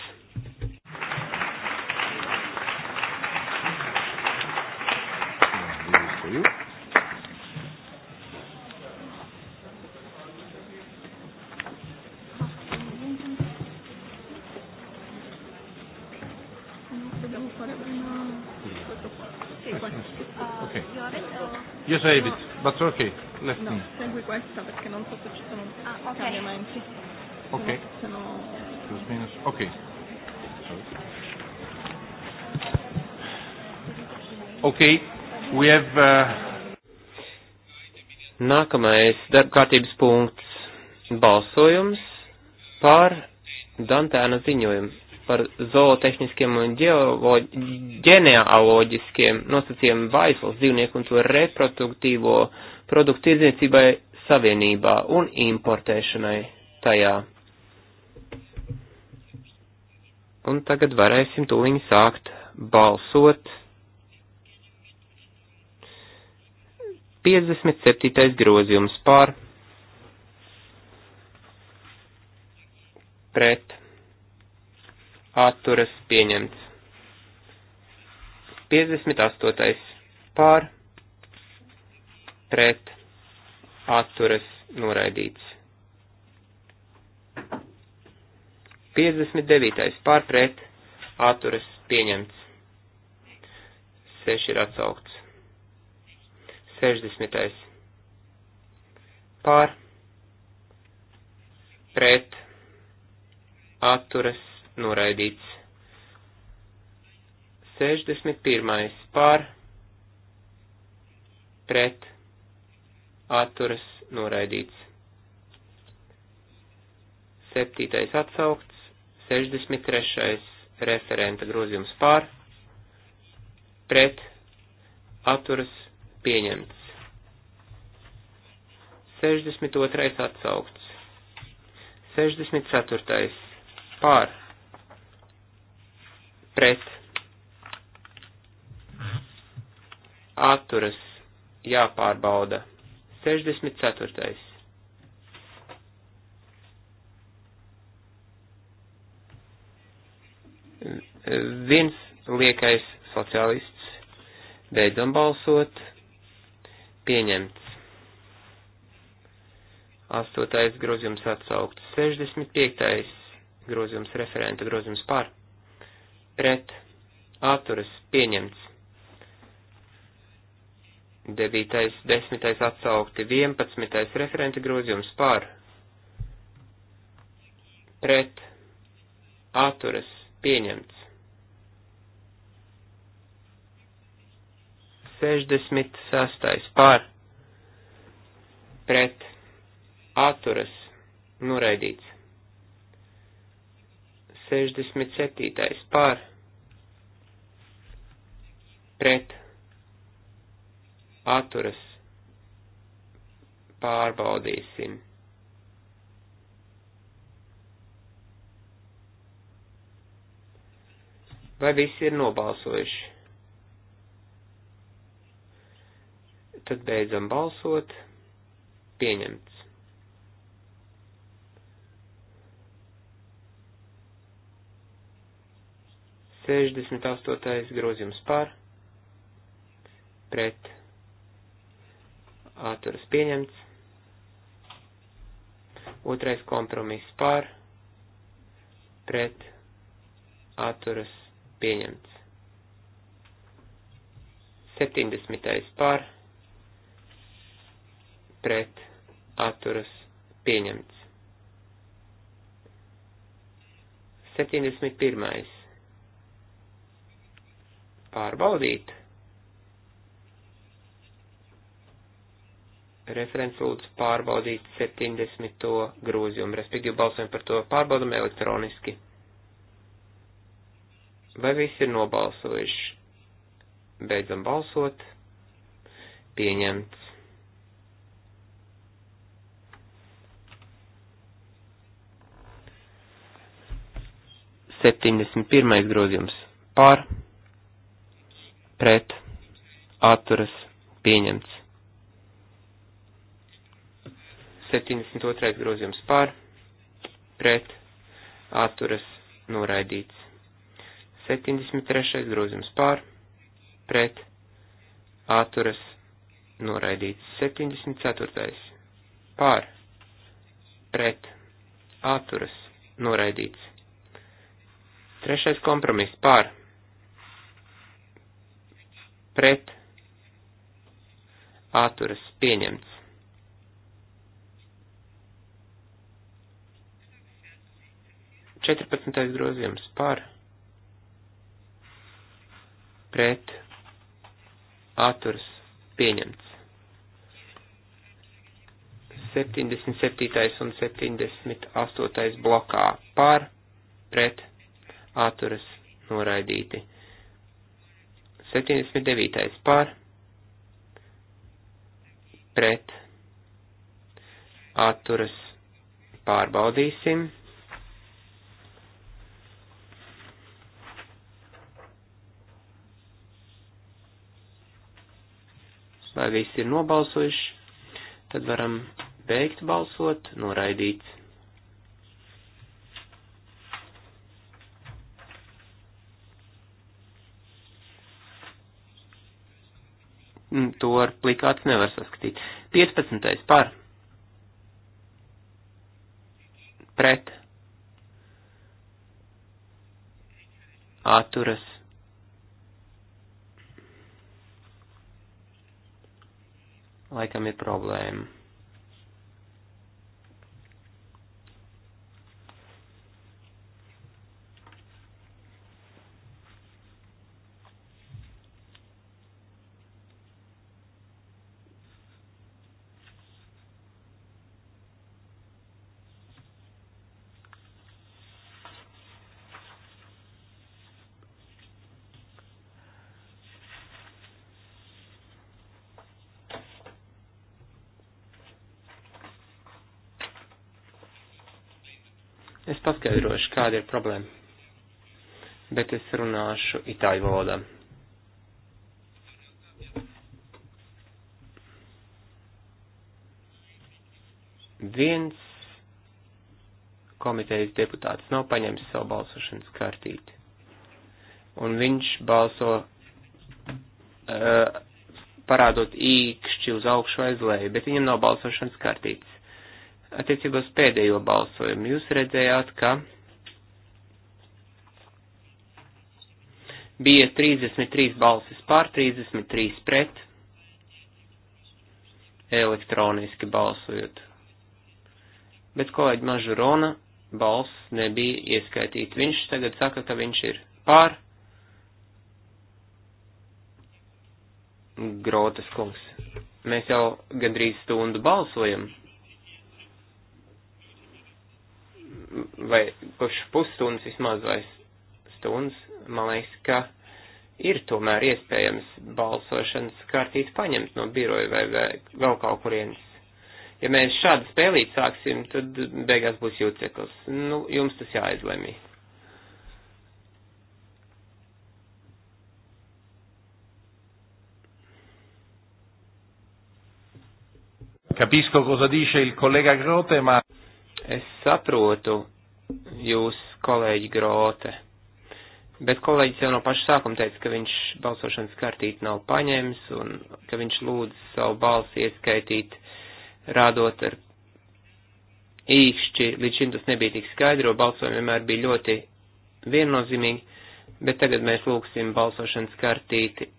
David, but ok. Let's no, segui questa perché non so se ci sono ah, okay. cambiamenti. Ok. Se no, se no... Plus minus. Ok. Ok. We have. Uh... Nākamais darba kārtības punkts - balsojums par Dantēna ziņojumu par zootehniskiem un ģenealoģiskiem nosacījumiem vaislas dzīvnieku un to reproduktīvo produktu tirdzniecībai savienībā un importēšanai tajā. Un tagad varēsim tūliņi sākt balsot. 57. grozījums pār pret atturas pieņemts. 58. pār pret atturas noraidīts. 59. pār pret atturas pieņemts. 6 ir atsaukts. 60. pār pret atturas noraidīts. 61. pār pret atturas noraidīts. 7. atsaukts, 63. referenta grozījums pār pret atturas pieņemts. 62. atsaukts. 64. pār pret atturas jāpārbauda. 64. Viens liekais sociālists. Beidzam balsot. Pieņemts. Astotais grozījums atsaukts. 65. grozījums referenta grozījums par pret atturas pieņemts. 9. 10. atsaukti 11. referenta grozījums pār pret atturas pieņemts. 66. pār pret atturas noraidīts. 67. pār pret atturas pārbaudīsim. Vai visi ir nobalsojuši? Tad beidzam balsot. Pieņemt. 68. grozījums par, pret, atturas pieņemts, otrais kompromiss par, pret, atturas pieņemts, 70. par, pret, atturas pieņemts, 71 pārbaudīt. Referents lūdzu pārbaudīt 70. grozījumu, respektīvi balsojam par to, pārbaudam elektroniski. Vai visi ir nobalsojuši? Beidzam balsot. Pieņemts. Septiņdesmit pirmais grozījums pār pret atturas pieņemts. 72. grozījums par pret atturas noraidīts. 73. grozījums par pret atturas noraidīts. 74. par pret atturas noraidīts. Trešais kompromiss par pret pret atturas pieņemts. 14. grozījums par pret atturs pieņemts. 77. un 78. blokā par pret atturas noraidīti. 79. par pret atturas pārbaudīsim. Vai visi ir nobalsojuši, tad varam beigt balsot, noraidīts. Mm, to ar plikāts nevar saskatīt. 15. par. Pret. Atturas. Laikam ir problēma. paskaidrošu, kāda ir problēma, bet es runāšu itāļu valodā. Viens komitejas deputāts nav paņēmis savu balsošanas kartīti, un viņš balso uh, parādot īkšķi uz augšu aiz leju, bet viņam nav balsošanas kartītes Attiecībā uz pēdējo balsojumu jūs redzējāt, ka bija 33 balsis pār, 33 pret, elektroniski balsojot. Bet kolēģi Mažurona balss nebija ieskaitīta. Viņš tagad saka, ka viņš ir pār. Grotas kungs. Mēs jau gandrīz stundu balsojam. vai kopš pusstundas vismaz vai stundas, man liekas, ka ir tomēr iespējams balsošanas kārtīt paņemt no biroja vai, vai vēl kaut kurienes. Ja mēs šādu spēlīt sāksim, tad beigās būs jūceklis. Nu, jums tas jāizlemj. Capisco cosa dice il collega Grote, ma... Es saprotu jūs, kolēģi Grote, bet kolēģis jau no paša sākuma teica, ka viņš balsošanas kartīti nav paņēmis un ka viņš lūdz savu balsi ieskaitīt, rādot ar īkšķi, līdz šim tas nebija tik skaidro, balsojumi vienmēr bija ļoti viennozīmīgi, bet tagad mēs lūgsim balsošanas kartīti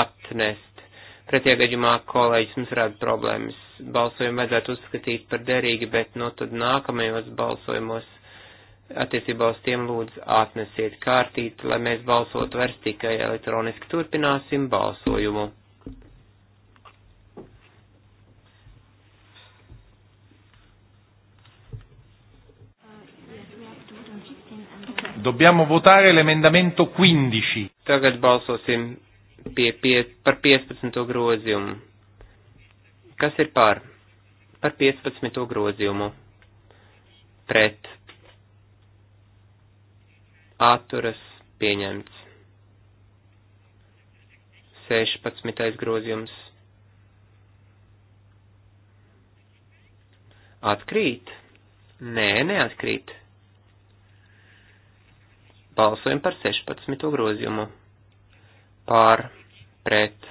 atnest. Pretējā gadījumā kolēģis mums rada problēmas balsojumu vajadzētu uzskatīt par derīgi, bet no nu, tad nākamajos balsojumos attiecībā uz tiem lūdzu atnesiet kārtīt, lai mēs balsotu vairs tikai elektroniski turpināsim balsojumu. Dobbiamo votare l'emendamento 15. Tagad balsosim pie, pie, par 15. grozījumu. Kas ir pār? Par 15. grozījumu. Pret. Atturas pieņemts. 16. grozījums. Atkrīt? Nē, neatkrīt. Balsojam par 16. grozījumu. Pār, pret,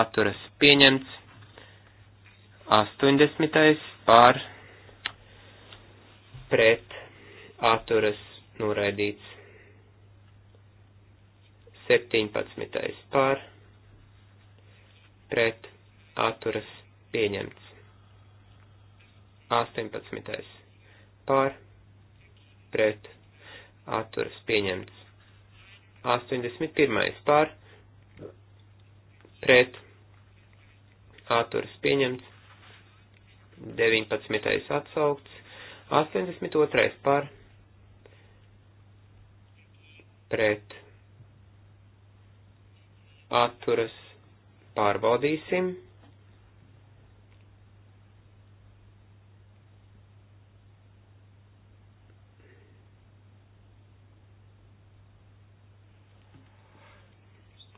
atturas pieņemts. 80. pār pret atturas noraidīts. 17. pār pret atturas pieņemts. 18. pār pret atturas pieņemts. 81. pār pret atturas pieņemts. 19. atsaukts, 82. par pret atturas pārbaudīsim.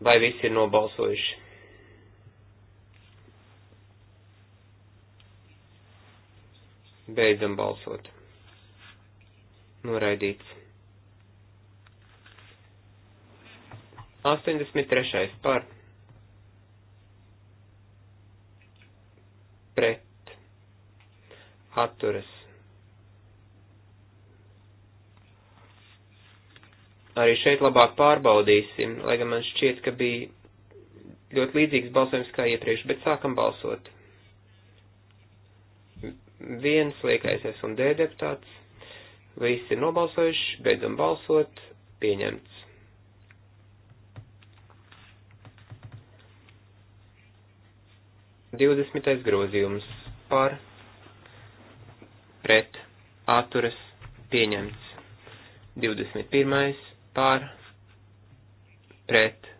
Vai visi ir nobalsojuši? Beidzam balsot. Noraidīts. 83. par. Pret. Atturas. Arī šeit labāk pārbaudīsim, lai gan man šķiet, ka bija ļoti līdzīgs balsojums kā iepriekš, bet sākam balsot viens liekais un D deputāts. Visi ir nobalsojuši, beidzam balsot, pieņemts. Divdesmitais grozījums par, pret, atturas, pieņemts. Divdesmit pirmais par, pret,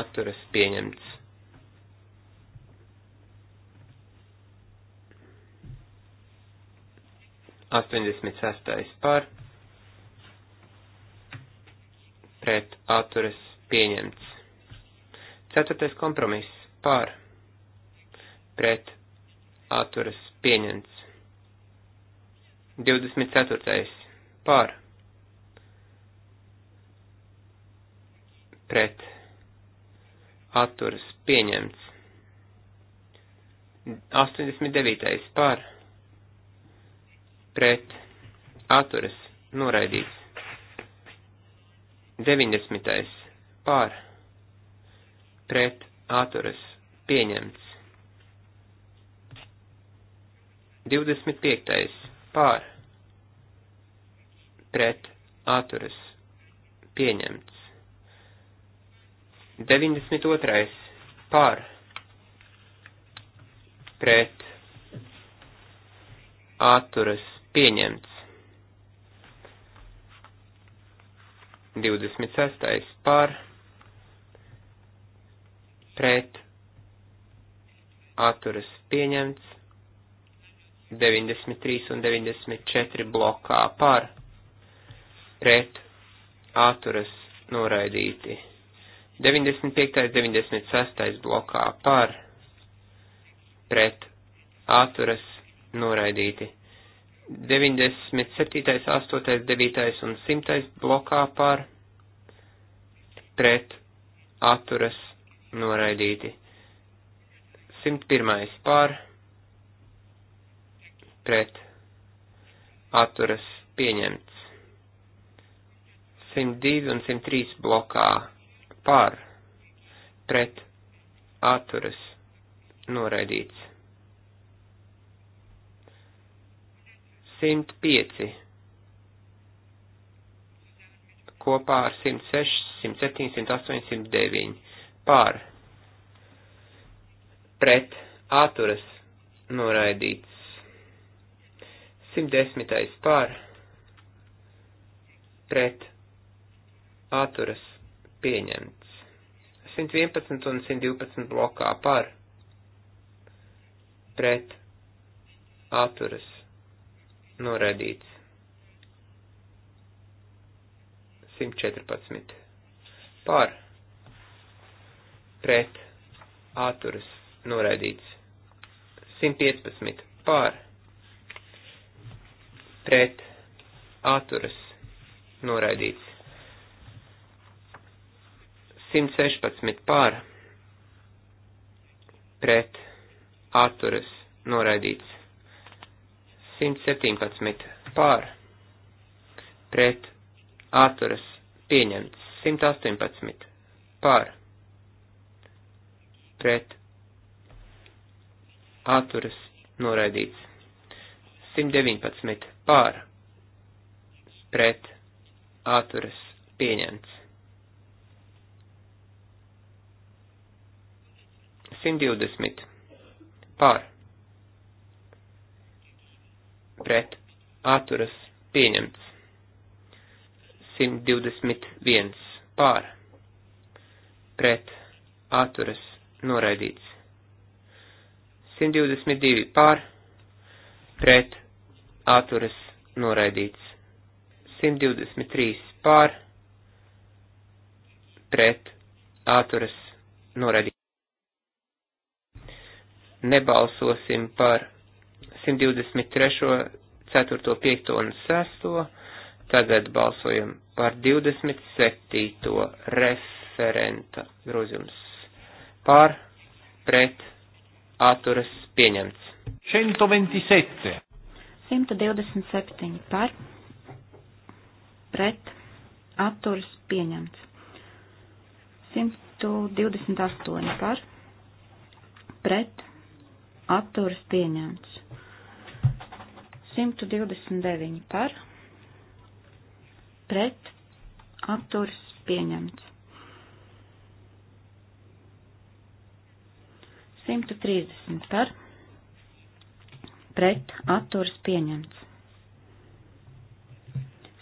atturas, pieņemts. 86. par pret atturas pieņemts. 4. kompromiss par pret atturas pieņemts. 24. par pret atturas pieņemts. 89. par pret pret atturas noraidīts. 90. pār pret atturas pieņemts. 25. pār pret atturas pieņemts. 92. pār pret atturas pieņemts. 26. par pret atturas pieņemts, 93 un 94 blokā par pret atturas noraidīti, 95. 96. blokā par pret atturas noraidīti. 97, 8, 9 un 100 blokā par pret atturas noraidīti. 101 par pret atturas pieņemts. 102 un 103 blokā par pret atturas noraidīts. 105 kopā ar 106, 107, 108, 109 pār pret āturas noraidīts. 110. pār pret āturas pieņemts. 111 un 112 blokā par pret āturas noraidīts. 114. Par, pret, atturas, noraidīts. 115. Par, pret, atturas, noraidīts. 116. Par, pret, atturas, noraidīts. 117 pār, pret atturas pieņemts 118 pār, pret atturas noraidīts 119 pār, pret atturas pieņemts 120 pār, pret atturas pieņemts. 121 pār pret atturas noraidīts. 122 pār pret atturas noraidīts. 123 pār pret atturas noraidīts. Nebalsosim par 123, 4, 5 un 6. Tagad balsojam par 27. referenta grozījums. Pār, pret, atturas pieņemts. 127. 127 par, pret, atturas pieņemts. 128 par, pret, atturas pieņemts. 129 par, pret, atturas pieņemts. 130 par, pret, atturas pieņemts.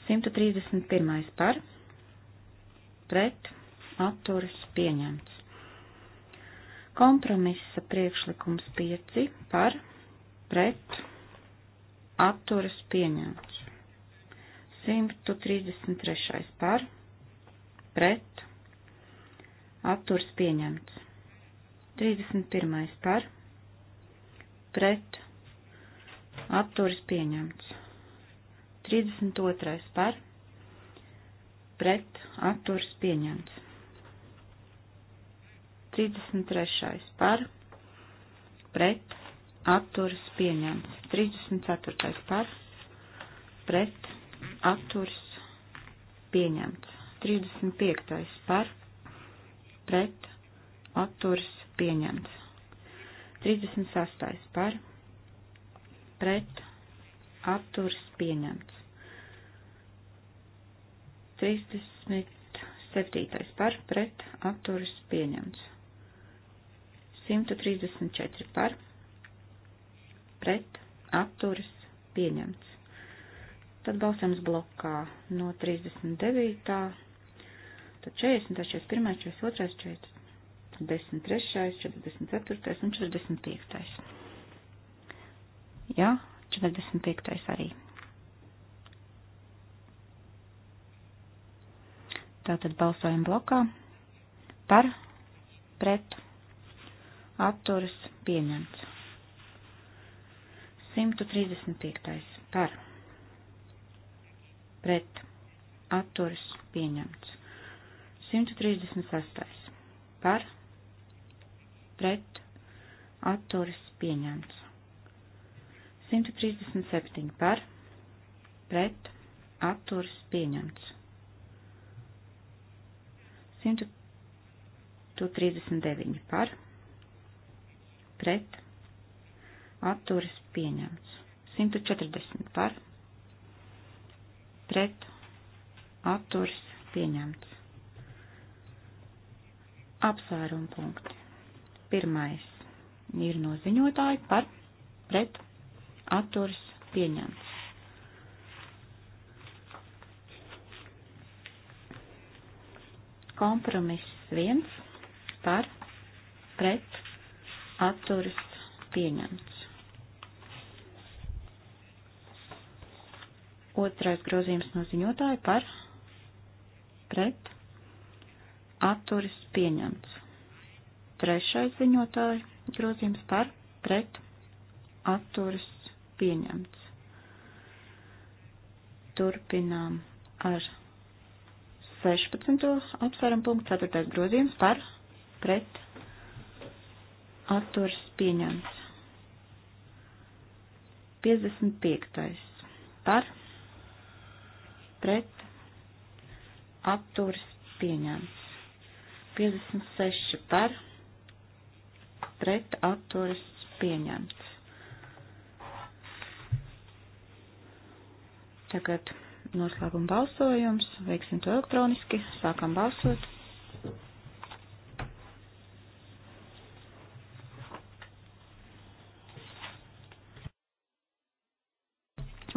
131 par, pret, atturas pieņemts. Kompromisa priekšlikums 5 par, pret, atturas pieņemts. 133. par, pret, atturas pieņemts. 31. par, pret, atturas pieņemts. 32. par, pret, atturas pieņemts. 33. par, pret, atturas pieņemts. 34. par pret atturas pieņemts. 35. par pret atturas pieņemts. 36. par pret atturas pieņemts. 37. par pret atturas pieņemts. 134 par pret, atturas, pieņemts. Tad balsojums blokā no 39. Tad 40, 41, 42, 43, 44 un 45. Jā, 45 arī. Tātad balsojam blokā par, pret, atturas, pieņemts. 135. par pret atturas pieņemts. 136. par pret atturas pieņemts. 137 par pret atturas pieņemts. 139 par pret atturas pieņemts. 140 par, pret, atturas pieņemts. Apsvērumu punkti. Pirmais ir noziņotāji par, pret, atturas pieņemts. Kompromiss viens par, pret, atturas pieņemts. Otrais grozījums no ziņotāja par pret atturis pieņemts. Trešais ziņotāja grozījums par pret atturis pieņemts. Turpinām ar 16. apsvērumu punktu 4. grozījums par pret atturis pieņemts. 55. par pret pret atturas pieņemts. 56 par pret atturas pieņemts. Tagad noslēguma balsojums. Veiksim to elektroniski. Sākam balsot.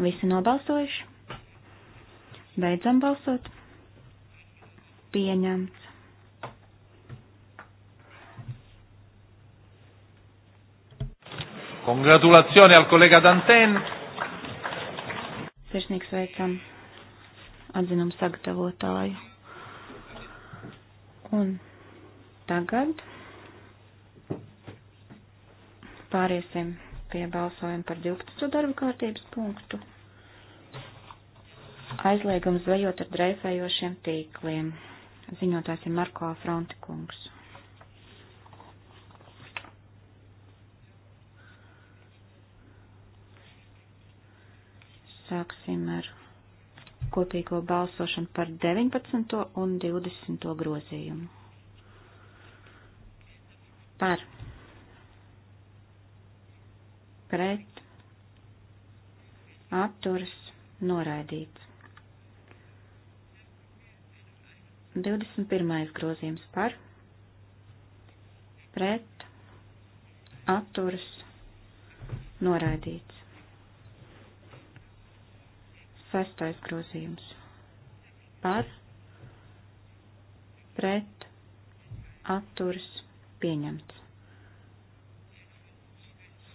Visi nobalsojuši. Beidzam balsot. Pieņemts. Congratulazioni al collega Danten. Sirsnīgs veicam atzinumu sagatavotāju. Un tagad pāriesim pie balsojuma par 12. darba kārtības punktu aizliegums zvejot ar dreifējošiem tīkliem. Ziņotājs ir Marko Frontikungs. Sāksim ar kopīgo balsošanu par 19. un 20. grozījumu. Par. Pret. Atturs. Noraidīts. 21. grozījums par, pret, atturas, noraidīts. Sestais grozījums par, pret, atturas, pieņemts.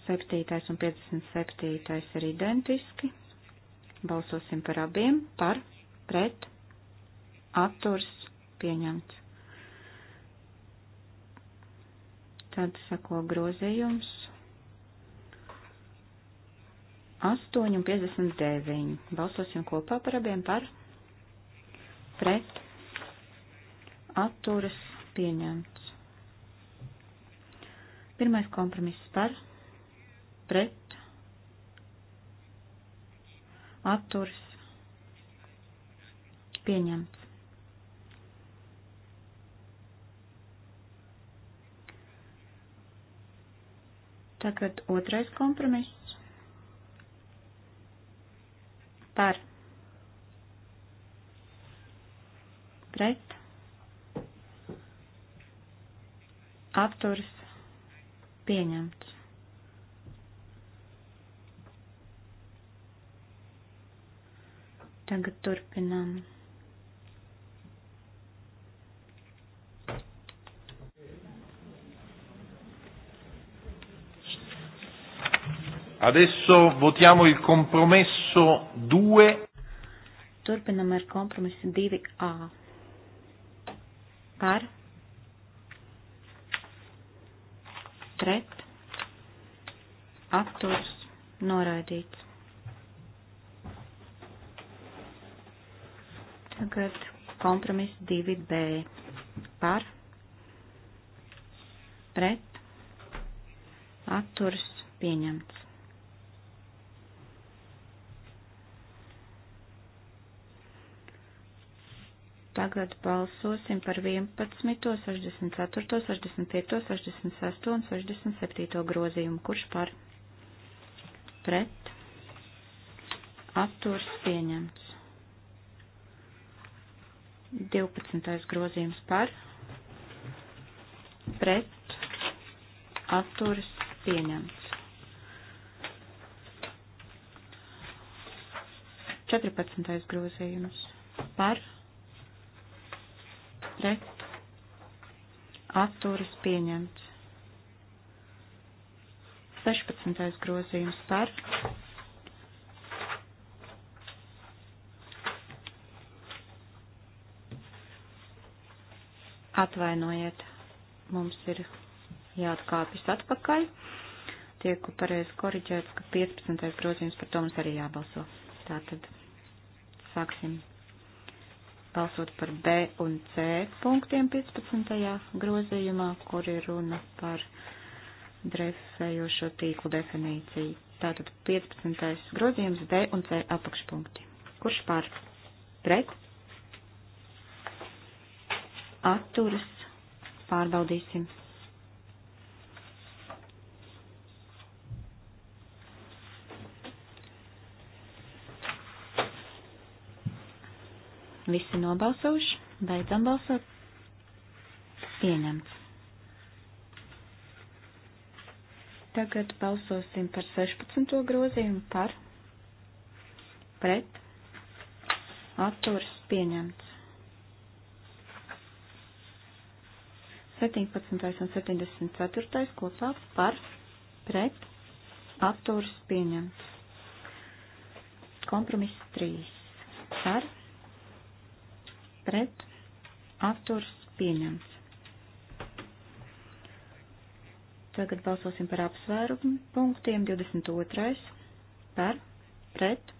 7. un 57. ir identiski. Balsosim par abiem, par, pret, atturas, pieņemts. Tad sako grozījums 8 un 59. Balsosim kopā par abiem par pret atturas pieņemts. Pirmais kompromiss par pret atturas pieņemts. Tagad otrais kompromiss par pret apturs pieņemts. Tagad turpinām. Adesso votiamo il compromesso 2. Turpinam ar kompromisu 2A. Par. Pret. Atturs. Noraidīts. Tagad kompromiss 2B. Par. Pret. Atturs. Pieņemts. Tagad balsosim par 11, 64, 65, 66 un 67 grozījumu. Kurš par? Pret. Atturs pieņemts. 12. grozījums par. Pret. Atturs pieņemts. 14. grozījums par pret atturas pieņemts. 16. grozījums par atvainojiet, mums ir jāatkāpjas atpakaļ. Tieku pareizi koriģēts, ka 15. grozījums par to mums arī jābalso. Tātad sāksim balsot par B un C punktiem 15. grozījumā, kur ir runa par dresējošo tīklu definīciju. Tātad 15. grozījums D un C apakšpunkti. Kurš pār? Pret? Atturas? Pārbaudīsim. Visi nobalsojuši, beidzam balsot. Pieņemts. Tagad balsosim par 16. grozījumu par pret atturas pieņemts. 17. un 74. kopā par pret atturas pieņemts. Kompromiss 3 par pret atturs pieņemts. Tagad balsosim par apsvērumu punktiem 22. par pret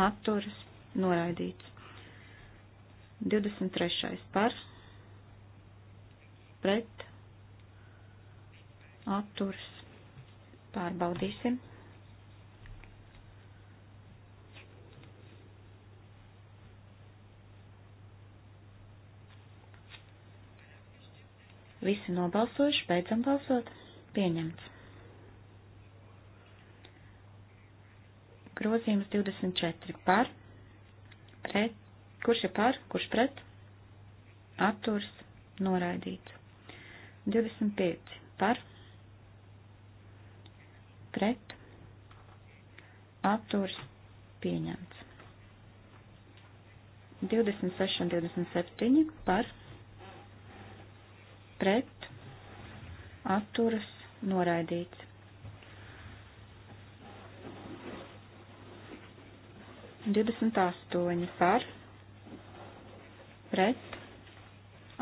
atturs noraidīts. 23. par pret atturs pārbaudīsim. Visi nobalsojuši, beidzam balsot, pieņemts. Grozījums 24 par, pret, kurš ir par, kurš pret, atturs, noraidīts. 25 par, pret, atturs, pieņemts. 26 un 27 par, pret pret, atturas, noraidīts. Divdesmit astoņi par, pret,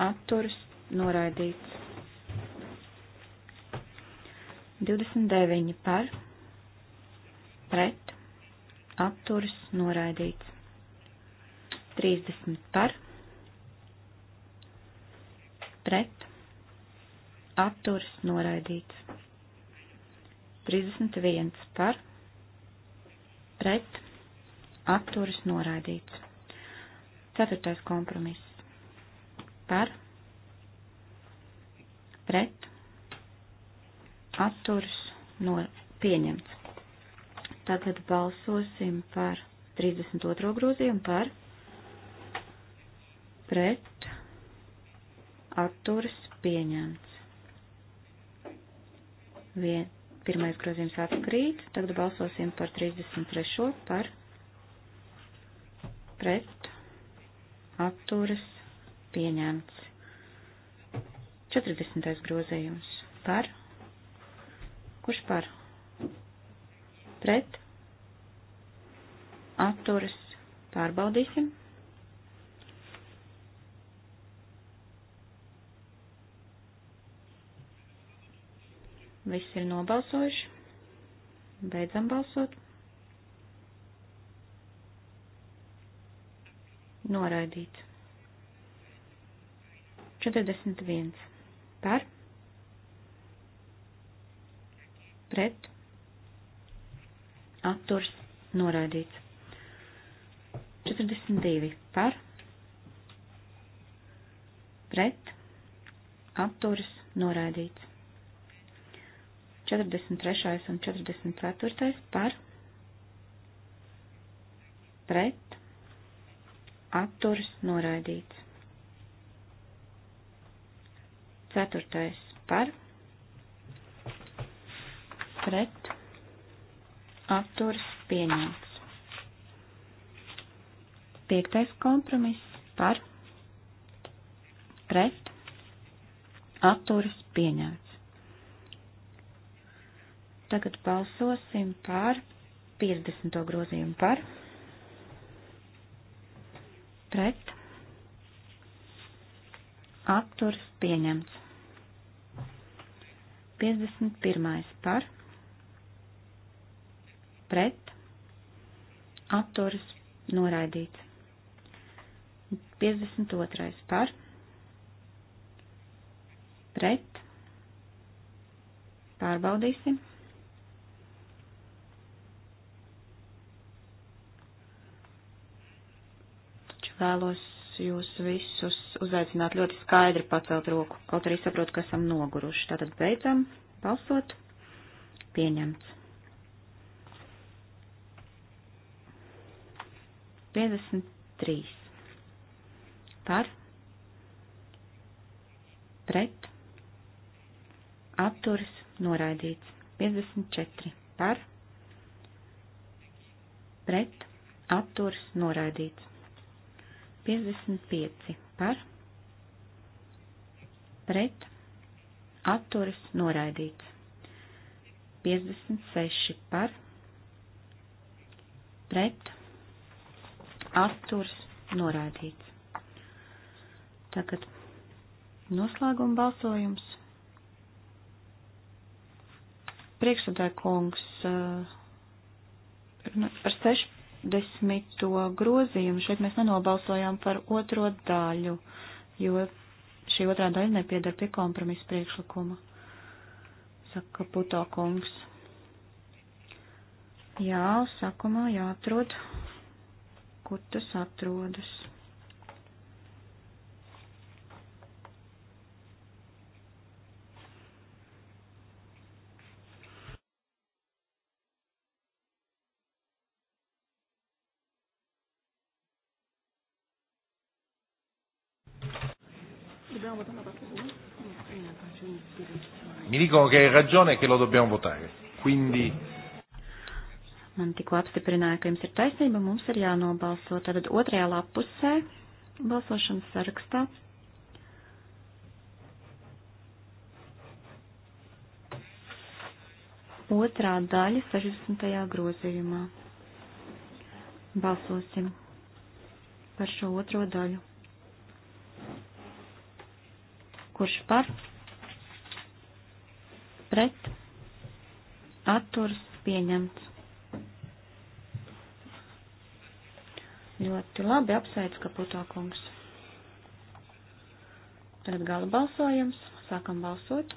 atturas, noraidīts. Divdesmit deviņi par, pret, atturas, noraidīts. Trīsdesmit par, pret, atturas noraidīts. 31 par, pret, atturas noraidīts. 4. kompromiss par, pret, atturas nor pieņemts. Tagad balsosim par 32. grozījumu par, pret, atturas pieņemts. Vien, pirmais grozījums atkrīt, tagad balsosim par 33. par pret atturas pieņemts. 40. grozījums par kurš par pret atturas pārbaudīsim. Viss ir nobalsojuši. Beidzam balsot. Noraidīt. 41. Par. Pret. Atturs. Noraidīts. 42. Par. Pret. Atturs. Noraidīts. 43. un 44. par pret atturs noraidīts. 4. par pret atturs pieņemts. 5. kompromiss par pret atturs pieņemts. Tagad balsosim par 50. grozījumu par, pret, apturs pieņemts. 51. par, pret, apturs noraidīts. 52. par, pret, pārbaudīsim. Vēlos jūs visus uzaicināt ļoti skaidri pacelt roku, kaut arī saprotu, ka esam noguruši. Tātad beidzam balsot. Pieņemts. 53. Par, pret, apturis, noraidīts. 54. Par, pret, apturis, noraidīts. 55 par, pret, atturas noraidīts. 56 par, pret, atturas noraidīts. Tagad noslēguma balsojums. Priekšsēdētāja kungs uh, par 6 desmito grozījumu. Šeit mēs nenobalsojām par otro daļu, jo šī otrā daļa nepiedar pie kompromisa priekšlikuma, saka Puto kungs. Jā, sākumā jāatrod, kur tas atrodas. mi dicono che hai ragione e che lo dobbiamo votare. Quindi... Man tikko apstiprināja, ka jums ir taisnība, mums ir jānobalso. Tātad otrajā lapusē balsošanas sarakstā. Otrā daļa 60. grozījumā. Balsosim par šo otro daļu. Kurš par? pret, atturs pieņemts. Ļoti labi apsveic Kaputo kungs. Tagad gala balsojums. Sākam balsot.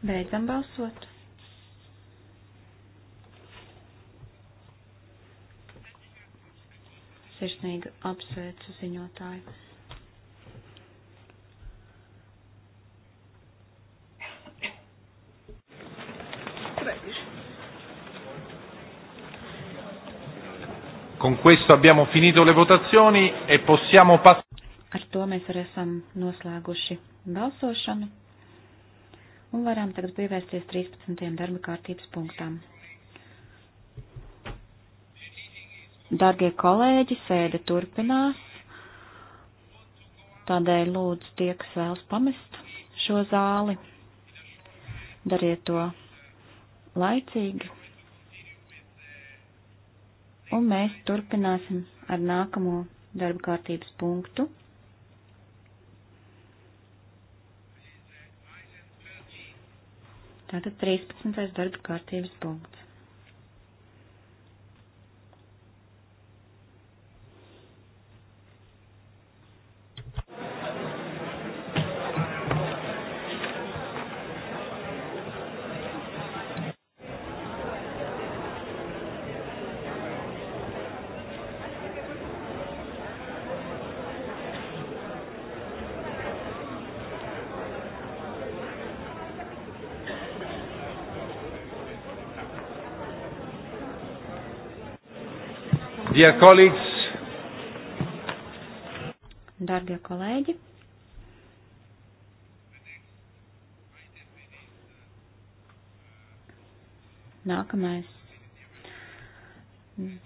Beidzam balsot. sirsnīgi apsveicu ziņotāju. Con questo abbiamo finito le votazioni e possiamo passare. Ar to mēs arī esam noslēguši balsošanu un varam tagad pievērsties 13. darba kārtības punktām. Dargie kolēģi, sēde turpinās, tādēļ lūdzu tie, kas vēlas pamest šo zāli, dariet to laicīgi. Un mēs turpināsim ar nākamo darba kārtības punktu. Tātad 13. darba kārtības punkts. Dear colleagues, Darbie kolēģi, nākamais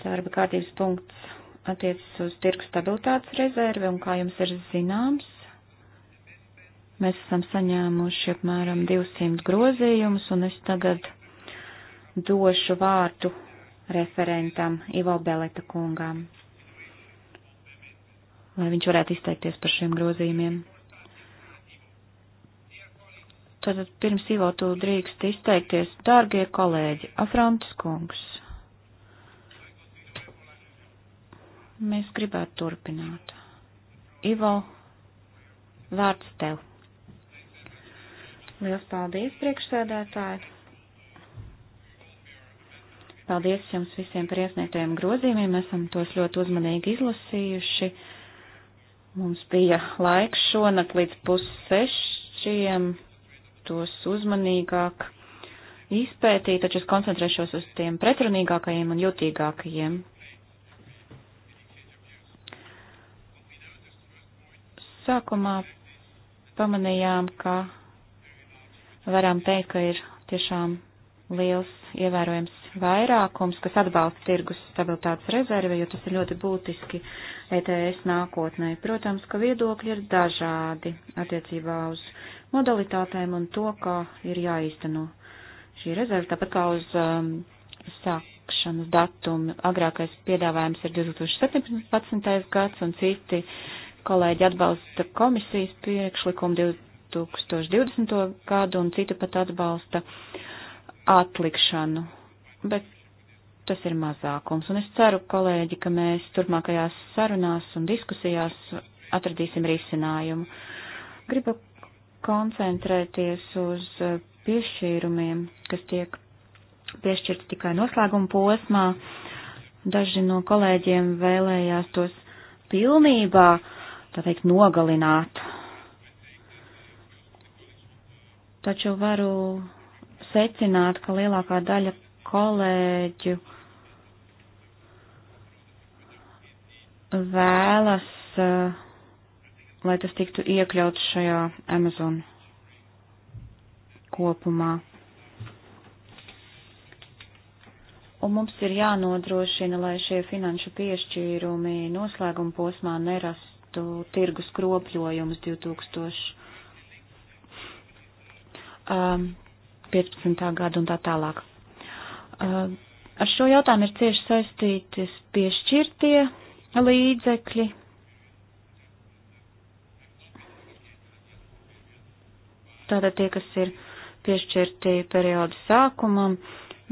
darba kārtības punkts attiecas uz tirgu stabilitātes rezervi, un kā jums ir zināms, mēs esam saņēmuši apmēram 200 grozījumus, un es tagad došu vārdu referentam Ivo Beleta kungam, lai viņš varētu izteikties par šiem grozījumiem. Tātad pirms Ivo tu drīkst izteikties, dārgie kolēģi, Afrontis kungs. Mēs gribētu turpināt. Ivo, vārds tev. Liels paldies, priekšsēdētāji! Paldies jums visiem par iesniegtajiem grozījumiem, esam tos ļoti uzmanīgi izlasījuši. Mums bija laiks šonakt līdz pussešķiem tos uzmanīgāk izpētīt, taču es koncentrēšos uz tiem pretrunīgākajiem un jutīgākajiem. Sākumā pamanījām, ka varam teikt, ka ir tiešām liels ievērojams vairākums, kas atbalsta tirgus stabilitātes rezervi, jo tas ir ļoti būtiski ETS nākotnē. Protams, ka viedokļi ir dažādi attiecībā uz modalitātēm un to, kā ir jāīsteno šī rezerva, tāpat kā uz um, sākšanas datumu. Agrākais piedāvājums ir 2017. gads un citi kolēģi atbalsta komisijas priekšlikumu 2020. gadu un citi pat atbalsta atlikšanu bet tas ir mazākums. Un es ceru, kolēģi, ka mēs turpmākajās sarunās un diskusijās atradīsim risinājumu. Gribu koncentrēties uz eh, piešķīrumiem, kas tiek piešķirti tikai noslēguma posmā. Daži no kolēģiem vēlējās tos pilnībā, tā teikt, nogalināt. Taču varu secināt, ka lielākā daļa kolēģu vēlas, uh, lai tas tiktu iekļauts šajā Amazon kopumā. Un mums ir jānodrošina, lai šie finanšu piešķīrumi noslēguma posmā nerastu tirgus kropļojumus 2000. Um, 15. gadu un tā tālāk. Ar šo jautājumu ir cieši saistītas piešķirtie līdzekļi. Tātad tie, kas ir piešķirti periodu sākumam,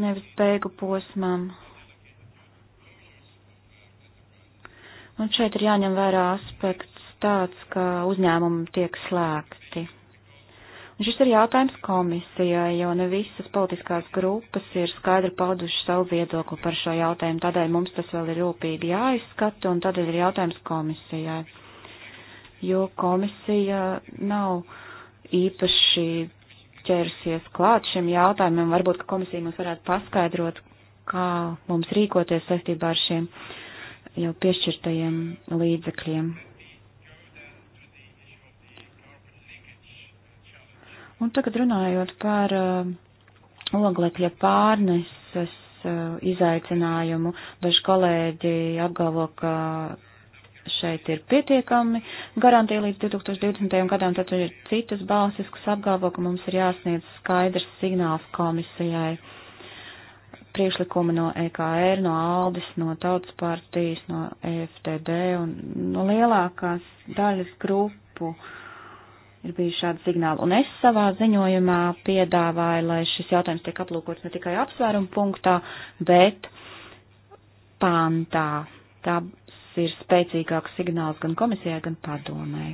nevis beigu posmam. Un šeit ir jāņem vērā aspekts tāds, ka uzņēmumi tiek slēgti. Un šis ir jautājums komisijai, jo ne visas politiskās grupas ir skaidri pauduši savu viedokli par šo jautājumu. Tādēļ mums tas vēl ir rūpīgi jāizskata, un tādēļ ir jautājums komisijai. Jo komisija nav īpaši ķersies klāt šim jautājumam. Varbūt, ka komisija mums varētu paskaidrot, kā mums rīkoties saistībā ar šiem jau piešķirtajiem līdzekļiem. Un tagad runājot par uh, oglekļa pārneses uh, izaicinājumu, daži kolēģi apgalvo, ka šeit ir pietiekami garantija līdz 2020. gadam, tad ir citas balsis, kas apgalvo, ka mums ir jāsniedz skaidrs signāls komisijai. Priekšlikumi no EKR, no Aldis, no Tautas partijas, no EFTD un no lielākās daļas grupu uh, ir bijuši šādi signāli. Un es savā ziņojumā piedāvāju, lai šis jautājums tiek aplūkots ne tikai apsvērumu punktā, bet pāntā. Tas ir spēcīgāks signāls gan komisijai, gan padomē.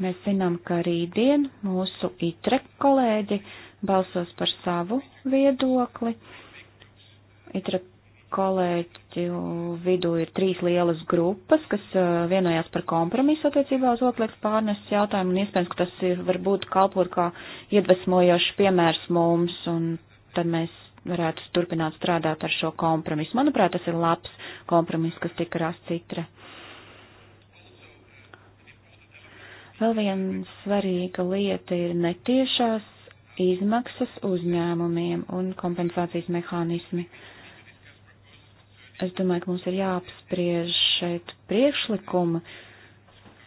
Mēs zinām, ka rītdien mūsu itre kolēģi balsos par savu viedokli. Itre kolēģu vidū ir trīs lielas grupas, kas uh, vienojās par kompromisu attiecībā uz oglekļa pārneses jautājumu, un iespējams, ka tas ir varbūt kalpot kā iedvesmojošs piemērs mums, un tad mēs varētu turpināt strādāt ar šo kompromisu. Manuprāt, tas ir labs kompromiss, kas tika rasts citre. Vēl viena svarīga lieta ir netiešās izmaksas uzņēmumiem un kompensācijas mehānismi. Uh, Es domāju, ka mums ir jāapspriež šeit priekšlikumi,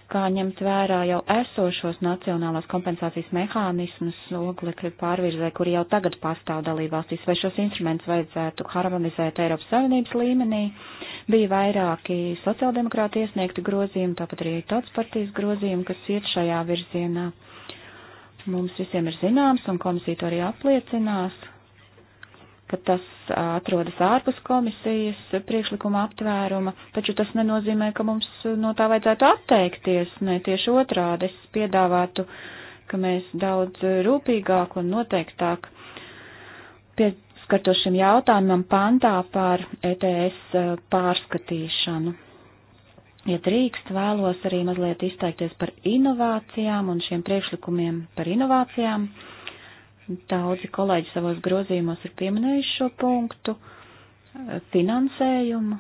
kā ņemt vērā jau esošos nacionālās kompensācijas mehānismus oglekļa pārvirzē, kuri jau tagad pastāv dalībvalstīs, vai šos instrumentus vajadzētu harmonizēt Eiropas Savienības līmenī. Bija vairāki sociāldemokrāti iesniegti grozījumi, tāpat arī tautas partijas grozījumi, kas iet šajā virzienā. Mums visiem ir zināms, un komisija to arī apliecinās, ka tas atrodas ārpus komisijas priekšlikuma aptvēruma, taču tas nenozīmē, ka mums no tā vajadzētu atteikties. Nē, tieši otrādi es piedāvātu, ka mēs daudz rūpīgāk un noteiktāk pieskartos šim jautājumam pantā par ETS pārskatīšanu. Ja drīkst, vēlos arī mazliet izteikties par inovācijām un šiem priekšlikumiem par inovācijām. Uh, Daudzi kolēģi savos grozījumos ir pieminējuši šo punktu - finansējumu.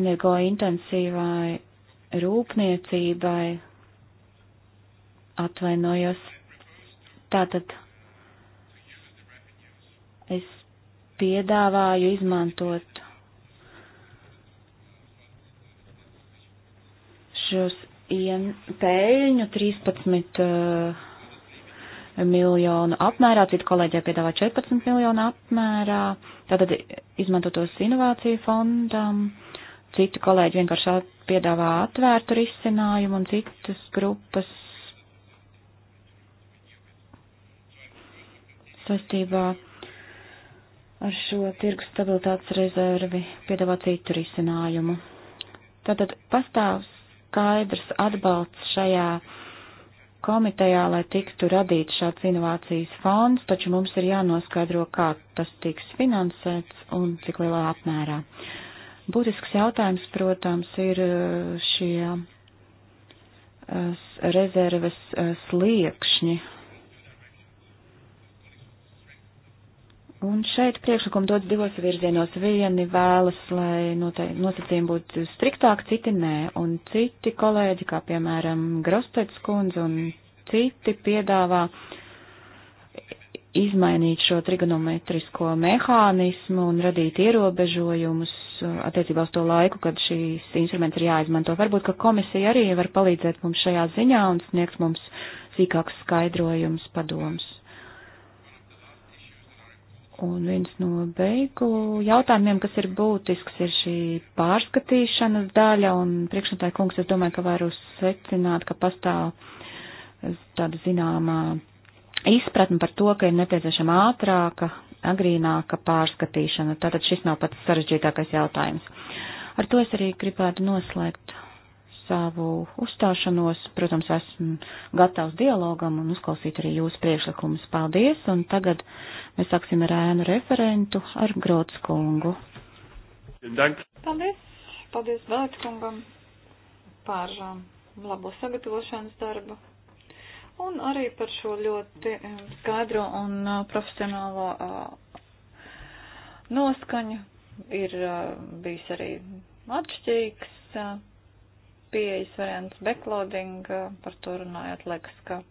Energointensīvai rūpniecībai atvainojos. Tātad es piedāvāju izmantot šos ien, pēļņu 13. Uh, miljonu apmērā, citu kolēģi piedāvā 14 miljonu apmērā, tātad izmantotos inovāciju fondam, citu kolēģi vienkārši piedāvā atvērtu risinājumu un citas grupas saistībā ar šo tirgus stabilitātes rezervi piedāvā citu risinājumu. Tātad pastāv skaidrs atbalsts šajā komitejā, lai tiktu radīts šāds inovācijas fonds, taču mums ir jānoskaidro, kā tas tiks finansēts un cik lielā apmērā. Būtisks jautājums, protams, ir eh, šie eh, rezerves eh, sliekšņi, Un šeit priekšlikumi dodas divos virzienos. Vieni vēlas, lai nosacījumi būtu striktāk, citi nē. Un citi kolēģi, kā piemēram Grostets kundze un citi, piedāvā izmainīt šo trigonometrisko mehānismu un radīt ierobežojumus attiecībā uz to laiku, kad šīs instruments ir jāizmanto. Varbūt, ka komisija arī var palīdzēt mums šajā ziņā un sniegs mums sīkāks skaidrojums, padoms. Un viens no beigu jautājumiem, kas ir būtisks, ir šī pārskatīšanas daļa, un priekšnotāja kungs, es domāju, ka varu secināt, ka pastāv tāda zināmā izpratne par to, ka ir nepieciešama ātrāka, agrīnāka pārskatīšana. Tātad šis nav pats sarežģītākais jautājums. Ar to es arī gribētu noslēgt savu uzstāšanos. Protams, esmu gatavs dialogam un uzklausīt arī jūsu priekšlikumus. Paldies! Un tagad mēs sāksim ar ēnu referentu, ar Grots kungu. Paldies! Paldies Vēlēt kungam par um, labo sagatavošanas darbu un arī par šo ļoti um, skaidro un uh, profesionālo uh, noskaņu. Ir uh, bijis arī atšķirīgs pieejas variants backloading, eh, par to runājot, liekas, ka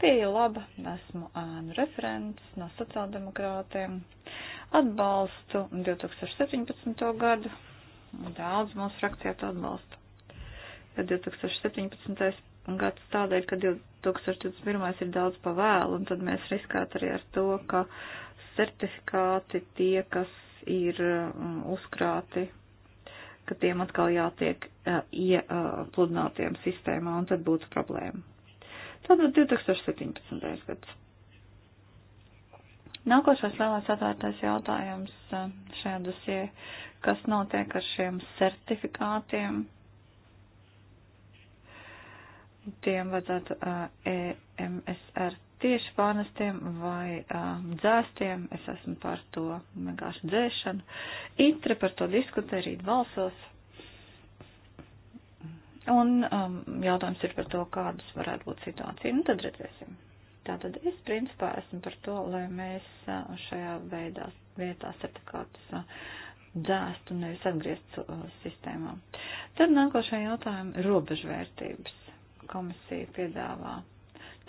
pieeja laba, esmu ēnu referents no sociāldemokrātiem, atbalstu 2017. gadu, daudz mūsu frakcijā to atbalstu. Ja 2017. gads tādēļ, ka 2021. ir daudz pavēlu, un tad mēs riskētu arī ar to, ka certifikāti tie, kas ir mm, uzkrāti ka tiem atkal jātiek iepludinātiem sistēmā, un tad būtu problēma. Tātad 2017. gads. Nākošais lielais atvērtais jautājums šajā dosie, kas notiek ar šiem certifikātiem? Tiem vajadzētu EMSR tieši pārnestiem vai uh, dzēstiem, es esmu par to vienkārši dzēšanu. Itre par to diskutē, rīt balsos. Un um, jautājums ir par to, kādas varētu būt situācija. Nu, tad redzēsim. Tātad es principā esmu par to, lai mēs uh, šajā veidā vietā certifikātus uh, dzēstu un nevis atgrieztu uh, sistēmā. Tad nākošajā jautājumā robežvērtības komisija piedāvā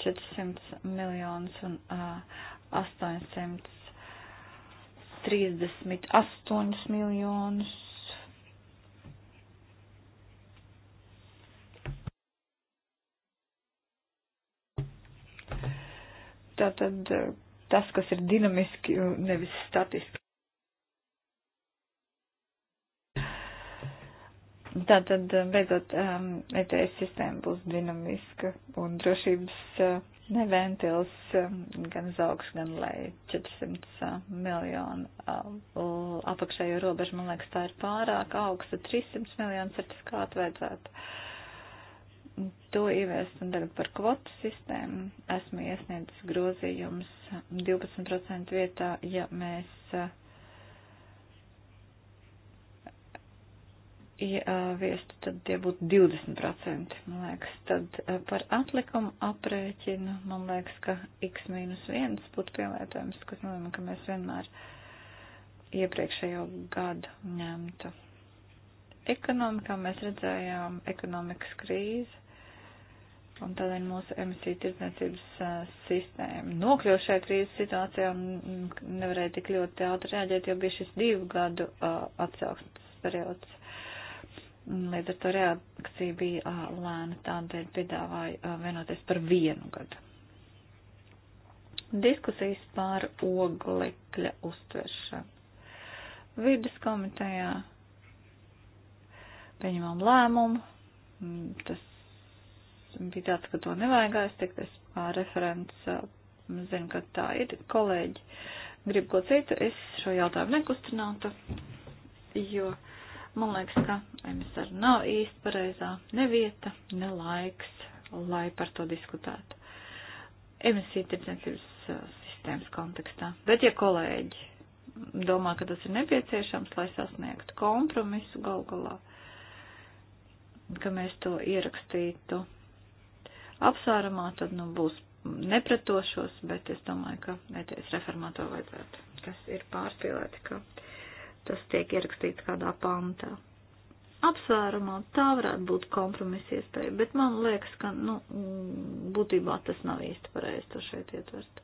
400 miljonus un uh, 838 miljonus. Tātad tas, kas ir dinamiski, nevis statiski. Tā tad eh, beidzot um, ehm, ETS sistēma būs dinamiska un drošības uh, neventils um, gan zaugs, gan lai 400 uh, miljonu uh, apakšējo robežu, man liekas, tā ir pārāk augsta, 300 miljonu certifikātu vajadzētu. To ieviest un tagad par kvotu sistēmu esmu iesniedzis grozījums 12% vietā, ja mēs uh, ieviestu, tad tie būtu 20%, man liekas. Tad eh, par atlikumu aprēķinu, man liekas, ka x-1 būtu pielietojums, kas nozīmē, ka mēs vienmēr iepriekšējo gadu ņemtu. Ekonomikā mēs redzējām ekonomikas krīzi, un tādēļ mūsu emisiju tirdzniecības eh, sistēma nokļuva šajā krīzes situācijā un nevarēja tik ļoti ātri reaģēt, jo bija šis divu gadu eh, atsauksmes periods. Līdz ar to reakcija bija lēna, tādēļ piedāvāju vienoties par vienu gadu. Diskusijas pār oglekļa uztveršanu. Vides komitejā pieņemam lēmumu. Tas bija tāds, ka to nevajag aiztikt. Es kā referents zinu, ka tā ir. Kolēģi grib ko citu. Es šo jautājumu nekustinātu, jo. Uh, Man liekas, ka MSR nav īsti pareizā ne vieta, ne laiks, lai par to diskutētu. Emisiju tirdzniecības uh, sistēmas kontekstā. Bet, ja kolēģi domā, ka tas ir nepieciešams, lai sasniegtu kompromisu gal galā, ka mēs to ierakstītu apsvērumā, tad, nu, būs nepretošos, bet es domāju, ka ETS reformā to vajadzētu. Tas ir pārspīlēti, ka tas tiek ierakstīts kādā pantā. Apsvērumā tā varētu būt kompromisa iespēja, bet man liekas, ka, nu, būtībā tas nav īsti pareizi to šeit ietvert.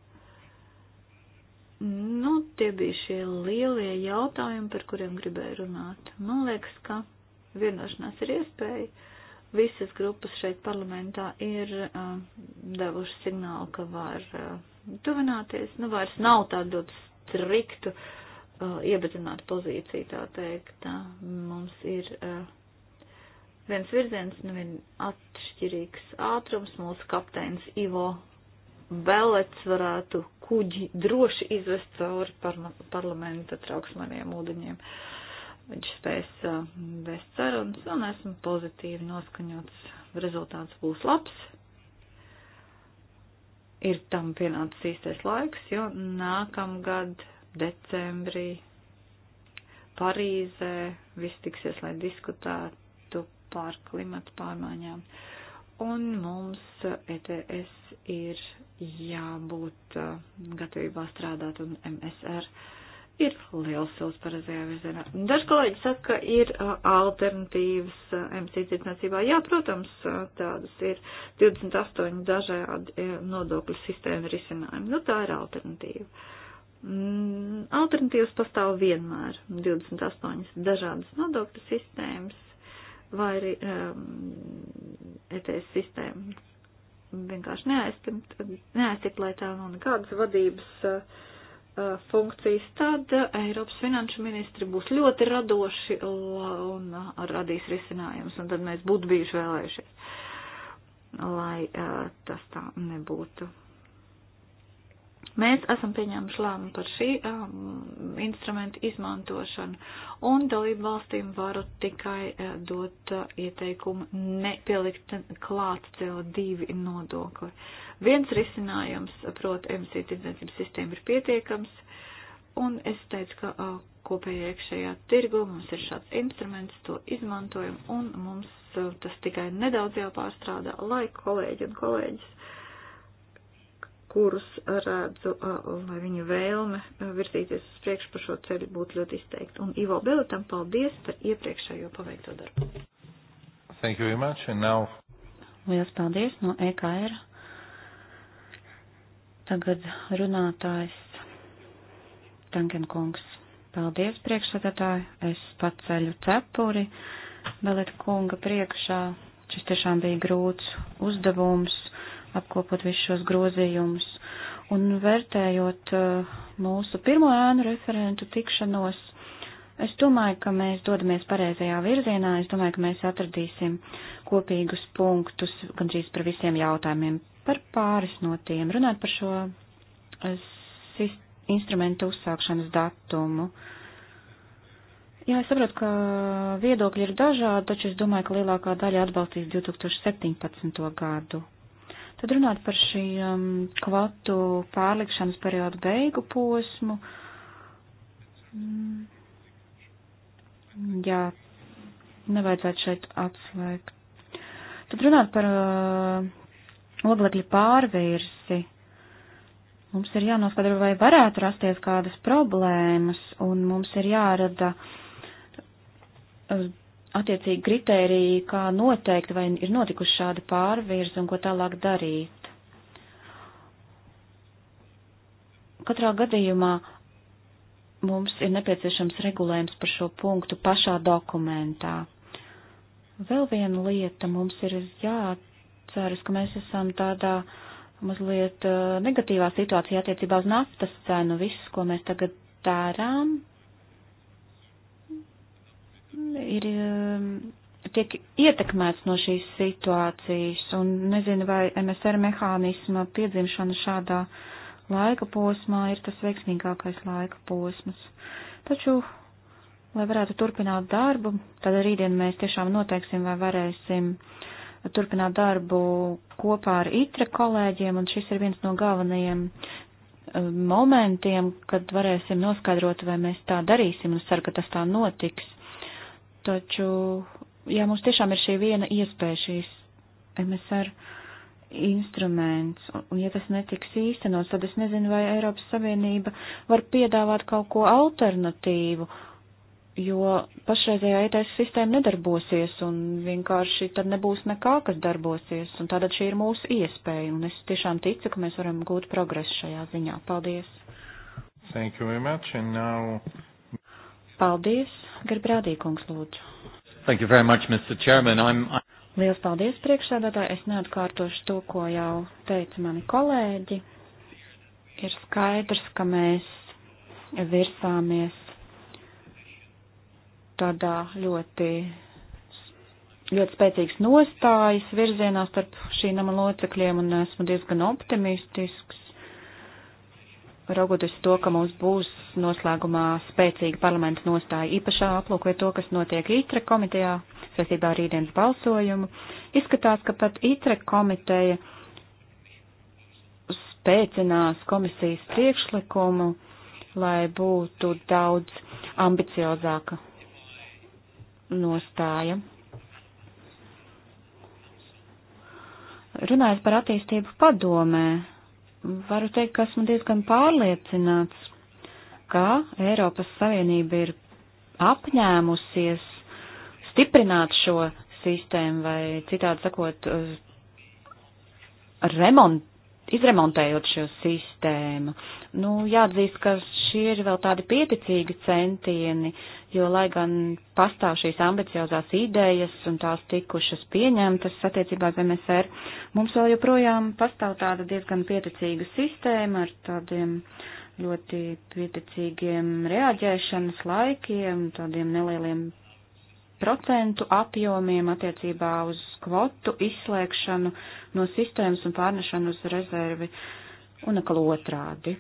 Nu, tie bija šie lielie jautājumi, par kuriem gribēju runāt. Man liekas, ka vienošanās ir iespēja. Visas grupas šeit parlamentā ir uh, devušas signālu, ka var uh, tuvināties. Nu, vairs nav tādu ļoti striktu uh, iebezināt pozīciju, tā teikt. Mums ir viens virziens, nu vien atšķirīgs ātrums. Mūsu kapteinis Ivo Belets varētu kuģi droši izvest cauri par, parlamenta trauksmaniem ūdeņiem. Viņš spēs vest sarunas un esmu pozitīvi noskaņots. Rezultāts būs labs. Ir tam pienācis īstais laiks, jo nākamgad decembrī Parīzē, visi tiksies, lai diskutētu par klimatu pārmaiņām. Un mums ETS eh, e ir jābūt eh, gatavībā strādāt un MSR ir liels solis pareizajā virzienā. Daži kolēģi saka, ka ir eh, alternatīvas MC tirdzniecībā. Jā, protams, tādas ir 28 dažādi nodokļu sistēma risinājumi. Nu, tā ir alternatīva. Mm, alternatīvas pastāv vienmēr 28 dažādas nodokļu sistēmas vai arī um, ETS sistēma. Vienkārši neaiztikt, neaiztikt lai tā nav nekādas vadības uh, uh funkcijas, tad uh, Eiropas finanšu ministri būs ļoti radoši un uh, radīs risinājumus, un tad mēs būtu bijuši vēlējušies, lai tas tā nebūtu. Mēs esam pieņēmuši lēmumu par šī um, instrumenta izmantošanu, un dalību valstīm varu tikai uh, dot uh, ieteikumu nepielikt klāt CO2 nodokli. Viens risinājums, proti, emisiju tirdzniecības sistēma ir pietiekams, un es teicu, ka uh, kopējā iekšējā tirgu mums ir šāds instruments, to izmantojam, un mums uh, tas tikai nedaudz jāpārstrādā, lai kolēģi un kolēģis. Uh, kurus redzu, lai viņa vēlme virzīties uz priekšu pa šo ceļu būtu ļoti izteikta. Un Ivo Beletam paldies par iepriekšējo paveikto darbu. Thank you very much and now. Lielas paldies no EKR. Tagad runātājs Tankenkungs. Paldies priekšsēdētāji, es paceļu cepuri Beleta kunga priekšā. Šis tiešām bija grūts uzdevums apkopot visus šos grozījumus. Un vērtējot uh, mūsu pirmo ēnu referentu tikšanos, es domāju, ka mēs dodamies pareizajā virzienā. Es domāju, ka mēs atradīsim kopīgus punktus gandrīz par visiem jautājumiem, par pāris no tiem. Runāt par šo uh, instrumentu uzsākšanas datumu. Jā, es saprotu, ka viedokļi ir dažādi, taču es domāju, ka lielākā daļa atbalstīs 2017. gadu. Tad runāt par šī um, kvotu pārlikšanas periodu beigu posmu. Mm, jā, nevajadzētu šeit atslēgt. Tad runāt par uh, oglekļa pārvirsi. Mums ir jānoskatro, vai varētu rasties kādas problēmas, un mums ir jārada uh, attiecīgi kritēriji, kā noteikt, vai ir notikuši šāda pārvirza un ko tālāk darīt. Katrā gadījumā mums ir nepieciešams regulējums par šo punktu pašā dokumentā. Vēl viena lieta mums ir jāatceras, ka mēs esam tādā mazliet eh, negatīvā situācijā attiecībā uz naftas cenu. Viss, ko mēs tagad darām, ir um, tiek ietekmēts no šīs situācijas, un nezinu, vai MSR mehānisma piedzimšana šādā laika posmā ir tas veiksmīgākais laika posms. Taču, lai varētu turpināt darbu, tad rītdien mēs tiešām noteiksim, vai varēsim turpināt darbu kopā ar ITRE kolēģiem, un šis ir viens no galvenajiem um, momentiem, kad varēsim noskaidrot, vai mēs tā darīsim, un ceru, ka tas tā notiks Taču, ja mums tiešām ir šī viena iespēja, šīs MSR instruments, un ja tas netiks īstenots, tad es nezinu, vai Eiropas Savienība var piedāvāt kaut ko alternatīvu, jo pašreizējā ETS sistēma nedarbosies, un vienkārši tad nebūs nekā, kas darbosies, un tātad šī ir mūsu iespēja, un es tiešām ticu, ka mēs varam gūt progresu šajā ziņā. Paldies! Thank you very much, and now Paldies, Gerbrādī kungs lūdzu. Thank you very much, Mr. Chairman. I'm, I'm... Liels paldies priekšsādātāji. Es neatkārtošu to, ko jau teica mani kolēģi. Ir skaidrs, ka mēs virsāmies tādā ļoti, ļoti spēcīgas nostājas virzienā starp šī nama locekļiem un esmu diezgan optimistisks raugoties to, ka mums būs noslēgumā spēcīga parlamenta nostāja īpašā aplūkoja to, kas notiek ITRE komitejā saistībā ar rītdienas balsojumu, izskatās, ka pat ITRE komiteja spēcinās komisijas priekšlikumu, lai būtu daudz ambiciozāka nostāja. Runājot par attīstību padomē, varu teikt, ka esmu diezgan pārliecināts, ka Eiropas Savienība ir apņēmusies stiprināt šo sistēmu vai citādi sakot, eh, remont, izremontējot šo sistēmu. Nu, jāatzīst, ka šie ir vēl tādi pieticīgi centieni, jo, lai gan pastāv šīs ambiciozās idejas un tās tikušas pieņemtas attiecībā uz MSR, mums vēl joprojām pastāv tāda diezgan pieticīga sistēma ar tādiem ļoti pieticīgiem reaģēšanas laikiem, tādiem nelieliem procentu apjomiem attiecībā uz kvotu izslēgšanu no sistēmas un pārnešanu uz rezervi un atkal otrādi.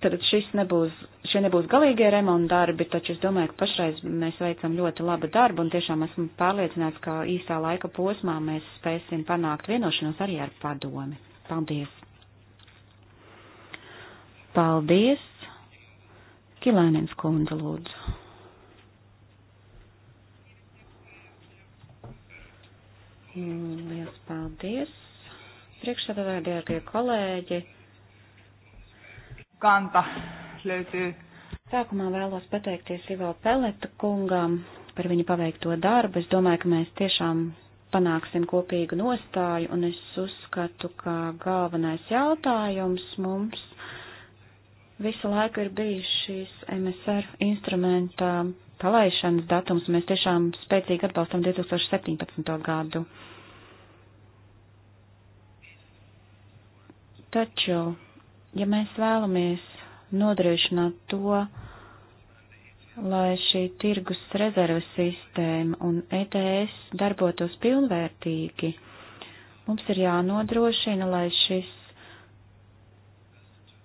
Tad šis nebūs šie nebūs galīgie remonta darbi, taču es domāju, ka pašreiz mēs veicam ļoti labu darbu un tiešām esmu pārliecināts, ka īsā laika posmā mēs spēsim panākt vienošanos arī ar padomi. Paldies! Paldies! Kilēnins kundze lūdzu. Liels paldies! Priekšsēdētāji, dārgie kolēģi! Kanta löytyy. Sākumā vēlos pateikties Ivo Peleta kungam par viņa paveikto darbu. Es domāju, ka mēs tiešām panāksim kopīgu nostāju, un es uzskatu, ka galvenais jautājums mums visu laiku ir bijis šīs MSR instrumenta palaišanas datums, un mēs tiešām spēcīgi atbalstam 2017. gadu. Taču, ja mēs vēlamies nodrošināt to, lai šī tirgus rezerves sistēma un ETS darbotos pilnvērtīgi. Mums ir jānodrošina, lai šis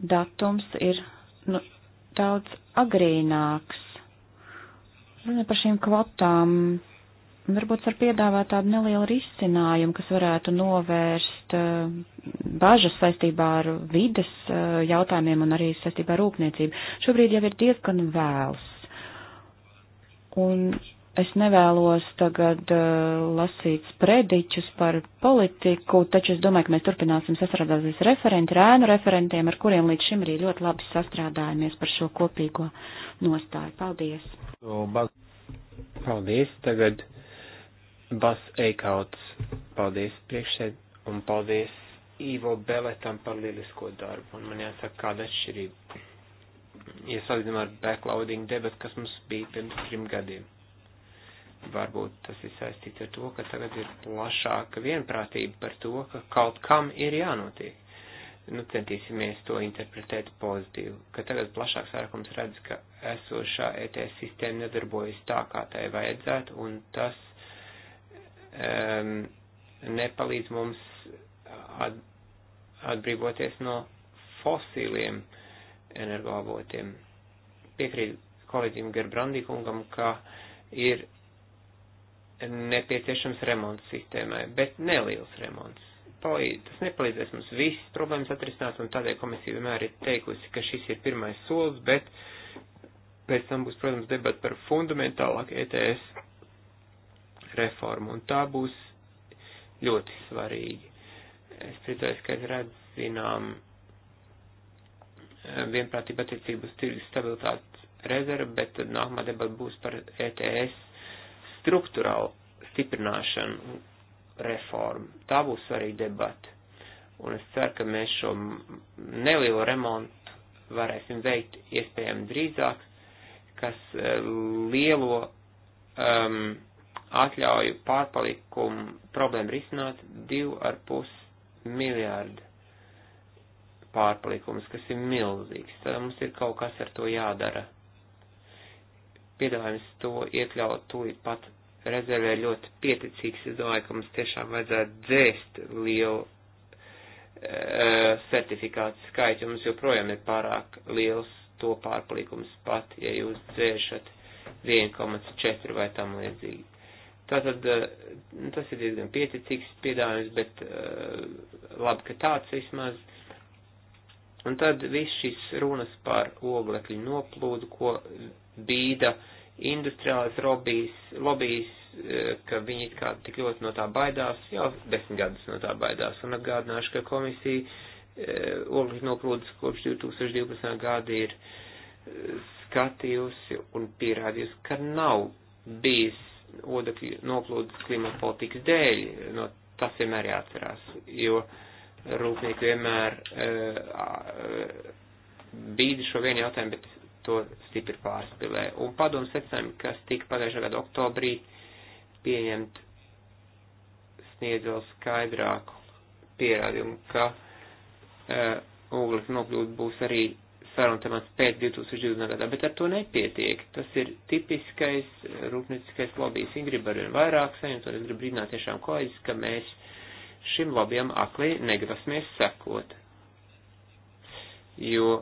datums ir nu, daudz agrīnāks. Runa par šīm kvotām varbūt var piedāvāt tādu nelielu risinājumu, kas varētu novērst eh, bažas saistībā ar vides eh, jautājumiem un arī saistībā ar rūpniecību. Šobrīd jau ir diezgan vēls. Un es nevēlos tagad eh, lasīt sprediķus par politiku, taču es domāju, ka mēs turpināsim sastrādāties referenti, rēnu referentiem, ar kuriem līdz šim arī ļoti labi sastrādājamies par šo kopīgo nostāju. Paldies! Paldies! Tagad Bas Eikauts. Paldies priekšsēd un paldies Ivo Beletam par lielisko darbu. Un man jāsaka, kāda atšķirība. Ja salīdzinām ar backloading debat, kas mums bija pirms trim gadiem. Varbūt tas ir saistīts ar to, ka tagad ir plašāka vienprātība par to, ka kaut kam ir jānotiek nu, centīsimies to interpretēt pozitīvi, ka tagad plašāks sākums redz, ka esošā ETS sistēma nedarbojas tā, kā tai vajadzētu, un tas um, nepalīdz mums at, atbrīvoties no fosīliem energoavotiem. Piekrīt kolēģim Gerbrandīkungam, ka ir nepieciešams remonts sistēmai, bet neliels remonts. Tas nepalīdzēs mums visas problēmas atrisināt, un tādēļ komisija vienmēr ir teikusi, ka šis ir pirmais solis, bet pēc tam būs, protams, debata par fundamentālāku ETS reformu, un tā būs ļoti svarīgi. Es priecājos, ka es redzu, zinām, vienprātība attiecības tirgus stabilitātes rezervu, bet tad nākamā debata būs par ETS struktūrālu stiprināšanu reformu. Tā būs svarīga debata. Un es ceru, ka mēs šo nelielu remontu varēsim veikt iespējami drīzāk, kas eh, lielo um, atļauj pārpalikumu problēmu risināt 2,5 miljārdu pārpalikums, kas ir milzīgs. Tad mums ir kaut kas ar to jādara. Piedāvājums to iekļaut tūlīt pat rezervē ļoti pieticīgs. Es domāju, ka mums tiešām vajadzētu dzēst lielu e, certifikātu skaitu, mums joprojām ir pārāk liels to pārpalikums pat, ja jūs dzēšat 1,4 vai tam līdzīgi. Tātad eh, tas ir diezgan pieticīgs piedāvājums, bet eh, labi, ka tāds vismaz. Un tad viss šis runas par oglekļu noplūdu, ko bīda industriālais lobijs, lobijs, eh, ka viņi kā tik ļoti no tā baidās, jau desmit gadus no tā baidās. Un atgādināšu, ka komisija oglekļu noplūdes kopš 2012. gada ir skatījusi un pierādījusi, ka nav bijis odekļu noplūdu klimata politikas dēļ. No tas vienmēr jāatcerās, jo rūpnieki vienmēr uh, eh, bīdi šo vienu jautājumu, bet to stipri pārspilē. Un padomu secinājumu, kas tika pagājušā gada oktobrī pieņemt, sniedz vēl skaidrāku pierādījumu, ka uh, eh, ogles nokļūt būs arī saruntamās pēc 2020. gadā, bet ar to nepietiek. Tas ir tipiskais rūpnieciskais lobijs. Viņi grib arvien vairāk saņemt, un es gribu brīdināt tiešām kolēģis, ka mēs šim lobijam aklī negrasmies sekot. Jo e,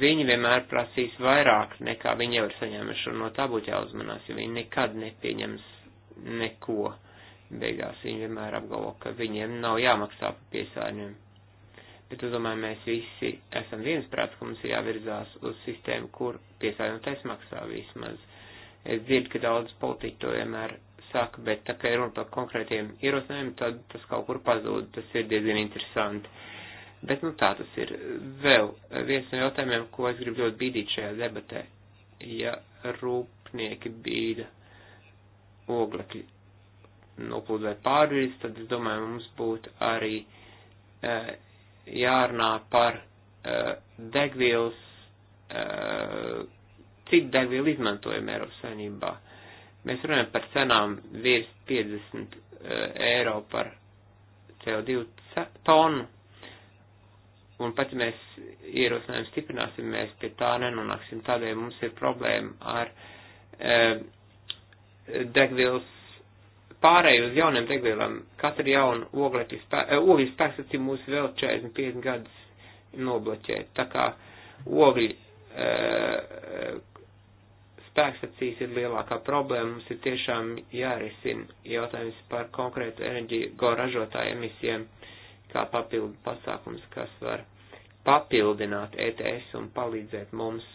viņi vienmēr prasīs vairāk, nekā viņi jau ir saņēmuši, un no tā būtu jāuzmanās, jo viņi nekad nepieņems neko. Beigās viņi vienmēr apgalvo, ka viņiem nav jāmaksā par piesārņojumu bet es domāju, mēs visi esam viensprāts, ka mums ir jāvirzās uz sistēmu, kur piesārņotais maksā vismaz. Es dzirdu, ka daudz politiķi to vienmēr saka, bet tā kā ir runa par konkrētiem ierosinājumiem, tad tas kaut kur pazūd, tas ir diezgan interesanti. Bet nu tā tas ir. Vēl viens no jautājumiem, ko es gribu ļoti bīdīt šajā debatē, ja rūpnieki bīda oglekļi noplūdē pārvis, tad es domāju, mums būtu arī uh, jārunā par uh, degvielas, uh, citu degvielu izmantojumu Eiropas Savienībā. Mēs runājam par cenām virs 50 uh, eh, eiro par CO2 tonu. Un pat ja mēs ierosinājumu stiprināsim, mēs pie tā nenonāksim. Tādēļ mums ir problēma ar e, degvielas pārēju uz jauniem degvielām, katra jauna oglekļa spē, eh, ogļu spēkstacija mūs vēl 40-50 gadus nobloķē. Tā kā ogļu uh, eh, spēkstacijas ir lielākā problēma, mums ir tiešām jārisina jautājums par konkrētu enerģiju ražotāju emisijām, kā papildu pasākums, kas var papildināt ETS un palīdzēt mums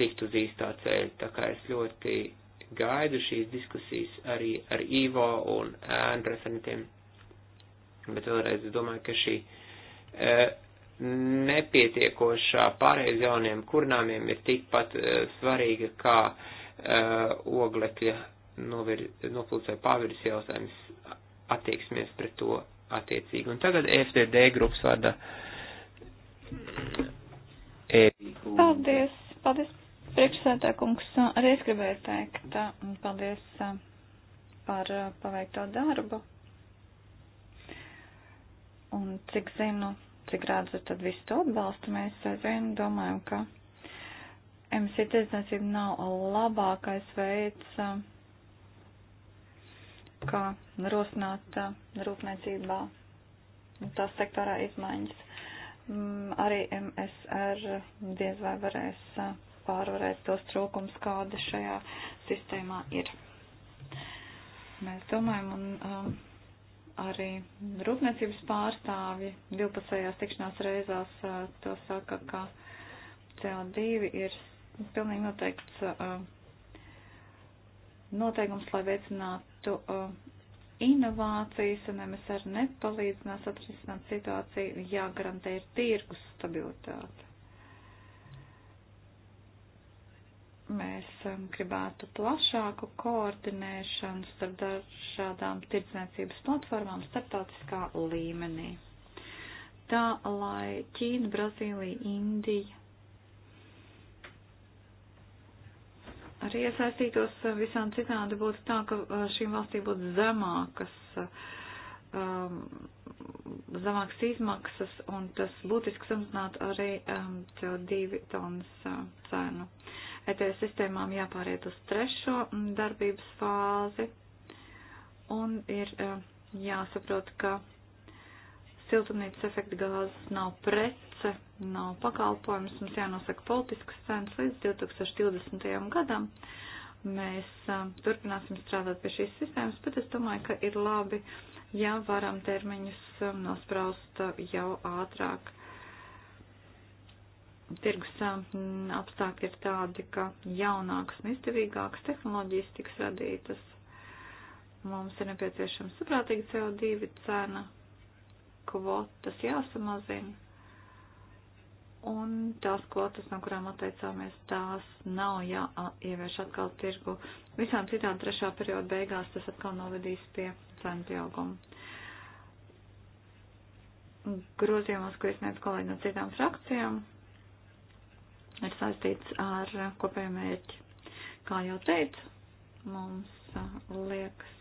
tikt uz īstā ceļa. Tā kā es ļoti gaidu šīs diskusijas arī ar Ivo un ēnu referentiem. Bet vēlreiz domāju, ka šī e, nepietiekošā pārējais jauniem kurnāmiem ir tikpat e, svarīga kā e, oglekļa novir, noplūcē pavirs jautājums attieksmies pret to attiecīgi. Un tagad e FDD grupas vada. E. Paldies, paldies Priekšsētā kungs, arī es gribēju teikt paldies par paveikto darbu. Un cik zinu, cik redzu, tad visu to atbalstu mēs aizvien domājam, ka MC tirdzniecība nav labākais veids, kā rosināt rūpniecībā tā sektorā izmaiņas. Arī MSR diez vai varēs pārvarēt tos trūkums, kāda šajā sistēmā ir. Mēs domājam, un um, arī rūpniecības pārstāvji divpusējās tikšanās reizās uh, to saka, ka CO2 ir pilnīgi noteikts uh, noteikums, lai veicinātu uh, inovācijas, un MSR nepalīdzinās atrisināt situāciju, jāgarantē ir tirgus stabilitāte. Mēs um, gribētu plašāku koordinēšanu starp dažādām tirdzniecības platformām starptautiskā līmenī. Tā, lai Ķīna, Brazīlija, Indija arī iesaistītos uh, visām citādi būtu tā, ka uh, šīm valstīm būtu zemākas, um, zemākas izmaksas un tas būtiski samazinātu arī um, CO2 tonnas uh, cenu. Uh, ETS sistēmām jāpāriet uz trešo darbības fāzi un ir e, jāsaprot, ka siltumnīcas efekta gāzes nav prece, nav pakalpojums, mums jānosaka politiskas cenas līdz 2020. gadam. Mēs e, turpināsim strādāt pie šīs sistēmas, bet es domāju, ka ir labi, ja varam termiņus e, nospraust jau ātrāk tirgus um, apstākļi ir tādi, ka jaunākas un izdevīgākas tehnoloģijas tiks radītas. Mums ir nepieciešama saprātīga CO2 cena, kvotas jāsamazina, un tās kvotas, no kurām atteicāmies, tās nav jāievieš atkal tirgu. Visām citām trešā perioda beigās tas atkal novedīs pie cenu pieauguma. Grozījumos, ko iesniedz kolēģi no citām frakcijām, ir saistīts ar kopēju mērķi. Kā jau teicu, mums liekas,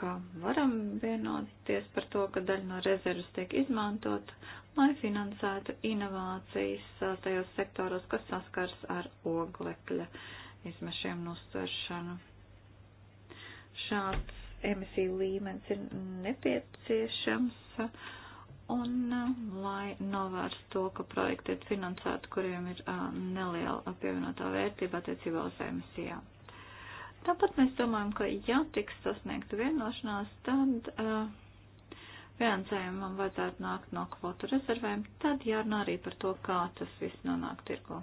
ka varam vienoties par to, ka daļa no rezervas tiek izmantota, lai finansētu inovācijas tajos sektoros, kas saskars ar oglekļa izmešiem un uztveršanu. Šāds emisiju līmenis ir nepieciešams un eh, lai novērstu to, ka projekti ir finansēti, kuriem ir eh, neliela pievienotā vērtība attiecībā uz emisijām. Tāpat mēs domājam, ka ja tiks sasniegta vienošanās, tad uh, finansējumam vajadzētu nākt no kvotu rezervēm, tad jārunā arī par to, kā tas viss nonāk tirgo.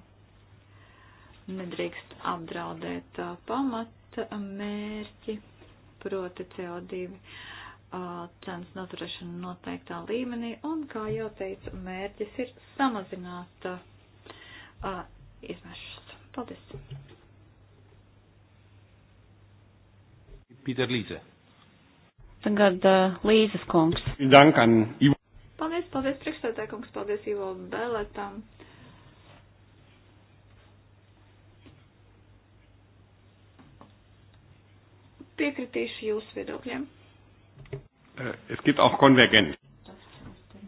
Nedrīkst apdraudēt uh, pamata mērķi, proti CO2. Uh, cenas noturēšanu noteiktā līmenī, un, kā jau teicu, mērķis ir samazināt uh, izmešus. Paldies! Pīter Līze. Tagad uh, Līzes kungs. Dankan, Ivo. Paldies, paldies priekšstādē kungs, paldies Ivo Beletam. Piekritīšu jūsu viedokļiem. Äh, es gibt auch Konvergenz.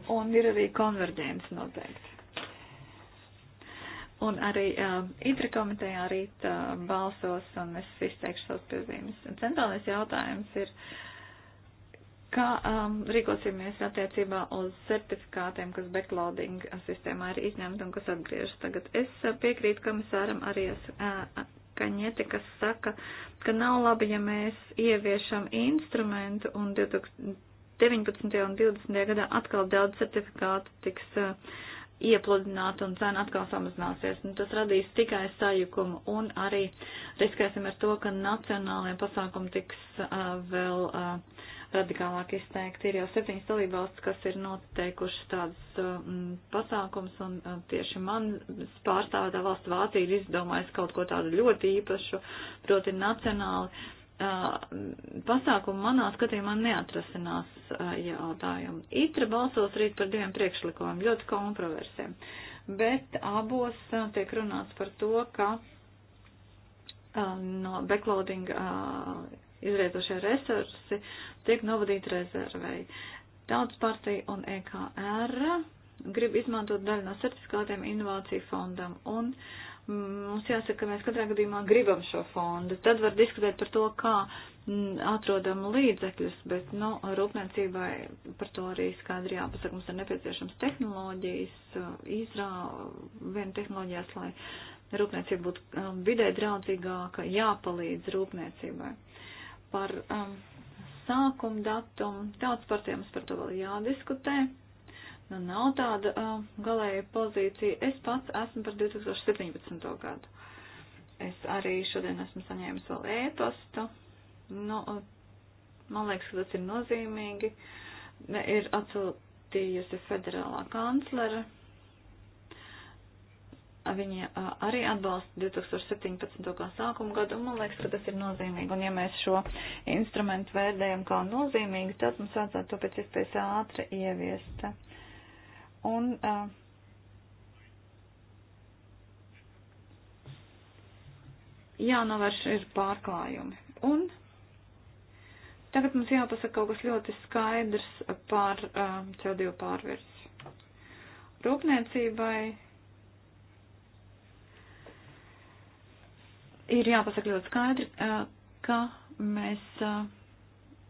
Un ir arī konverģents noteikti. Un arī uh, äh, ITRI komitejā rīt uh, balsos, un es izteikšu savus piezīmes. Centrālais jautājums ir, kā um, rīkosimies attiecībā uz certifikātiem, kas backloading sistēmā ir izņemti un kas atgriežas tagad. Es uh, piekrītu komisāram arī es, uh, Kaņete, kas saka, ka nav labi, ja mēs ieviešam instrumentu un 2019. un 2020. gadā atkal daudz certifikātu tiks uh, iepludināti un cena atkal samazināsies. Un nu, tas radīs tikai sajukumu un arī riskēsim ar to, ka nacionālajiem pasākumiem tiks uh, vēl. Uh, radikālāk izteikti. Ir jau septiņas dalībvalstis, kas ir noteikušas tādas um, pasākums, un um, tieši man pārstāvētā valsts Vācija ir izdomājusi kaut ko tādu ļoti īpašu, proti nacionāli. Uh, pasākumu manā skatījumā neatrasinās uh, jautājumu. Itra balsos rīt par diviem priekšlikumiem, ļoti kontroversiem, bet abos uh, tiek runāts par to, ka uh, no backloading izrietušie resursi tiek novadīti rezervei. Tautas partija un EKR grib izmantot daļu no certifikātiem inovāciju fondam un mums jāsaka, ka mēs katrā gadījumā gribam šo fondu. Tad var diskutēt par to, kā atrodam līdzekļus, bet, nu, rūpniecībai par to arī skaidri jāpasaka, mums ir nepieciešams tehnoloģijas, izrā, vien tehnoloģijas, lai rūpniecība būtu um, vidē draudzīgāka, jāpalīdz rūpniecībai. Uh, par um, sākumu datumu. Tāds par tiem par to vēl jādiskutē. Nu, nav tāda uh, galēja pozīcija. Es pats esmu par 2017. gadu. Es arī šodien esmu saņēmis vēl ēpastu. Nu, man liekas, ka tas ir nozīmīgi. Ir atsūtījusi federālā kanclere viņi arī atbalsta 2017. kā sākuma gadu, un man liekas, ka tas ir nozīmīgi. Un ja mēs šo instrumentu vērtējam kā nozīmīgi, tad mums vajadzētu to pēc iespējas ātri ieviest. Un, uh, jānovērš ir pārklājumi. Un tagad mums jāpasaka kaut kas ļoti skaidrs par um, CO2 pārvirs. Rūpniecībai ir jāpasaka ļoti skaidri, ka mēs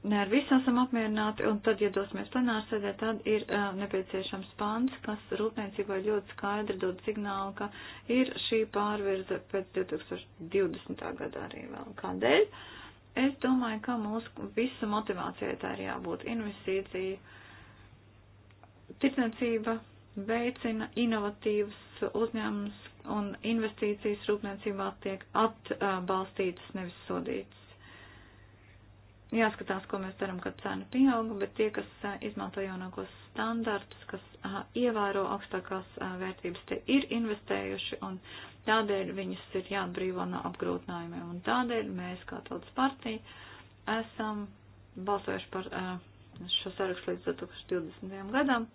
ne ar visu esam apmierināti, un tad, ja dosimies plenārsēdē, tad ir uh, nepieciešams pants, kas rūpniecībai ļoti skaidri dod signālu, ka ir šī pārvirze pēc 2020. gada arī vēl. Kādēļ? Es domāju, ka mūsu visu motivācijai tā ir jābūt investīcija, tirdzniecība veicina inovatīvas uzņēmumus, un investīcijas rūpniecībā tiek atbalstītas, nevis sodītas. Jāskatās, ko mēs darām, kad cena pieauga, bet tie, kas izmanto jaunākos standartus, kas ievēro augstākās vērtības, tie ir investējuši un tādēļ viņus ir jāatbrīvo no apgrūtinājumiem. Un tādēļ mēs, kā tautas partija, esam balsojuši par šo sarakstu līdz 2020. gadam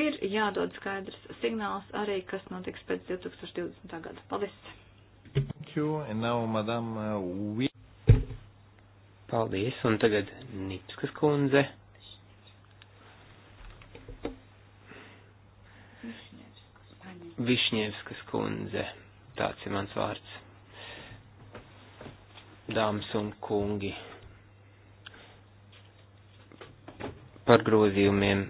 ir jādod skaidrs signāls arī, kas notiks pēc 2020. gada. Paldies! Uh, Paldies, un tagad Nipskas kundze. Višņevskas kundze, tāds ir mans vārds. Dāmas un kungi, par grozījumiem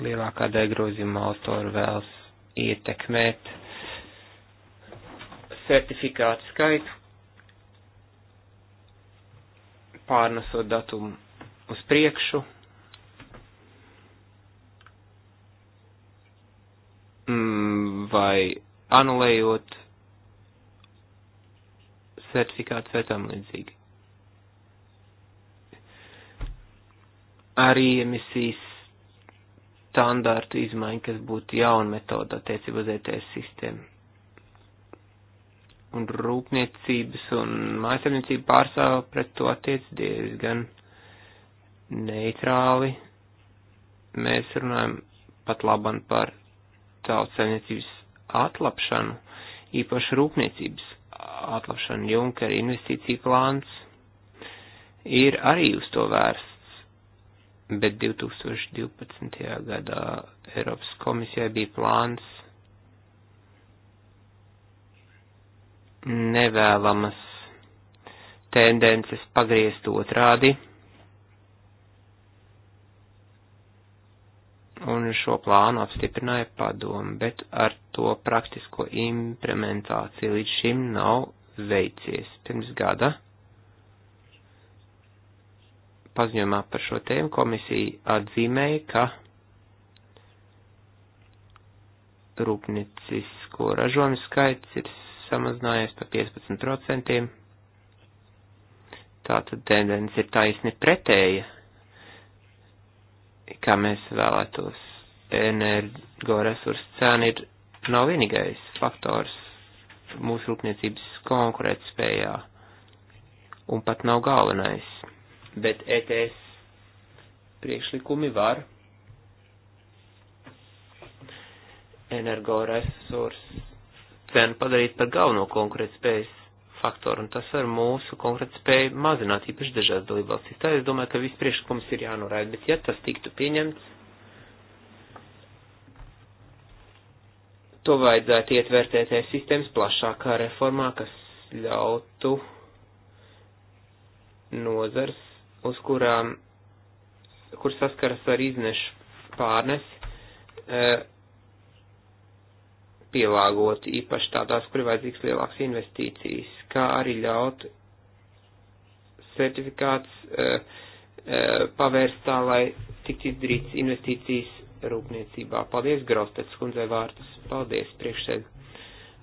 Lielākā daļa grozījuma autori vēlas ietekmēt certifikātu skaitu, pārnesot datumu uz priekšu. Mm, vai anulējot certifikātu vai tam līdzīgi. Arī emisijas standārtu izmaiņa, kas būtu jauna metoda attiecībā uz ETS sistēmu. Un rūpniecības un mājasemniecība pārstāv pret to attiec diezgan neitrāli. Mēs runājam pat laban par tautsainiecības atlapšanu, īpaši rūpniecības atlapšanu. Junker investīcija plāns ir arī uz to vērs bet 2012. gadā Eiropas komisijai bija plāns nevēlamas tendences pagriezt otrādi. un šo plānu apstiprināja padomu, bet ar to praktisko implementāciju līdz šim nav veicies. Pirms gada paziņojumā par šo tēmu komisija atzīmēja, ka rūpnicisko ražojumu skaits ir samazinājies par 15%. Tātad tendence ir taisni pretēja, kā mēs vēlētos. Energoresursu cena ir nav vienīgais faktors mūsu rūpniecības konkurētspējā un pat nav galvenais bet ETS priekšlikumi var energoresursu cenu padarīt par galveno konkurētspējas faktoru, un tas var mūsu konkurētspēju mazināt, īpaši dažās dalībvalstīs. Tā es domāju, ka viss priekšlikums ir jānorāda, bet ja tas tiktu pieņemts, to vajadzētu ietvērtēt e sistēmas plašākā reformā, kas ļautu nozars uz kurām, kur saskaras ar iznešu pārnes, e, pielāgot īpaši tādās, kur vajadzīgs lielāks investīcijas, kā arī ļaut certifikāts e, e, pavērst tā, lai tiktu izdarīts investīcijas rūpniecībā. Paldies, Graustets kundzei vārds. Paldies, priekšsēd.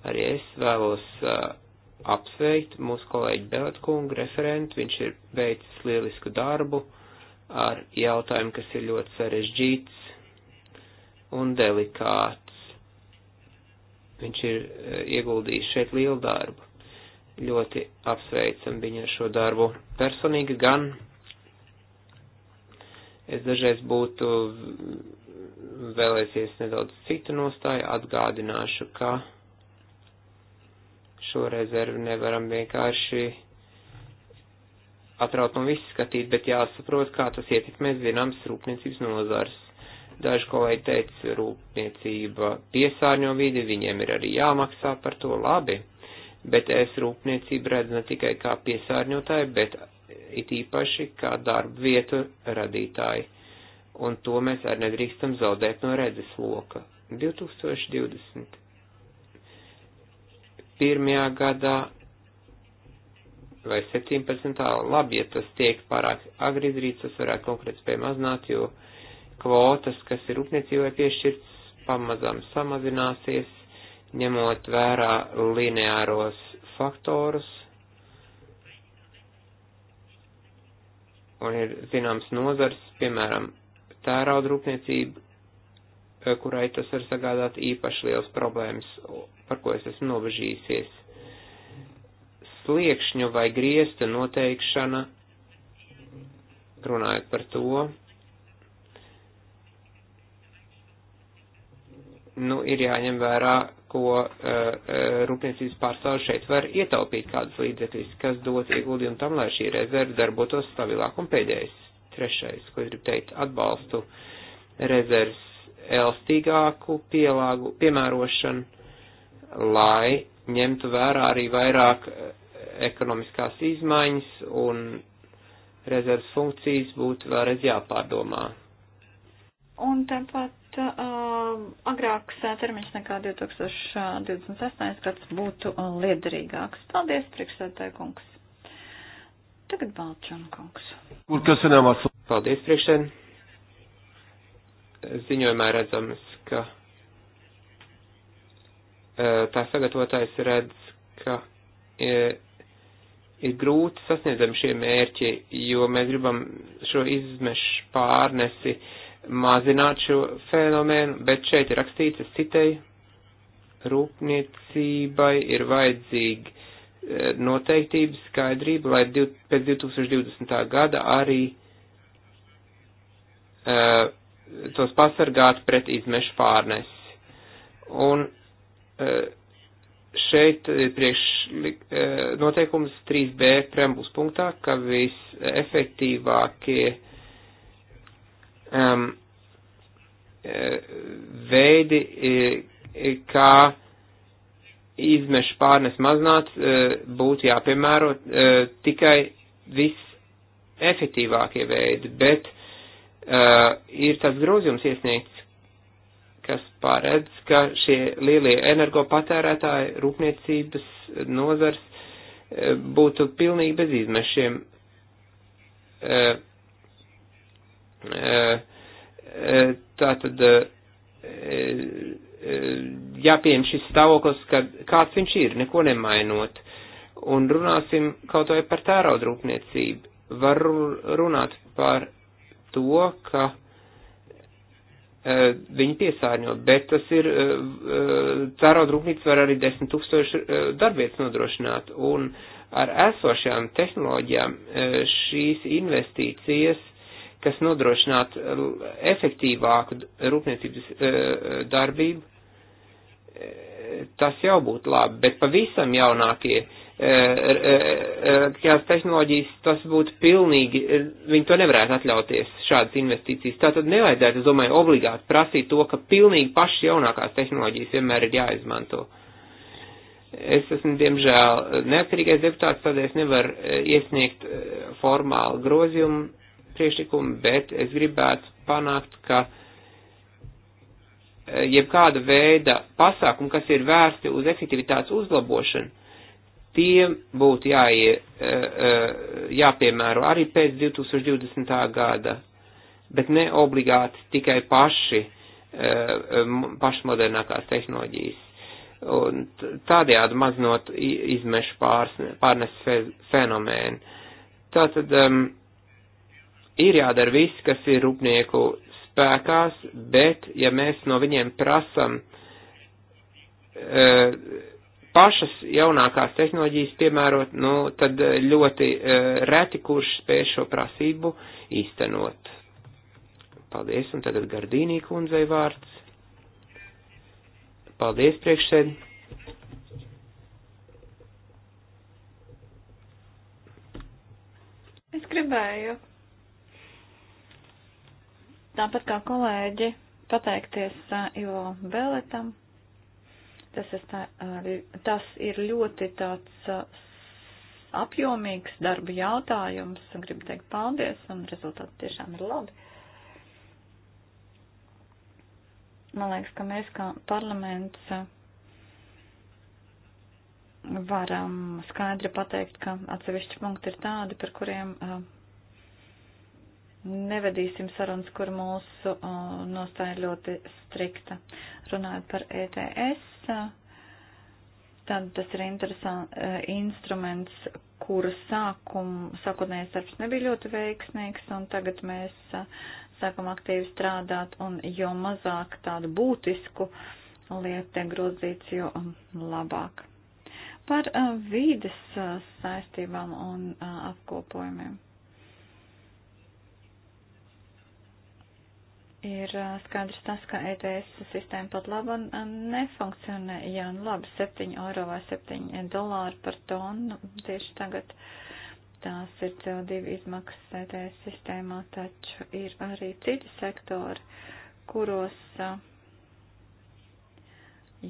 Arī es vēlos uh, apsveikt mūsu kolēģi Beletkungu, referentu. Viņš ir veicis lielisku darbu ar jautājumu, kas ir ļoti sarežģīts un delikāts. Viņš ir eh, ieguldījis šeit lielu darbu. Ļoti apsveicam viņu ar šo darbu. Personīgi gan es dažreiz būtu vēlēsies nedaudz citu nostāju, atgādināšu, ka šo rezervu nevaram vienkārši atraut un izskatīt, bet jāsaprot, kā tas ietekmē zināms rūpniecības nozars. Daži kolēģi teica, rūpniecība piesārņo vidi, viņiem ir arī jāmaksā par to labi, bet es rūpniecību redzu ne tikai kā piesārņotāju, bet it īpaši kā darba vietu radītāju, un to mēs arī nedrīkstam zaudēt no redzes loka. 2020 pirmajā gadā vai 17. labi, ja tas tiek pārāk agri izrīts, tas varētu konkrēti spēju mazināt, jo kvotas, kas ir rūpniecībai piešķirts, pamazām samazināsies, ņemot vērā lineāros faktorus. Un ir zināms nozars, piemēram, tērauda rūpniecība, kurai tas var sagādāt īpaši liels problēmas par ko es esmu nobežījusies. Sliekšņu vai griesta noteikšana, runājot par to, nu, ir jāņem vērā, ko uh, rūpniecības pārstāvis šeit var ietaupīt kādas līdzekļas, kas dot ieguldījumu tam, lai šī rezerve darbotos stabilāk. Un pēdējais, trešais, ko es gribu teikt, atbalstu rezerves elastīgāku pielāgu, piemērošanu lai ņemtu vērā arī vairāk e, ekonomiskās izmaiņas un rezerves funkcijas būtu vēlreiz jāpārdomā. Un tāpat uh, agrāks e, termiņš nekā 2028. gads būtu liederīgāks. Paldies, priekšsēdētāji kungs. Tagad Balčana kungs. Kur kas ir nāvās? Paldies, priekšsēdētāji. Ziņojumā redzams, ka Eh, tā sagatavotājs redz, ka eh, ir grūti sasniedzami šie mērķi, jo mēs gribam šo izmešu pārnesi mazināt šo fenomenu, bet šeit ir rakstīts, es citēju, rūpniecībai ir vajadzīgi eh, noteiktības skaidrība, lai div, pēc 2020. gada arī uh, tos pasargātu pret izmešu pārnesi. Un Eh, šeit priekš eh, noteikums 3b prembuls punktā, ka visefektīvākie um, veidi, kā izmešu pārnes maznāt, būtu jāpiemēro tikai visefektīvākie veidi, bet uh, ir tāds grozījums iesniegts paredz, ka šie lielie energopatērētāji rūpniecības nozars eh, būtu pilnīgi bez izmešiem. Eh, eh, tātad jāpieņem šis stāvoklis, ka kāds viņš ir, neko nemainot. Un runāsim kaut vai par tērauda rūpniecību. Var runāt par to, ka Eh, viņu piesārņot, bet tas ir, eh, eh, cēraut rūpnīca var arī 10 tūkstoši darbietas nodrošināt, un ar esošajām tehnoloģijām šīs investīcijas, kas nodrošināt efektīvāku rūpniecības darbību, tas jau būtu labi, bet pavisam jaunākie Elektriskās tehnoloģijas, tas būtu pilnīgi, viņi to nevarētu atļauties, šādas investīcijas. Tātad nevajadzētu, es domāju, obligāti prasīt to, ka pilnīgi pašas jaunākās tehnoloģijas vienmēr ir jāizmanto. Es esmu, diemžēl, neatkarīgais deputāts, tādēļ es nevaru iesniegt formālu grozījumu priekšlikumu, bet es gribētu panākt, ka jebkāda veida pasākumu, kas ir vērsti uz efektivitātes uzlabošanu, Tie būtu jāie, e, e, jāpiemēro arī pēc 2020. gada, bet ne obligāti tikai paši, e, pašmodernākās tehnoloģijas. Un tādējādi mazinot izmešu pārnes fenomēnu. Tātad um, ir jādara viss, kas ir rūpnieku spēkās, bet ja mēs no viņiem prasam uh, pašas jaunākās tehnoloģijas piemērot, nu, tad eh, ļoti eh, reti kurš spēj šo prasību īstenot. Paldies, un tagad Gardīnī kundzei vārds. Paldies, priekšsēdi. Es gribēju, tāpat kā kolēģi, pateikties eh, Ivo Beletam Tas, tā, tas ir ļoti tāds uh, apjomīgs darba jautājums. Gribu teikt paldies, un rezultāti tiešām ir labi. Man liekas, ka mēs kā parlaments uh, varam skaidri pateikt, ka atsevišķi punkti ir tādi, par kuriem uh, nevedīsim sarunas, kur mūsu uh, nostāja ļoti strikta. Runājot par ETS, uh, tad tas ir uh, instruments, kura sākum, sākotnējais darbs nebija ļoti veiksmīgs, un tagad mēs sākam aktīvi strādāt, un jo mazāk tādu būtisku lietu tiek grozīts, jo um, labāk. Par vīdes saistībām un apkopojumiem Ir skaidrs tas, ka ETS sistēma pat laba nefunkcionē. Jā, nu labi, 7 eiro vai 7 dolāri par tonu tieši tagad. Tās ir CO2 izmaksas ETS sistēmā, taču ir arī citi sektori, kuros,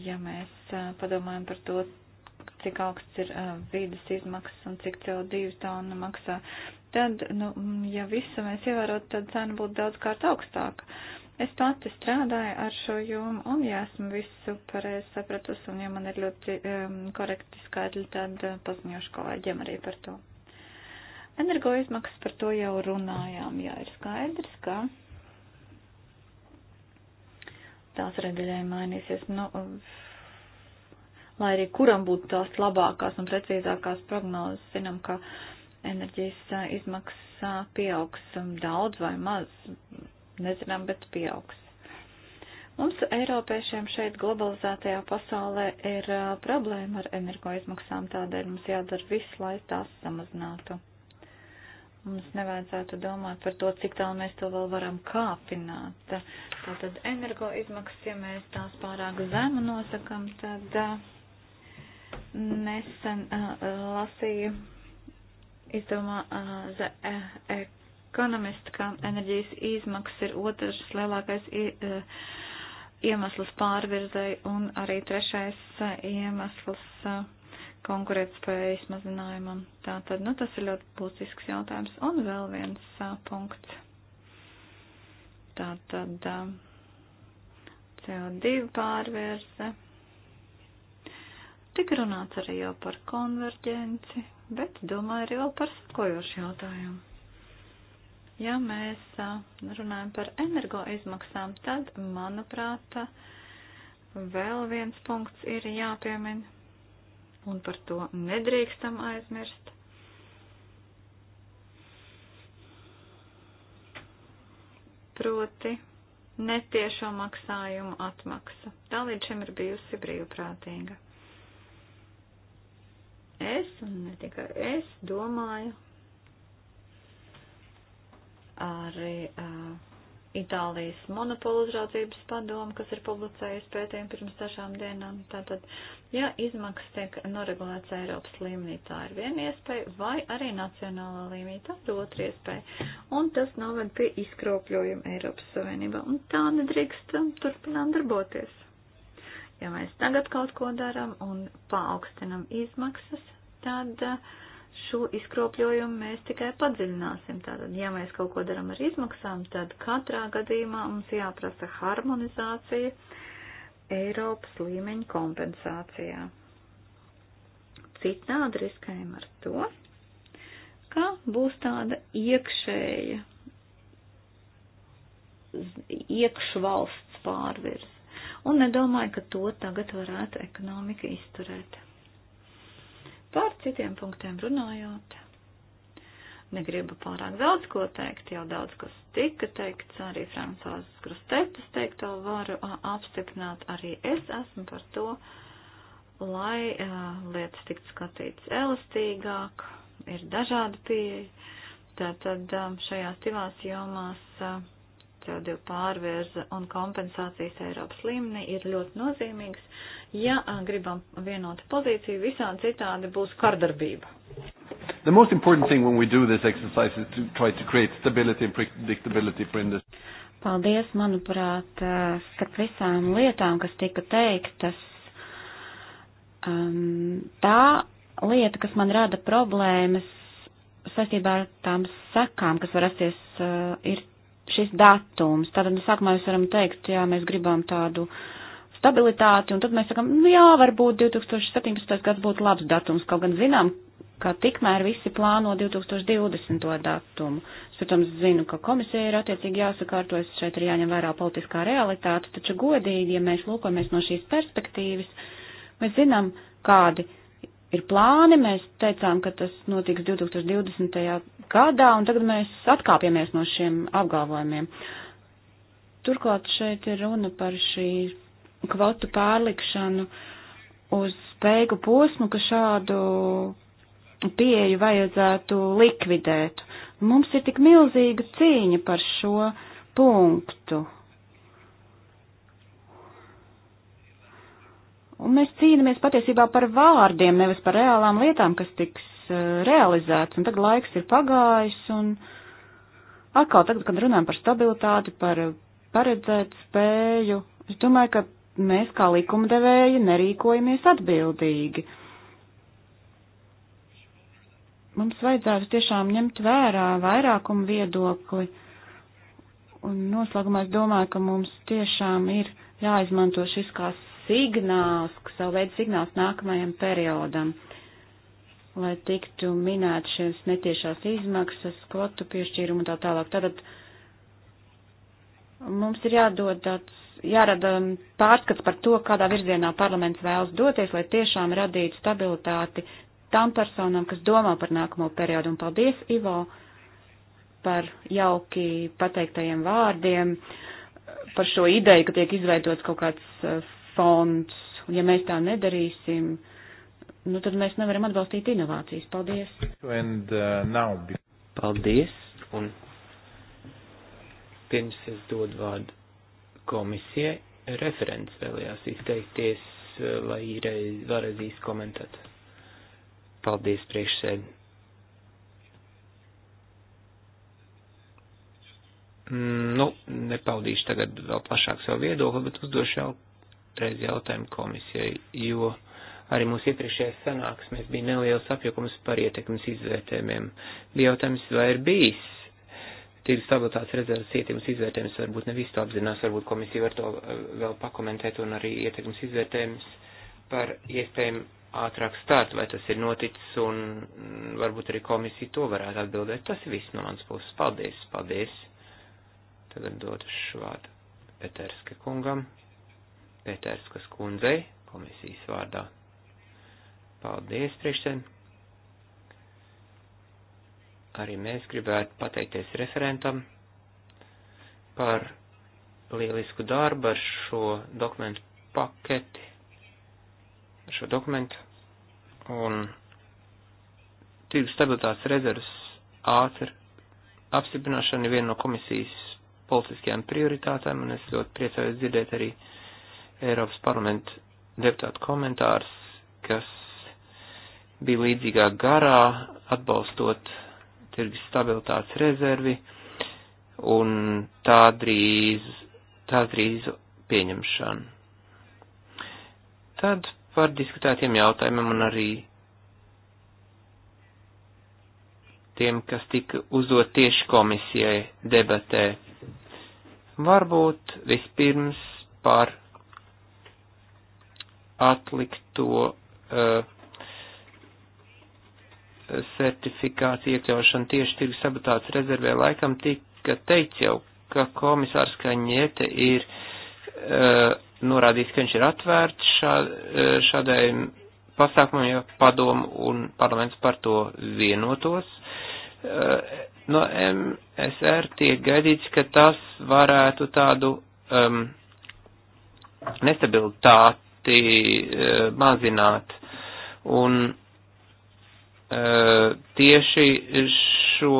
ja mēs padomājam par to, cik augsts ir uh, vīdes izmaksas un cik CO2 tonna maksā, tad, nu, ja visu mēs ievērotu, tad cena būtu daudz kārt augstāka. Es pati strādāju ar šo jomu, un ja esmu visu pareizi sapratusi, un ja man ir ļoti um, korekti skaidri, tad uh, paziņošu kolēģiem arī par to. Energoizmaksas par to jau runājām. Jā, ir skaidrs, ka tās redeļai mainīsies. Nu, no, lai arī kuram būtu tās labākās un precīzākās prognozes, zinām, ka enerģijas izmaksas pieaugs um, daudz vai maz, nezinām, bet pieaugs. Mums, Eiropiešiem, šeit globalizētajā pasaulē ir problēma ar energoizmaksām, tādēļ mums jādara viss, lai tās samazinātu. Mums nevajadzētu domāt par to, cik tālu mēs to vēl varam kāpināt. Tātad energoizmaksas, ja mēs tās pārāk zemu nosakam, tad. Uh, Nesen uh, lasīju izdevumā uh, eh, The Economist, eh, ka enerģijas izmaksas ir otrs lielākais uh, iemesls pārvirzai un arī trešais uh, iemesls. Uh, konkurētspējas mazinājumam. Tātad, nu, tas ir ļoti būtisks jautājums. Un vēl viens a, punkts. Tātad a, CO2 pārvērse Tik runāts arī jau par konverģenci, bet domāju arī vēl par sakojošu jautājumu. Ja mēs runājam par energoizmaksām, tad, manuprāt, vēl viens punkts ir jāpiemina, un par to nedrīkstam aizmirst. Proti netiešo maksājumu atmaksa. Tā līdz šim ir bijusi brīvprātīga es, un ne tikai es, domāju arī uh, Itālijas monopolu uzraudzības padomu, kas ir publicējusi pētījumu pirms dažām dienām. Tātad, ja izmaksas tiek noregulēts Eiropas līmenī, tā ir viena iespēja, vai arī nacionālā līmenī, tā ir otra iespēja. Un tas noved pie izkropļojuma Eiropas Savienībā, un tā nedrīkst turpināt darboties. Ja mēs tagad kaut ko darām un paaugstinam izmaksas, tad uh, šo izkropļojumu mēs tikai padziļināsim. Tātad, ja mēs kaut ko darām ar izmaksām, tad katrā gadījumā mums jāprasa harmonizācija Eiropas līmeņa kompensācijā. Citādi riskējam ar to, ka būs tāda iekšēja, iekšvalsts pārvirs un nedomāju, ka to tagad varētu ekonomika izturēt. Par citiem punktiem runājot, negribu pārāk daudz ko teikt, jau daudz kas tika teikts, arī Francāzes Krustetes teikto varu apstiprināt, arī es esmu par to, lai uh, lietas tiktu skatītas elastīgāk, ir dažādi pieeja. Tātad um, šajās divās jomās uh, CO2 pārvērza un kompensācijas Eiropas līmenī ir ļoti nozīmīgs. Ja gribam vienotu pozīciju, visādi citādi būs kardarbība. The most important thing when we do this exercise is to try to create stability and predictability for industry. Paldies, manuprāt, starp visām lietām, kas tika teiktas, um, tā lieta, kas man rada problēmas saistībā ar tām sekām, kas var rasties, uh, ir šis datums. Tātad nu, sākumā mēs varam teikt, jā, mēs gribam tādu stabilitāti, un tad mēs sakam, nu jā, varbūt 2017. gads būtu labs datums, kaut gan zinām, ka tikmēr visi plāno 2020. datumu. Es, protams, zinu, ka komisija ir attiecīgi jāsakārtojas, šeit ir jāņem vērā politiskā realitāte, taču godīgi, ja mēs lūkojamies no šīs perspektīvas, mēs zinām, kādi ir plāni, mēs teicām, ka tas notiks 2020. gadā, un tagad mēs atkāpjamies no šiem apgalvojumiem. Turklāt šeit ir runa par šī kvotu pārlikšanu uz spēku posmu, ka šādu pieeju vajadzētu likvidēt. Mums ir tik milzīga cīņa par šo punktu. Un mēs cīnāmies patiesībā par vārdiem, nevis par reālām lietām, kas tiks eh, realizēts. Un tagad laiks ir pagājis, un atkal tagad, kad runājam par stabilitāti, par paredzēt spēju, es domāju, ka mēs kā likumdevēji nerīkojamies atbildīgi. Mums vajadzētu tiešām ņemt vērā vairākumu viedokli. Un noslēgumā es domāju, ka mums tiešām ir jāizmanto šis kā signāls, savu veidu signāls nākamajam periodam, lai tiktu minēt šīs netiešās izmaksas, kvotu piešķīrumu un tā tālāk. Tātad mums ir jādod tāds, jārada pārskats par to, kādā virzienā parlaments vēlas doties, lai tiešām radītu stabilitāti tām personām, kas domā par nākamo periodu. Un paldies, Ivo, par jauki pateiktajiem vārdiem, par šo ideju, ka tiek izveidots kaut kāds uh, fonds, un ja mēs tā nedarīsim, nu tad mēs nevaram atbalstīt inovācijas. Paldies! And, uh, Paldies! Un pirms es dodu vārdu komisijai, referents vēlējās izteikties, uh, lai īreiz varēs izkomentēt. Paldies priekšsēd. Mm, nu, nepaudīšu tagad vēl plašāk savu viedokli, bet uzdošu jau uzreiz jautājumu komisijai, jo arī mūsu iepriekšējās sanāksmēs bija neliels apjukums par ietekmes izvērtējumiem. Bija jautājums, vai ir bijis tīri stabilitātes rezerves ietekmes izvērtējums, varbūt ne visu to apzinās, varbūt komisija var to eh, vēl pakomentēt un arī ietekmes izvērtējums par iespējumu ātrāk startu, vai tas ir noticis un varbūt arī komisija to varētu atbildēt. Tas ir viss no manas puses. Paldies, paldies. Tagad dotu švādu Peterske kungam. Pēterskas kundzei komisijas vārdā. Paldies, priekšsēm! Arī mēs gribētu pateikties referentam par lielisku darbu ar šo dokumentu paketi, ar šo dokumentu, un tirgus stabilitātes rezervas ātri apstiprināšana ir viena no komisijas politiskajām prioritātēm, un es ļoti priecājos dzirdēt arī uh, Eiropas parlamenta deputātu komentārs, kas bija līdzīgā garā, atbalstot tirgus stabilitātes rezervi, un tā drīz, tā drīz pieņemšanu. Tad par diskutētiem jautājumiem un arī tiem, kas tika uzdot tieši komisijai debatē. Varbūt vispirms par atlikto uh, eh, certifikāciju iekļaušanu tieši tirgus sabatāts rezervē laikam tika teikt jau, ka komisārs Kaņiete ir uh, norādījis, ka viņš ir atvērts šā, uh, šādai pasākumam, ja padomu un parlaments par to vienotos. Uh, no MSR tiek gaidīts, ka tas varētu tādu um, nestabilitāti ļoti eh, mazināt. Un eh, tieši šo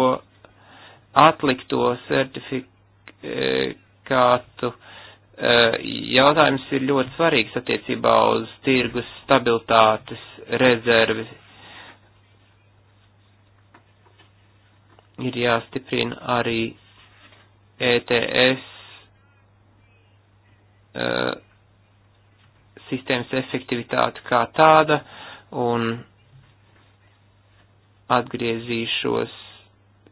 atlikto certifikātu eh, jautājums ir ļoti svarīgs attiecībā uz tirgus stabilitātes rezervi. Ir jāstiprina arī ETS sistēmas efektivitāti kā tāda un atgriezīšos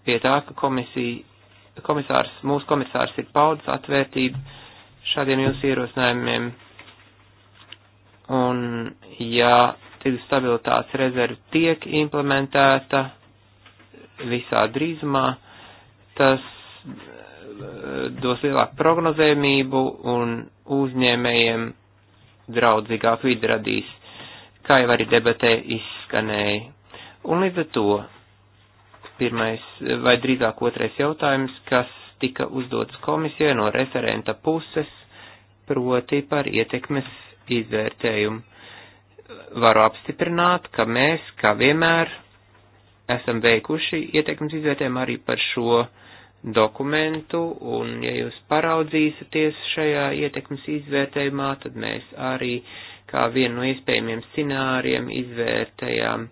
pie tā, ka komisija, komisārs, mūsu komisārs ir paudzis atvērtību šādiem jūsu ierosinājumiem. Un ja tirgus stabilitātes rezerve tiek implementēta visā drīzumā, tas eh, dos lielāku prognozējumību un uzņēmējiem draudzīgāku vidi radīs, kā jau arī debatē izskanēja. Un līdz ar to pirmais, vai drīzāk otrais jautājums, kas tika uzdots komisijai no referenta puses, proti par ietekmes izvērtējumu. Varu apstiprināt, ka mēs, kā vienmēr, esam veikuši ietekmes izvērtējumu arī par šo uh, dokumentu, un ja jūs paraudzīsieties šajā ietekmes izvērtējumā, tad mēs arī kā vienu no iespējamiem scenāriem izvērtējām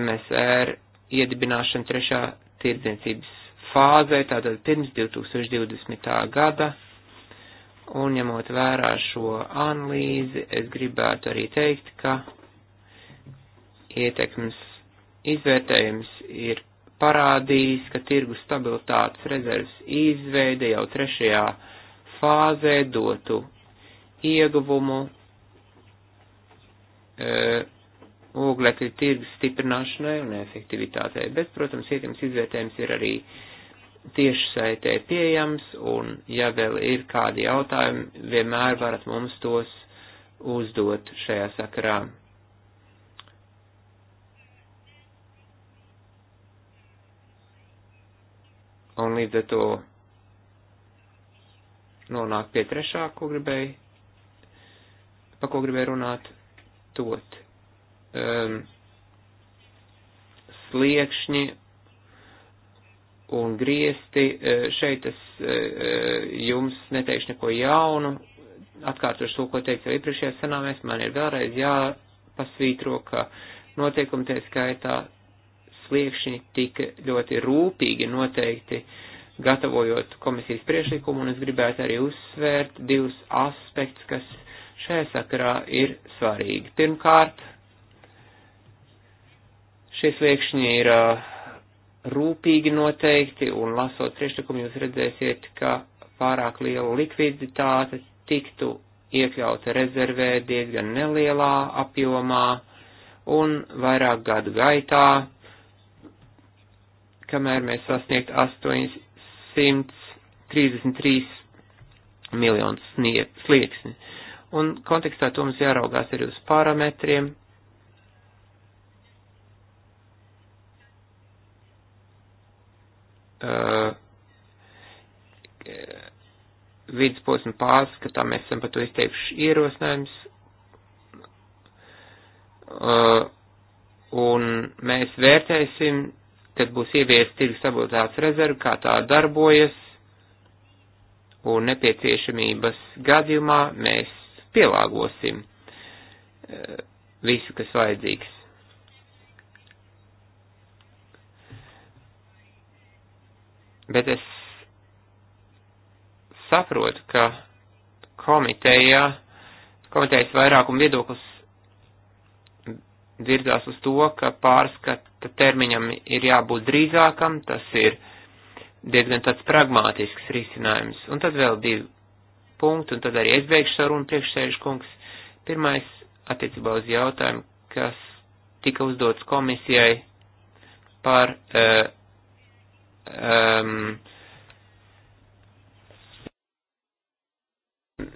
MSR iedibināšanu trešā tirdzniecības fāzē, tātad pirms 2020. gada, un ņemot vērā šo analīzi, es gribētu arī teikt, ka ietekmes izvērtējums ir parādījis, ka tirgu stabilitātes rezerves izveide jau trešajā fāzē dotu ieguvumu e, oglekļa tirgus stiprināšanai un efektivitātei, bet, protams, ietekmes izvērtējums ir arī tieši saitē pieejams, un ja vēl ir kādi jautājumi, vienmēr varat mums tos uzdot šajā sakarā. un līdz ar to nonāk pie trešā, ko gribēju, pa ko gribēju runāt, tot. Um, sliekšņi un griesti, uh, šeit es uh, uh, jums neteikšu neko jaunu, atkārtošu to, ko teicu iepriekšējā sanāmēs, man ir vēlreiz jāpasvītro, ka noteikumi tie skaitā sliekšņi tika ļoti rūpīgi noteikti, gatavojot komisijas priešlikumu, un es gribētu arī uzsvērt divus aspektus, kas šajā sakarā ir svarīgi. Pirmkārt, šie sliekšņi ir rūpīgi noteikti, un lasot priekšlikumu jūs redzēsiet, ka pārāk liela likviditāte tiktu iekļauta rezervē diezgan nelielā apjomā, un vairāk gadu gaitā kamēr mēs sasniegt 833 miljonus slieksni. Un kontekstā to mums jāraugās arī uz parametriem. Uh, vidusposma pārskatā mēs esam par to izteikuši ierosinājums, uh, un mēs vērtēsim kad būs ieviesta tirgus stabilitātes rezerva, kā tā darbojas, un nepieciešamības gadījumā mēs pielāgosim e, visu, kas vajadzīgs. Bet es saprotu, ka komitejā, komitejas vairākuma viedoklis virzās uz to, ka pārskata termiņam ir jābūt drīzākam, tas ir diezgan tāds pragmātisks risinājums. Un tad vēl divi punkti, un tad arī es beigšu sarunu priekšsēžu kungs. Pirmais attiecībā uz jautājumu, kas tika uzdots komisijai par uh, um,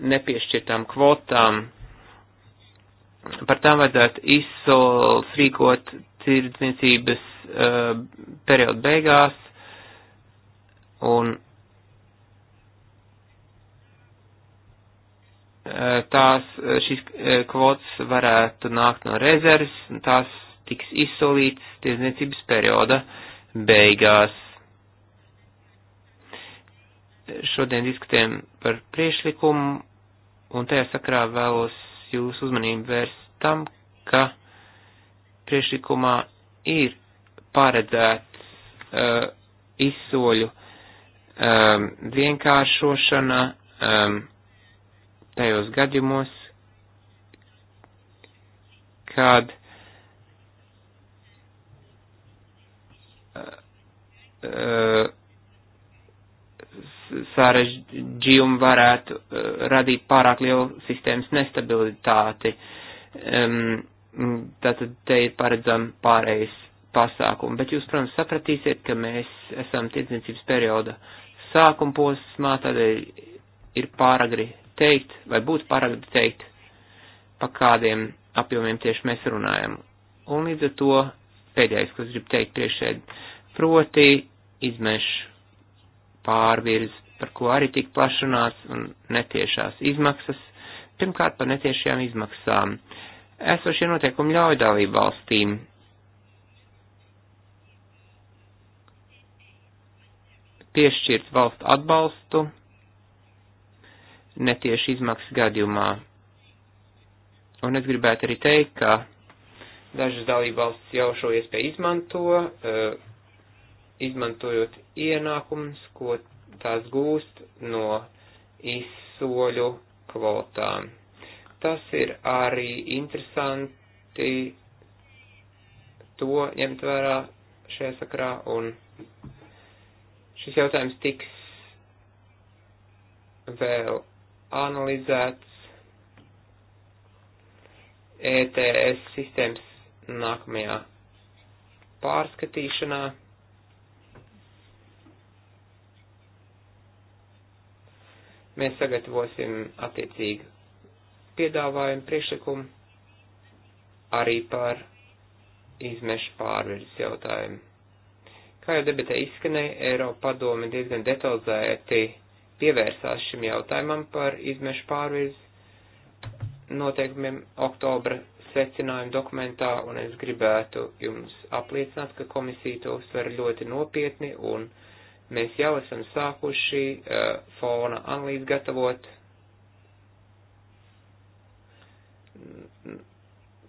nepiešķirtām kvotām par tām vajadzētu izsols rīkot tirdzniecības uh, periodu beigās un uh, tās eh, šīs uh, kvotas varētu nākt no rezerves, tās tiks izsolītas tirdzniecības perioda beigās. Šodien diskutējam par priešlikumu un tajā sakrā vēlos jūsu uzmanību vērst tam, ka priešlikumā ir paredzēts uh, izsoļu um, vienkāršošana um, tajos gadījumos, kad uh, uh, sarežģījumi varētu eh, radīt pārāk lielu sistēmas nestabilitāti. Tātad te ir paredzam pārējais pasākumi, bet jūs, protams, sapratīsiet, ka mēs esam tirdzniecības perioda sākuma posmā, tādēļ ir pāragri teikt, vai būtu pāragri teikt, pa kādiem apjomiem tieši mēs runājam. Un līdz ar to pēdējais, ko es gribu teikt priekšēd, proti izmešu pārvirz, par ko arī tik plašanās un netiešās izmaksas. Pirmkārt par netiešajām izmaksām. Esošie noteikumi ļauj dalību valstīm piešķirt valstu atbalstu netieši izmaksas gadījumā. Un es gribētu arī teikt, ka dažas dalībvalstis jau šo iespēju izmanto, eh, izmantojot ienākumus, ko tās gūst no izsoļu kvotām. Tas ir arī interesanti to ņemt vērā šajā sakrā, un šis jautājums tiks vēl analizēts ETS sistēmas nākamajā pārskatīšanā. Mēs sagatavosim attiecīgu piedāvājumu priekšlikumu arī par izmešu pārvirzes jautājumu. Kā jau debatē izskanēja, Eiropa padomi diezgan detalizēti pievērsās šim jautājumam par izmešu pārvirzes noteikumiem oktobra secinājuma dokumentā, un es gribētu jums apliecināt, ka komisija to uztver ļoti nopietni un uh, Mēs jau esam sākuši uh, fona analīzi gatavot.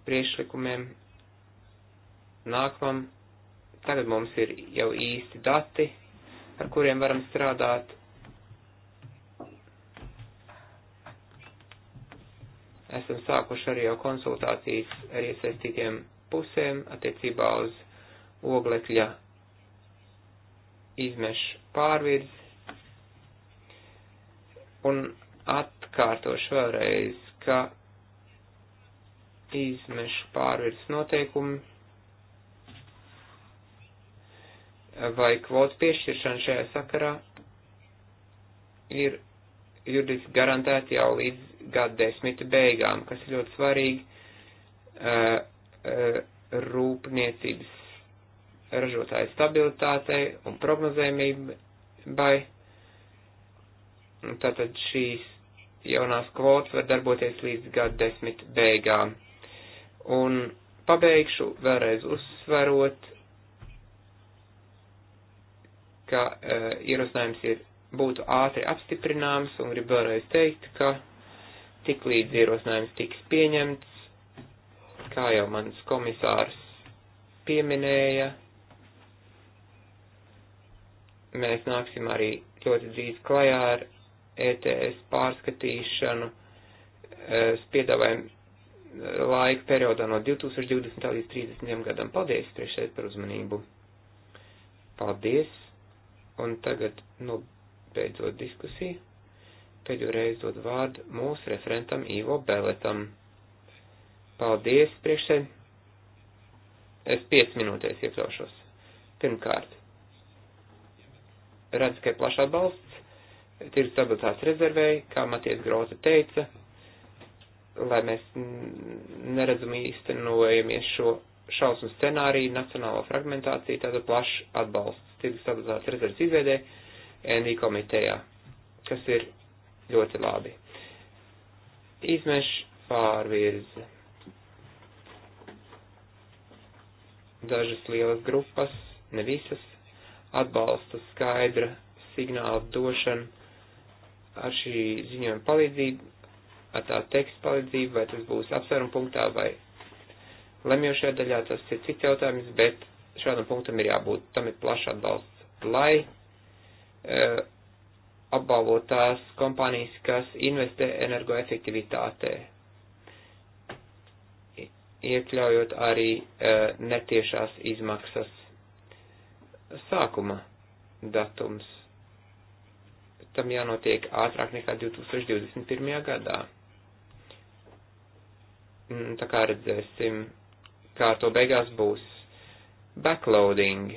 Priešlikumiem nākamam. Tagad mums ir jau īsti dati, ar kuriem varam strādāt. Esam sākuši arī jau konsultācijas ar iesaistītiem pusēm attiecībā uz oglekļa izmešu pārvirzi un atkārtošu vēlreiz, ka izmešu pārvirzi noteikumi vai kvotu piešķiršana šajā sakarā ir juridiski garantēti jau līdz gada desmita beigām, kas ir ļoti svarīgi uh, uh, rūpniecības ražotāju stabilitātei un prognozējumībai. Tātad šīs jaunās kvotas var darboties līdz gada desmit beigām. Un pabeigšu vēlreiz uzsverot, ka e, ierosinājums ir būtu ātri apstiprināms un gribu vēlreiz teikt, ka tik līdz ierosinājums tiks pieņemts, kā jau mans komisārs pieminēja, mēs nāksim arī ļoti drīz klajā ar ETS pārskatīšanu, es eh, piedāvāju eh, laika periodā no 2020. līdz 30. gadam. Paldies priekšēji par uzmanību. Paldies. Un tagad, nu, beidzot diskusiju, pēdējo reizi dod vārdu mūsu referentam Ivo Beletam. Paldies priekšēji. Es 5 minūtēs iekļaušos. Pirmkārt, redz, ka ir plašs atbalsts tirgus stabilitātes rezervēji, kā Matijas Groza teica, lai mēs neredzam īstenojamies šo šausmu scenāriju, nacionālo fragmentāciju, tāda plaša atbalsts tirgus stabilitātes rezerves izveidē NI komitejā, kas ir ļoti labi. Izmešu pārvirzi. Dažas lielas grupas, ne visas, atbalsta skaidra signāla došanu ar šī ziņojuma palīdzību, ar tā teksta palīdzību, vai tas būs apsvērumu punktā vai lemjošajā daļā, tas ir cits jautājums, bet šādam punktam ir jābūt, tam ir plašs atbalsts, lai uh, e, apbalvot tās kompānijas, kas investē energoefektivitātē, iekļaujot arī uh, netiešās izmaksas sākuma datums. Tam jānotiek ātrāk nekā 2021. gadā. Mm, tā kā redzēsim, kā to beigās būs. Backloading.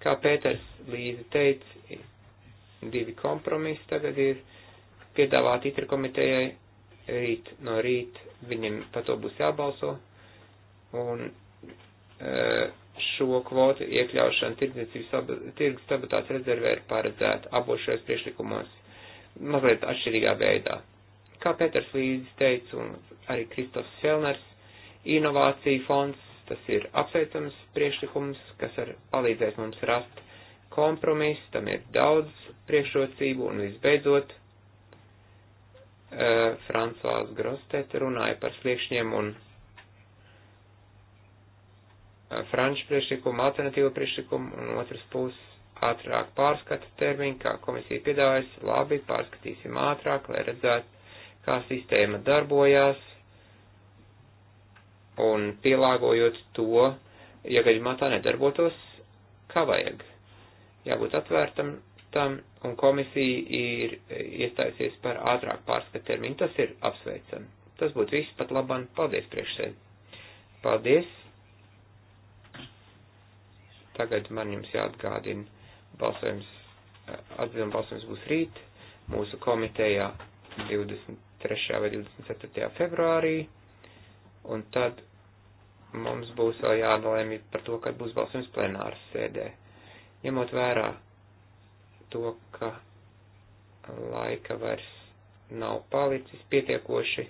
Kā Pēters Līze teica, divi kompromisi tagad ir piedāvāti itra komitejai rīt no rīt, viņiem par to būs jābalso. Un, uh, e, šo kvotu iekļaušana tirgus stabilitātes rezervē ir paredzēta abos šajos priekšlikumos mazliet atšķirīgā veidā. Kā Pēters Līdzi teica un arī Kristofs Felners, inovācija fonds, tas ir apsveicams priekšlikums, kas ar palīdzēs mums rast kompromisu, tam ir daudz priekšrocību un visbeidzot, uh, eh, Francāls Grostete runāja par sliekšņiem un franču priekšlikumu, alternatīvu priekšlikumu un otras puses ātrāk pārskata termiņu, kā komisija piedāvājas, labi, pārskatīsim ātrāk, lai redzētu, kā sistēma darbojās un pielāgojot to, ja gadījumā tā nedarbotos, kā vajag. Jābūt atvērtam tam, un komisija ir iestājusies par ātrāk pārskata termiņu. Tas ir apsveicami. Tas būtu viss pat labam. Paldies priekšsēd. Paldies. Tagad man jums jāatgādina, balsojums, eh, atzīmuma balsojums būs rīt mūsu komitejā 23. vai 24. februārī, un tad mums būs vēl jānolēmi par to, kad būs balsojums plenāras sēdē. Ņemot vērā to, ka laika vairs nav palicis pietiekoši,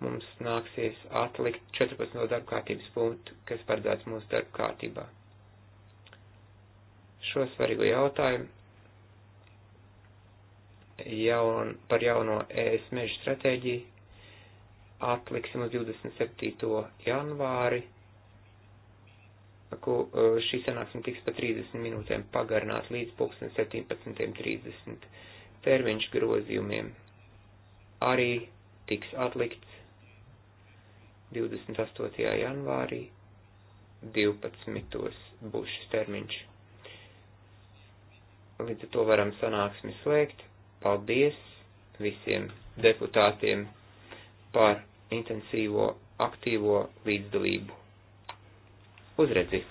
mums nāksies atlikt 14. darbkārtības punktu, kas paredzēts mūsu darbkārtībā šo svarīgo jautājumu jaun, par jauno ES mežu stratēģiju atliksim uz 27. janvāri, ko eh, šī sanāksme tiks pa 30 minūtēm pagarināt līdz 17.30. Termiņš grozījumiem arī tiks atlikts 28. janvārī 12. būs šis termiņš. Līdz ar to varam sanāksmi slēgt. Paldies visiem deputātiem par intensīvo, aktīvo līdzdalību. Uzredzi!